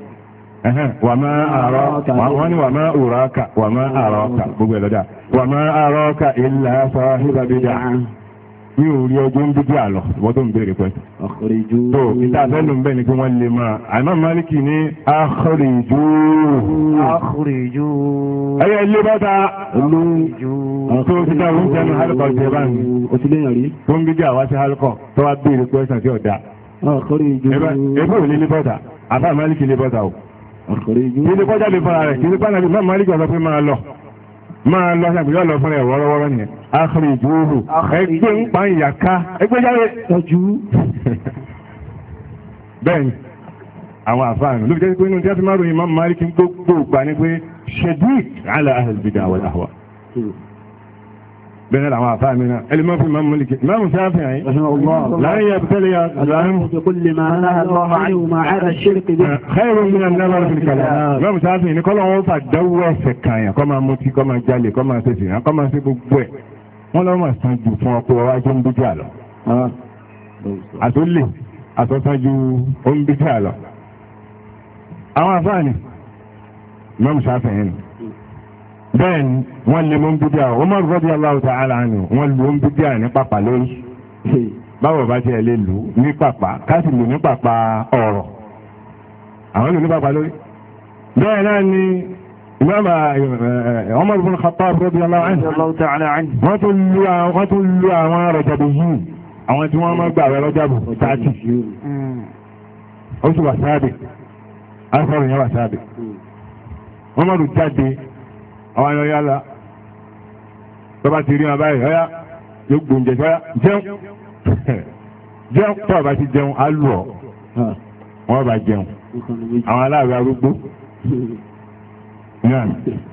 wàmá àrọ́ wọ́n ní wàmá òrọ́ọ̀kà wàmá àrọ́ọ̀kà gbogbo ẹ̀ lọ́dà wàmá àrọ́ọ̀kà ilà sọ́hìbà bídà mi ò rí ọjọ́ ń dídí àlọ́ wọ́n tó ń béèrè pẹ́. tó ìta àtẹ́lù ń bẹ̀ ni kí wọ́n lè máa àmọ́ máríkì ní àkọ́rìjú. àkọ́rìjú. ẹyẹ ilé bọ́ta. olóòjú. tó ti dá oúnjẹ ní hálùkọ́ ti bá mi. o ti léyìn rí. tó ń dídí àwa sí hálùkọ́ tó wá béèrè pẹ́ sàn ọ̀dà. àkọ́rìjú. ẹgbẹ́ òní ilé bọ́ta àbá máríkì ilé bọ́ta o kìí ní kọjá lè fara rẹ̀ kìí ní pàdánù náà máa rígbà sọ pé máa lọ máa lọ ṣàbí yọ lọ fún ẹ wọ́rọ́wọ́rọ́ yẹn àkàrà ìdúró ẹgbẹ́ ń pa ìyà ká ẹgbẹ́ jáde tọ́jú. <laughs> bẹ́ẹ̀ni àwọn àfáàní ló fi jẹ́ pé inú tí a ti máa ròyìn máa máa rí kí n gbogbo ìgbà ni pé ṣèdí àlà àhàlùbìdà àwọn àhàwà. بين العوافامنا اللي في الإمام مالك إمام شافعي لا يبتلي العلم بكل ما نهى الله عنه ما عدا الشرك به خير من النظر في الكلام إمام شافعي ni kọ́lọ̀ wọn fà dẹ́wọ́ ṣẹ̀kàyàn kọ́ máa mutí kọ́ máa jalè kọ́ máa ṣèṣì náà kọ́ máa ṣe gbogbo ẹ̀ wọ́n lọ́wọ́ máa san jù fún ọkọ̀ wa tó ń bí jà lọ. Ah. àtúlè àtọ́sán ju ó ń bí jà lọ. àwọn afáàní Imam Shafi'i ni bẹ́ẹ̀ ni wọ́n lè mú bídíà Umar radiyallahu ta'ala anhu wọ́n lu ń bídíà ní pàpà lórí báwo bá tiẹ̀ lè lù ní pàpà káàsì lù ní pàpà ọ̀rọ̀ àwọn lù ní pàpà lórí. bẹ́ẹ̀ náà ni ìmọ̀mà eh, eh, Umar ibn Khattab radiyallahu anhu wọ́n tún lu àwọn tún lu yìí àwọn tí wọ́n máa gbà wẹ́ rọ̀jàbù tààtì ó sì wà sáàbì yẹn wà sáàbì hmm. jáde àwọn ayọ̀ yálà tọ́ba ti rí wọn báyìí ọ̀yá yóò gbóúnjẹ sọ́yà jẹun <laughs> jẹun tọ́ba bá ti jẹun á lù ọ́ wọ́n bá jẹun àwọn aláàbẹ̀ arúgbó náà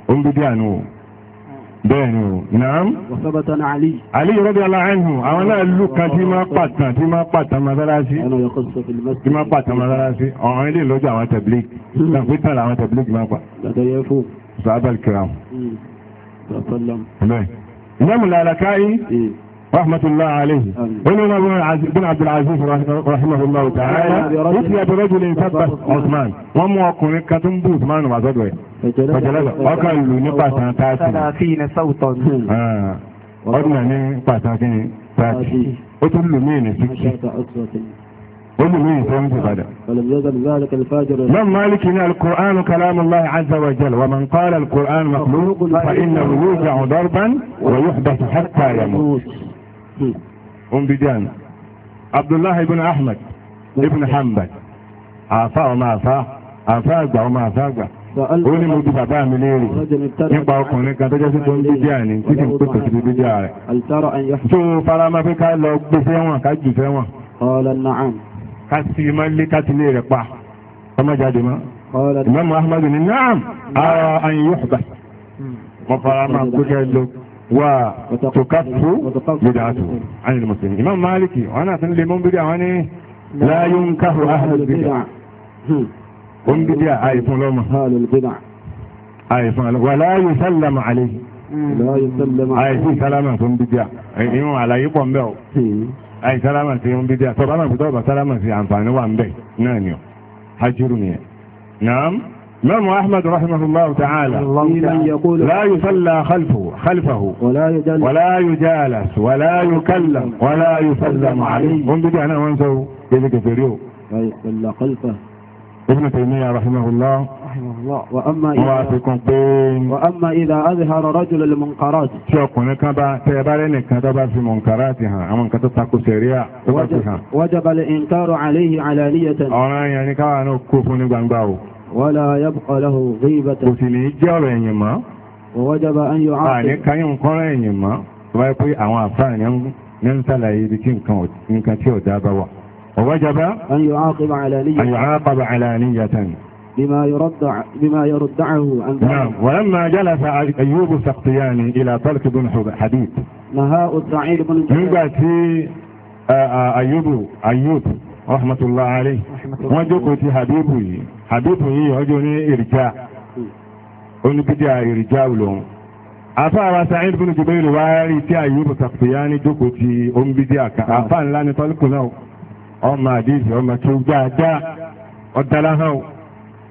ó ń bíbí àánú o bẹ́ẹ̀ ni o náà Àlí radiyallahu anhu àwọn náà lù kan tí máa pàtàn tí máa pàtàn mọ́sálásí tí máa pàtàn mọ́sálásí ọ̀hún ilé ìlọ́jọ́ àwọn tẹ̀blík náà pété àwọn tẹ̀blík máa pa sàábàl kiram ìmáàmù làlàkáyí rahmatullahi alayhi wani yana bin abdulaziz rahimahullahu ta'ala wuce ya tura julin tabbas osman wọn mú ọkùnrin kan tó ń bú osman wà sọ́dọ̀ ẹ̀ ọjọ́lọ́gbà ọkàn lù ní pàtàkì tààtì ọdún ní pàtàkì tààtì ó tún lù mí ní síkì ومن فهمت غدا ولم يزل ذلك الفاجر من مالك القرآن كلام الله عز وجل ومن قال القرآن مخلوق فإنه يوجع ضربا ويحدث حتى يموت أم بجان عبد الله بن أحمد ابن نعم. حنبل عفا وما عفا عفا وما عفا ó ní mo ti bàbá mi léèrè nípa ọkùnrin kan tó jẹ́ sí tó ń bíjà ní títí ń pèsè sí bíjà rẹ̀ tó fara máa fi ká lọ gbé fẹ́wọ̀n ká jù fẹ́wọ̀n. kasi ma lé kasi lé rẹ̀ pa ọmọ jáde ma imam ahmed ni naam ara an yuhba mo hmm. fara ma kó jẹ́ lo wa tukaffu bid'atu ani muslimin imam maliki wọn àti lè mọ bídà wọn ni la yunkahu ahlul bid'a wọn hmm. bídà àyè fún lọ́mọ àyè fún lọ́mọ wa la yusallamu alayhi hmm. àyè fún sálámà fún bídà ìwọ̀n àlàyé pọ̀ mbẹ́ o. àyìn sálámà sí ń bídíà tọ́ bá máa fi tọ́ọ̀bà sálámà sí àǹfààní wà ń bẹ̀ náà ni ọ hajjúrù nìyẹn. naam imam ahmed rahimahullah ta'ala la yusalla khalfahu khalfahu wala yujalas wala yukallam wala yusallam alayhi wọn bídíà náà wọn sọ kéde kẹfẹ rí o. ibn taymiya rahimahullah. Allah wa amma ìlà wa fi kún pé wa amma ìlà azhara rajul lil munkarat. tí ọkùnrin kan bá tẹ ẹ bá rẹ nìkan tó bá fi munkarat hàn àwọn nǹkan tó takò sẹ̀ríà tó bá fi hàn. wajaba al-inkaru alayhi alaniyatan. ọ̀ràn yẹn ni káwa náà kó fún ní gbangba o. wala yabqa lahu ghibatan. kò sì ní í jẹ́ ọ̀rọ̀ ẹ̀yìn mọ́. wajaba an yu'aqib. àní káyọ̀ nǹkan ẹ̀yìn mọ́ tó bá yẹ pé àwọn àfáà ní ń sàlàyé ibi tí nǹkan tí ọ̀dà bá wà. ووجب أن يعاقب علانية أن يعاقب علانية بما يرد بما يردعه عن نعم ولما جلس أيوب السقطياني إلى طلق بن حبيب نهاء السعيد بن جبل أيوب أيوب رحمة الله عليه وجوكو تي حبيبه حبيبه يوجوني إرجاء ونبدأ إرجاء لهم afáàwà sa'id bin jubair wá rí tí ayyubu tafiya ní jókòó ti ombidi aka afá ńlá ní tọ́lùkù náà ọmọ àdíjì ọmọ tí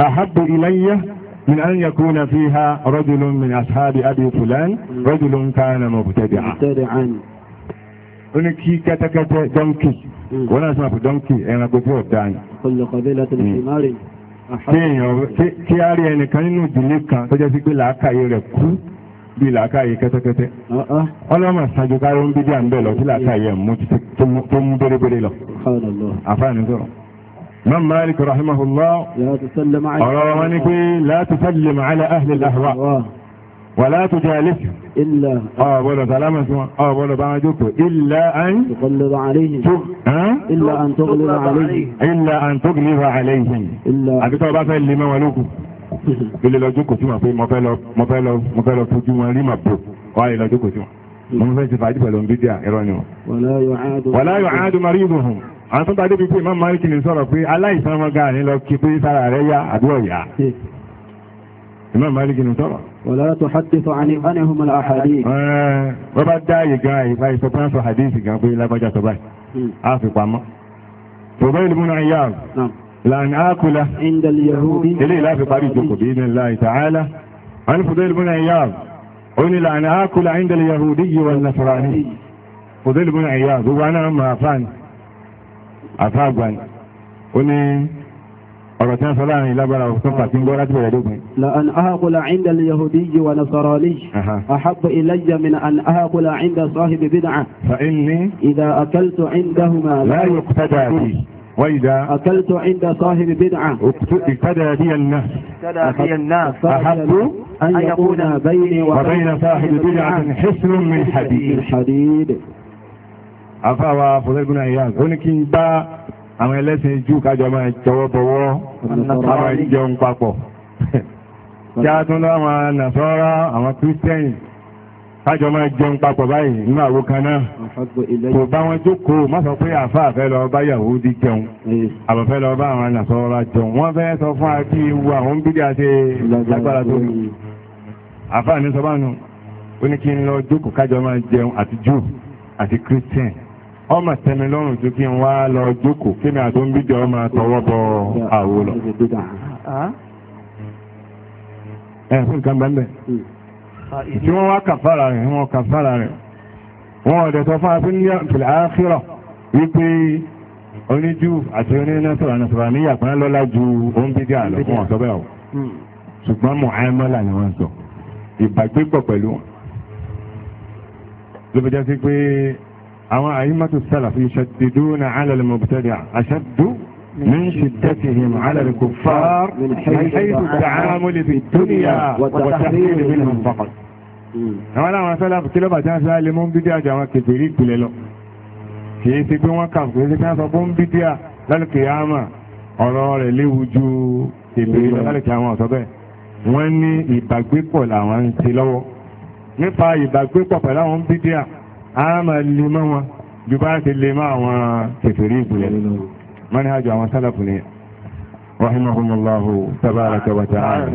أحب إلي من أن يكون فيها رجل من أصحاب أبي فلان رجل كان مبتدعا مبتدعا oni kí kẹ́tẹ́kẹ́tẹ́ dọ́ńkì hmm. wọ́n náà sọ́nà fún dọ́ńkì ẹranko tí ó dáa yìí. Hmm. kí a rí ẹnìkan nínú ìdílé kan tó jẹ́ sí pé làákàyè rẹ̀ kú bí làákàyè kẹ́tẹ́kẹ́tẹ́. Ah, ah. ọlọ́mọ sanju káyọ̀ ń bí díà ń bẹ̀ lọ sí làákàyè mú tó mú bérébéré lọ. àfáàní sọ̀rọ̀. من مالك رحمه الله لا تسلم على أرامنك لا تسلم على أهل الأهواء ولا تجالسهم إلا آه ولا سلام آه ولا بعدك إلا أن تغلب عليهم شوف عليهم إلا أن تغلب عليهم إلا أن تغلب عليهم إلا أبي ترى بقى اللي ما ولوكم ilé lọ́jọ́ kò sí wọn pé mo fẹ́ lọ mo fẹ́ lọ mo fẹ́ lọ fojú wọn rí màbo wọ́n ayé lọ́jọ́ kò sí wọn mo fẹ́ ti fàájì pẹ̀lú bídíà ẹ̀rọ ni wọn. wàlá yóò áádùn marí ìbùhùn àwọn tó bá débi pé Imam Malik ni sọ̀rọ̀ pé aláìsàn ọmọ gan ni lọ kí pé sára rẹ̀ yá àbí ọ̀yà Imam Malik ni sọ̀rọ̀. wala tuhaddithu anhum al-ahadith. wọ́n bá dá àyè gan àyè báyìí sọ pé wọ́n sọ hadith gan pé lágbájá sọ báyìí á hmm. fi pamọ́. Fudail ibn Iyad lan akula inda al-yahudi eléyìí láti parí ìjókòó bí ní Allah ta'ala wọn Fudail ibn Iyad ó ní lan akula inda al-yahudi wal nasrani Fudail ibn Iyad gbogbo aná máa fáni àfa àgbà ni ó ní ọ̀rọ̀ tí wọ́n sọ láàrin lágbára òfin pàtí ń gbọ́ láti bẹ̀rẹ̀ dópin. la an ahakula inda yahudi yi wa nasarani ahabu ilayya min an ahakula inda sahibi bid'a. fa inni. idà akaltu indahuma. láyé kúta وإذا أكلت عند صاحب بدعة اقتدى بي الناس اقتدى بي الناس أحب أن يكون بيني وبين صاحب بدعة حسن من حديد, حديد. afáwa fọ́sẹ́gbọ́n ìyá ó ní kí n bá àwọn ẹlẹ́sìn jù kájọ máa jọwọ́ bọ̀wọ́ àwọn ìjọun papọ̀ kí a tún láwọn nàṣọ́rọ́ àwọn kírísítẹ́nì kájọ máa jẹun papọ̀ báyìí nínú àwo kan náà kò bá wọn jókòó má sọ pé àfa àfẹ́ lọ bá Yahudi jẹun àbọ̀fẹ́ lọ bá àwọn nàṣọ́rọ́ jẹun wọ́n fẹ́ sọ fún akí wu àwọn bídí àti lágbára tó ní àfa mi sọ bánu ó ní kí n lọ jókòó kájọ máa jẹun àti jù àti kírísítẹ́nì ọmọ tẹ̀mí lọ́rùn ju kí n wá lọ jókòó kí ni àdó ń bíjọ ọmọ tọwọ́ bọ àwo lọ. ẹ fún nǹkan bẹ́ẹ̀ tí wọ́n wá kàfàrà rẹ̀ wọ́n kàfàrà rẹ̀ wọ́n ọ̀dẹ̀ tó fún abúlé fìlà áfírọ̀ wípé oníjú àti onínẹ́sọ̀rọ̀ ànàsọ̀rọ̀ níyà kan lọ́lá ju ohun bídí fún ọ̀sọ́ bẹ́ẹ̀ o ṣùgbọ́n ni wọ́n sọ ìbàgbé pọ̀ pẹ̀lú wọn ló fi sí pé àwọn àyímọ́tò sálàf yuṣaddiduna ala al-mubtadi' ashaddu من شدتهم على الكفار من حيث التعامل في الدنيا والتحرير منهم فقط àwọn àwọn afẹ́lá kí ló bà tí wọ́n sáré lè mú bídíà jù àwọn kèfèrí ìpìlẹ̀ lọ kì í ti pé wọ́n kà kò sí kí wọ́n sọ fún bídíà lálùkì àmà ọ̀rọ̀ rẹ̀ léwu ju kèfèrí lọ lálùkì àmà ọ̀sọ́ bẹ́ẹ̀ wọ́n ní ìbágbépọ̀ làwọn ń ṣe lọ́wọ́ nípa ìbágbépọ̀ pẹ̀lú àwọn bídíà a máa lè mọ́ wọn ju bá ti lè mọ́ àwọn kèfèrí ìpìlẹ̀ manhaj àwọn sálàfù ni rahimahumullahu tabaraka wa ta'ala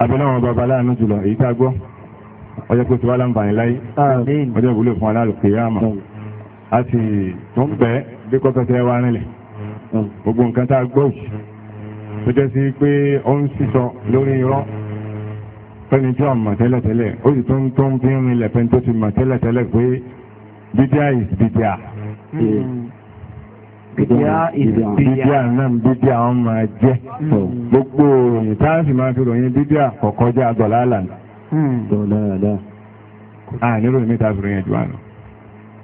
abẹ́láwọn bàbá láàánú jùlọ èyí tá gbọ́ ọjọ́ kó ti wá láǹfààní láyé ọjọ́ ìwúlò fún al-qiyama a sì tún bẹ́ bí kọ́kọ́tẹ́ wa nílẹ̀ gbogbo nǹkan tá gbọ́ yìí tó jẹ́ sí pé ó ń sísọ lórí irọ́ fẹ́ni tí wọ́n mọ̀ tẹ́lẹ̀tẹ́lẹ̀ ó sì tún tún fi ń fẹ́ni tó ti mọ̀ tẹ́lẹ̀tẹ́lẹ̀ pé Bídíà is bídíà. Mm. Bídíà is bídíà. Bídíà náà bídíà wọn máa jẹ́. Mm. Gbogbo òyìn táàsì máa fi ròyìn bídíà kọ̀kọ́já dọ̀láàlà ni. Mm. Dọ̀láàlà. À nílò mi ta fi ròyìn jù àná.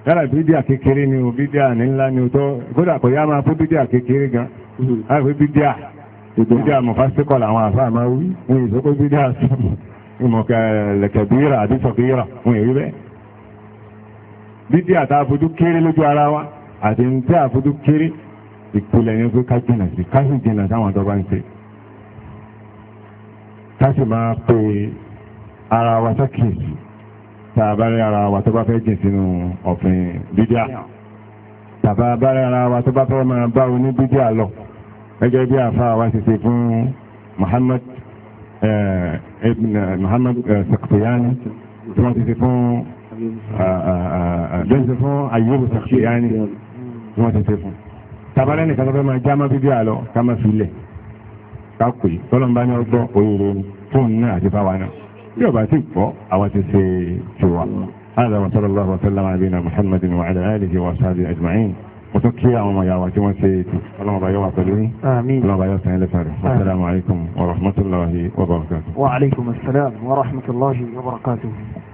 Yálà bídíà kékeré ni o, bídíà ní ńlá ni o tọ́. Kódà kò yá máa fún bídíà kékeré gan. Láì fún bídíà. Bídíà mọ̀fásíkọ̀ làwọn àfáà máa wí. Wọ́n yìí sọ pé bídíà sọ̀rọ̀. Ìmọ̀kẹ́ lẹ̀kẹ̀ bíra àbí sọ̀kíra. Wọ́n yìí rí bẹ́ẹ̀ dídí àtà àfojú kéré lójú ara wa àti ní tí àfojú kéré ìpìlẹ̀ ní pé ká jìnà sí ká sì jìnà sáwọn tó ń ṣe ká sì máa pe ara wa sákìsì tá a bá rí ara wa tó bá fẹ́ jìn sínú ọ̀fìn dídíà tàbá bá rí ara wa tó bá fẹ́ máa bá oní dídíà lọ gẹ́gẹ́ bí àfa wa ṣe ṣe fún Muhammad eh, Ibn Muhammad eh, Saqtiyani tí wọ́n ti ṣe fún bẹ́ẹ̀ fún ayé òsà ṣe yá ni wọ́n ti ṣe fún tabalẹ́ nìkan tó fẹ́ máa já máa bíbí àlọ́ ká máa fi lẹ̀ ká pè tọ́lọ́mbá ní ọgbọ́n òyìnbó fóònù náà àti fáwa náà yóò bá ti gbọ́ àwọn ti ṣe tiwa. هذا وصلى الله وسلم على نبينا محمد وعلى اله واصحابه اجمعين وتكي يا ماما يا واتي وانتي اللهم بايو واتلوني امين اللهم بايو سهل فارغ والسلام عليكم ورحمه الله وبركاته وعليكم السلام ورحمه الله وبركاته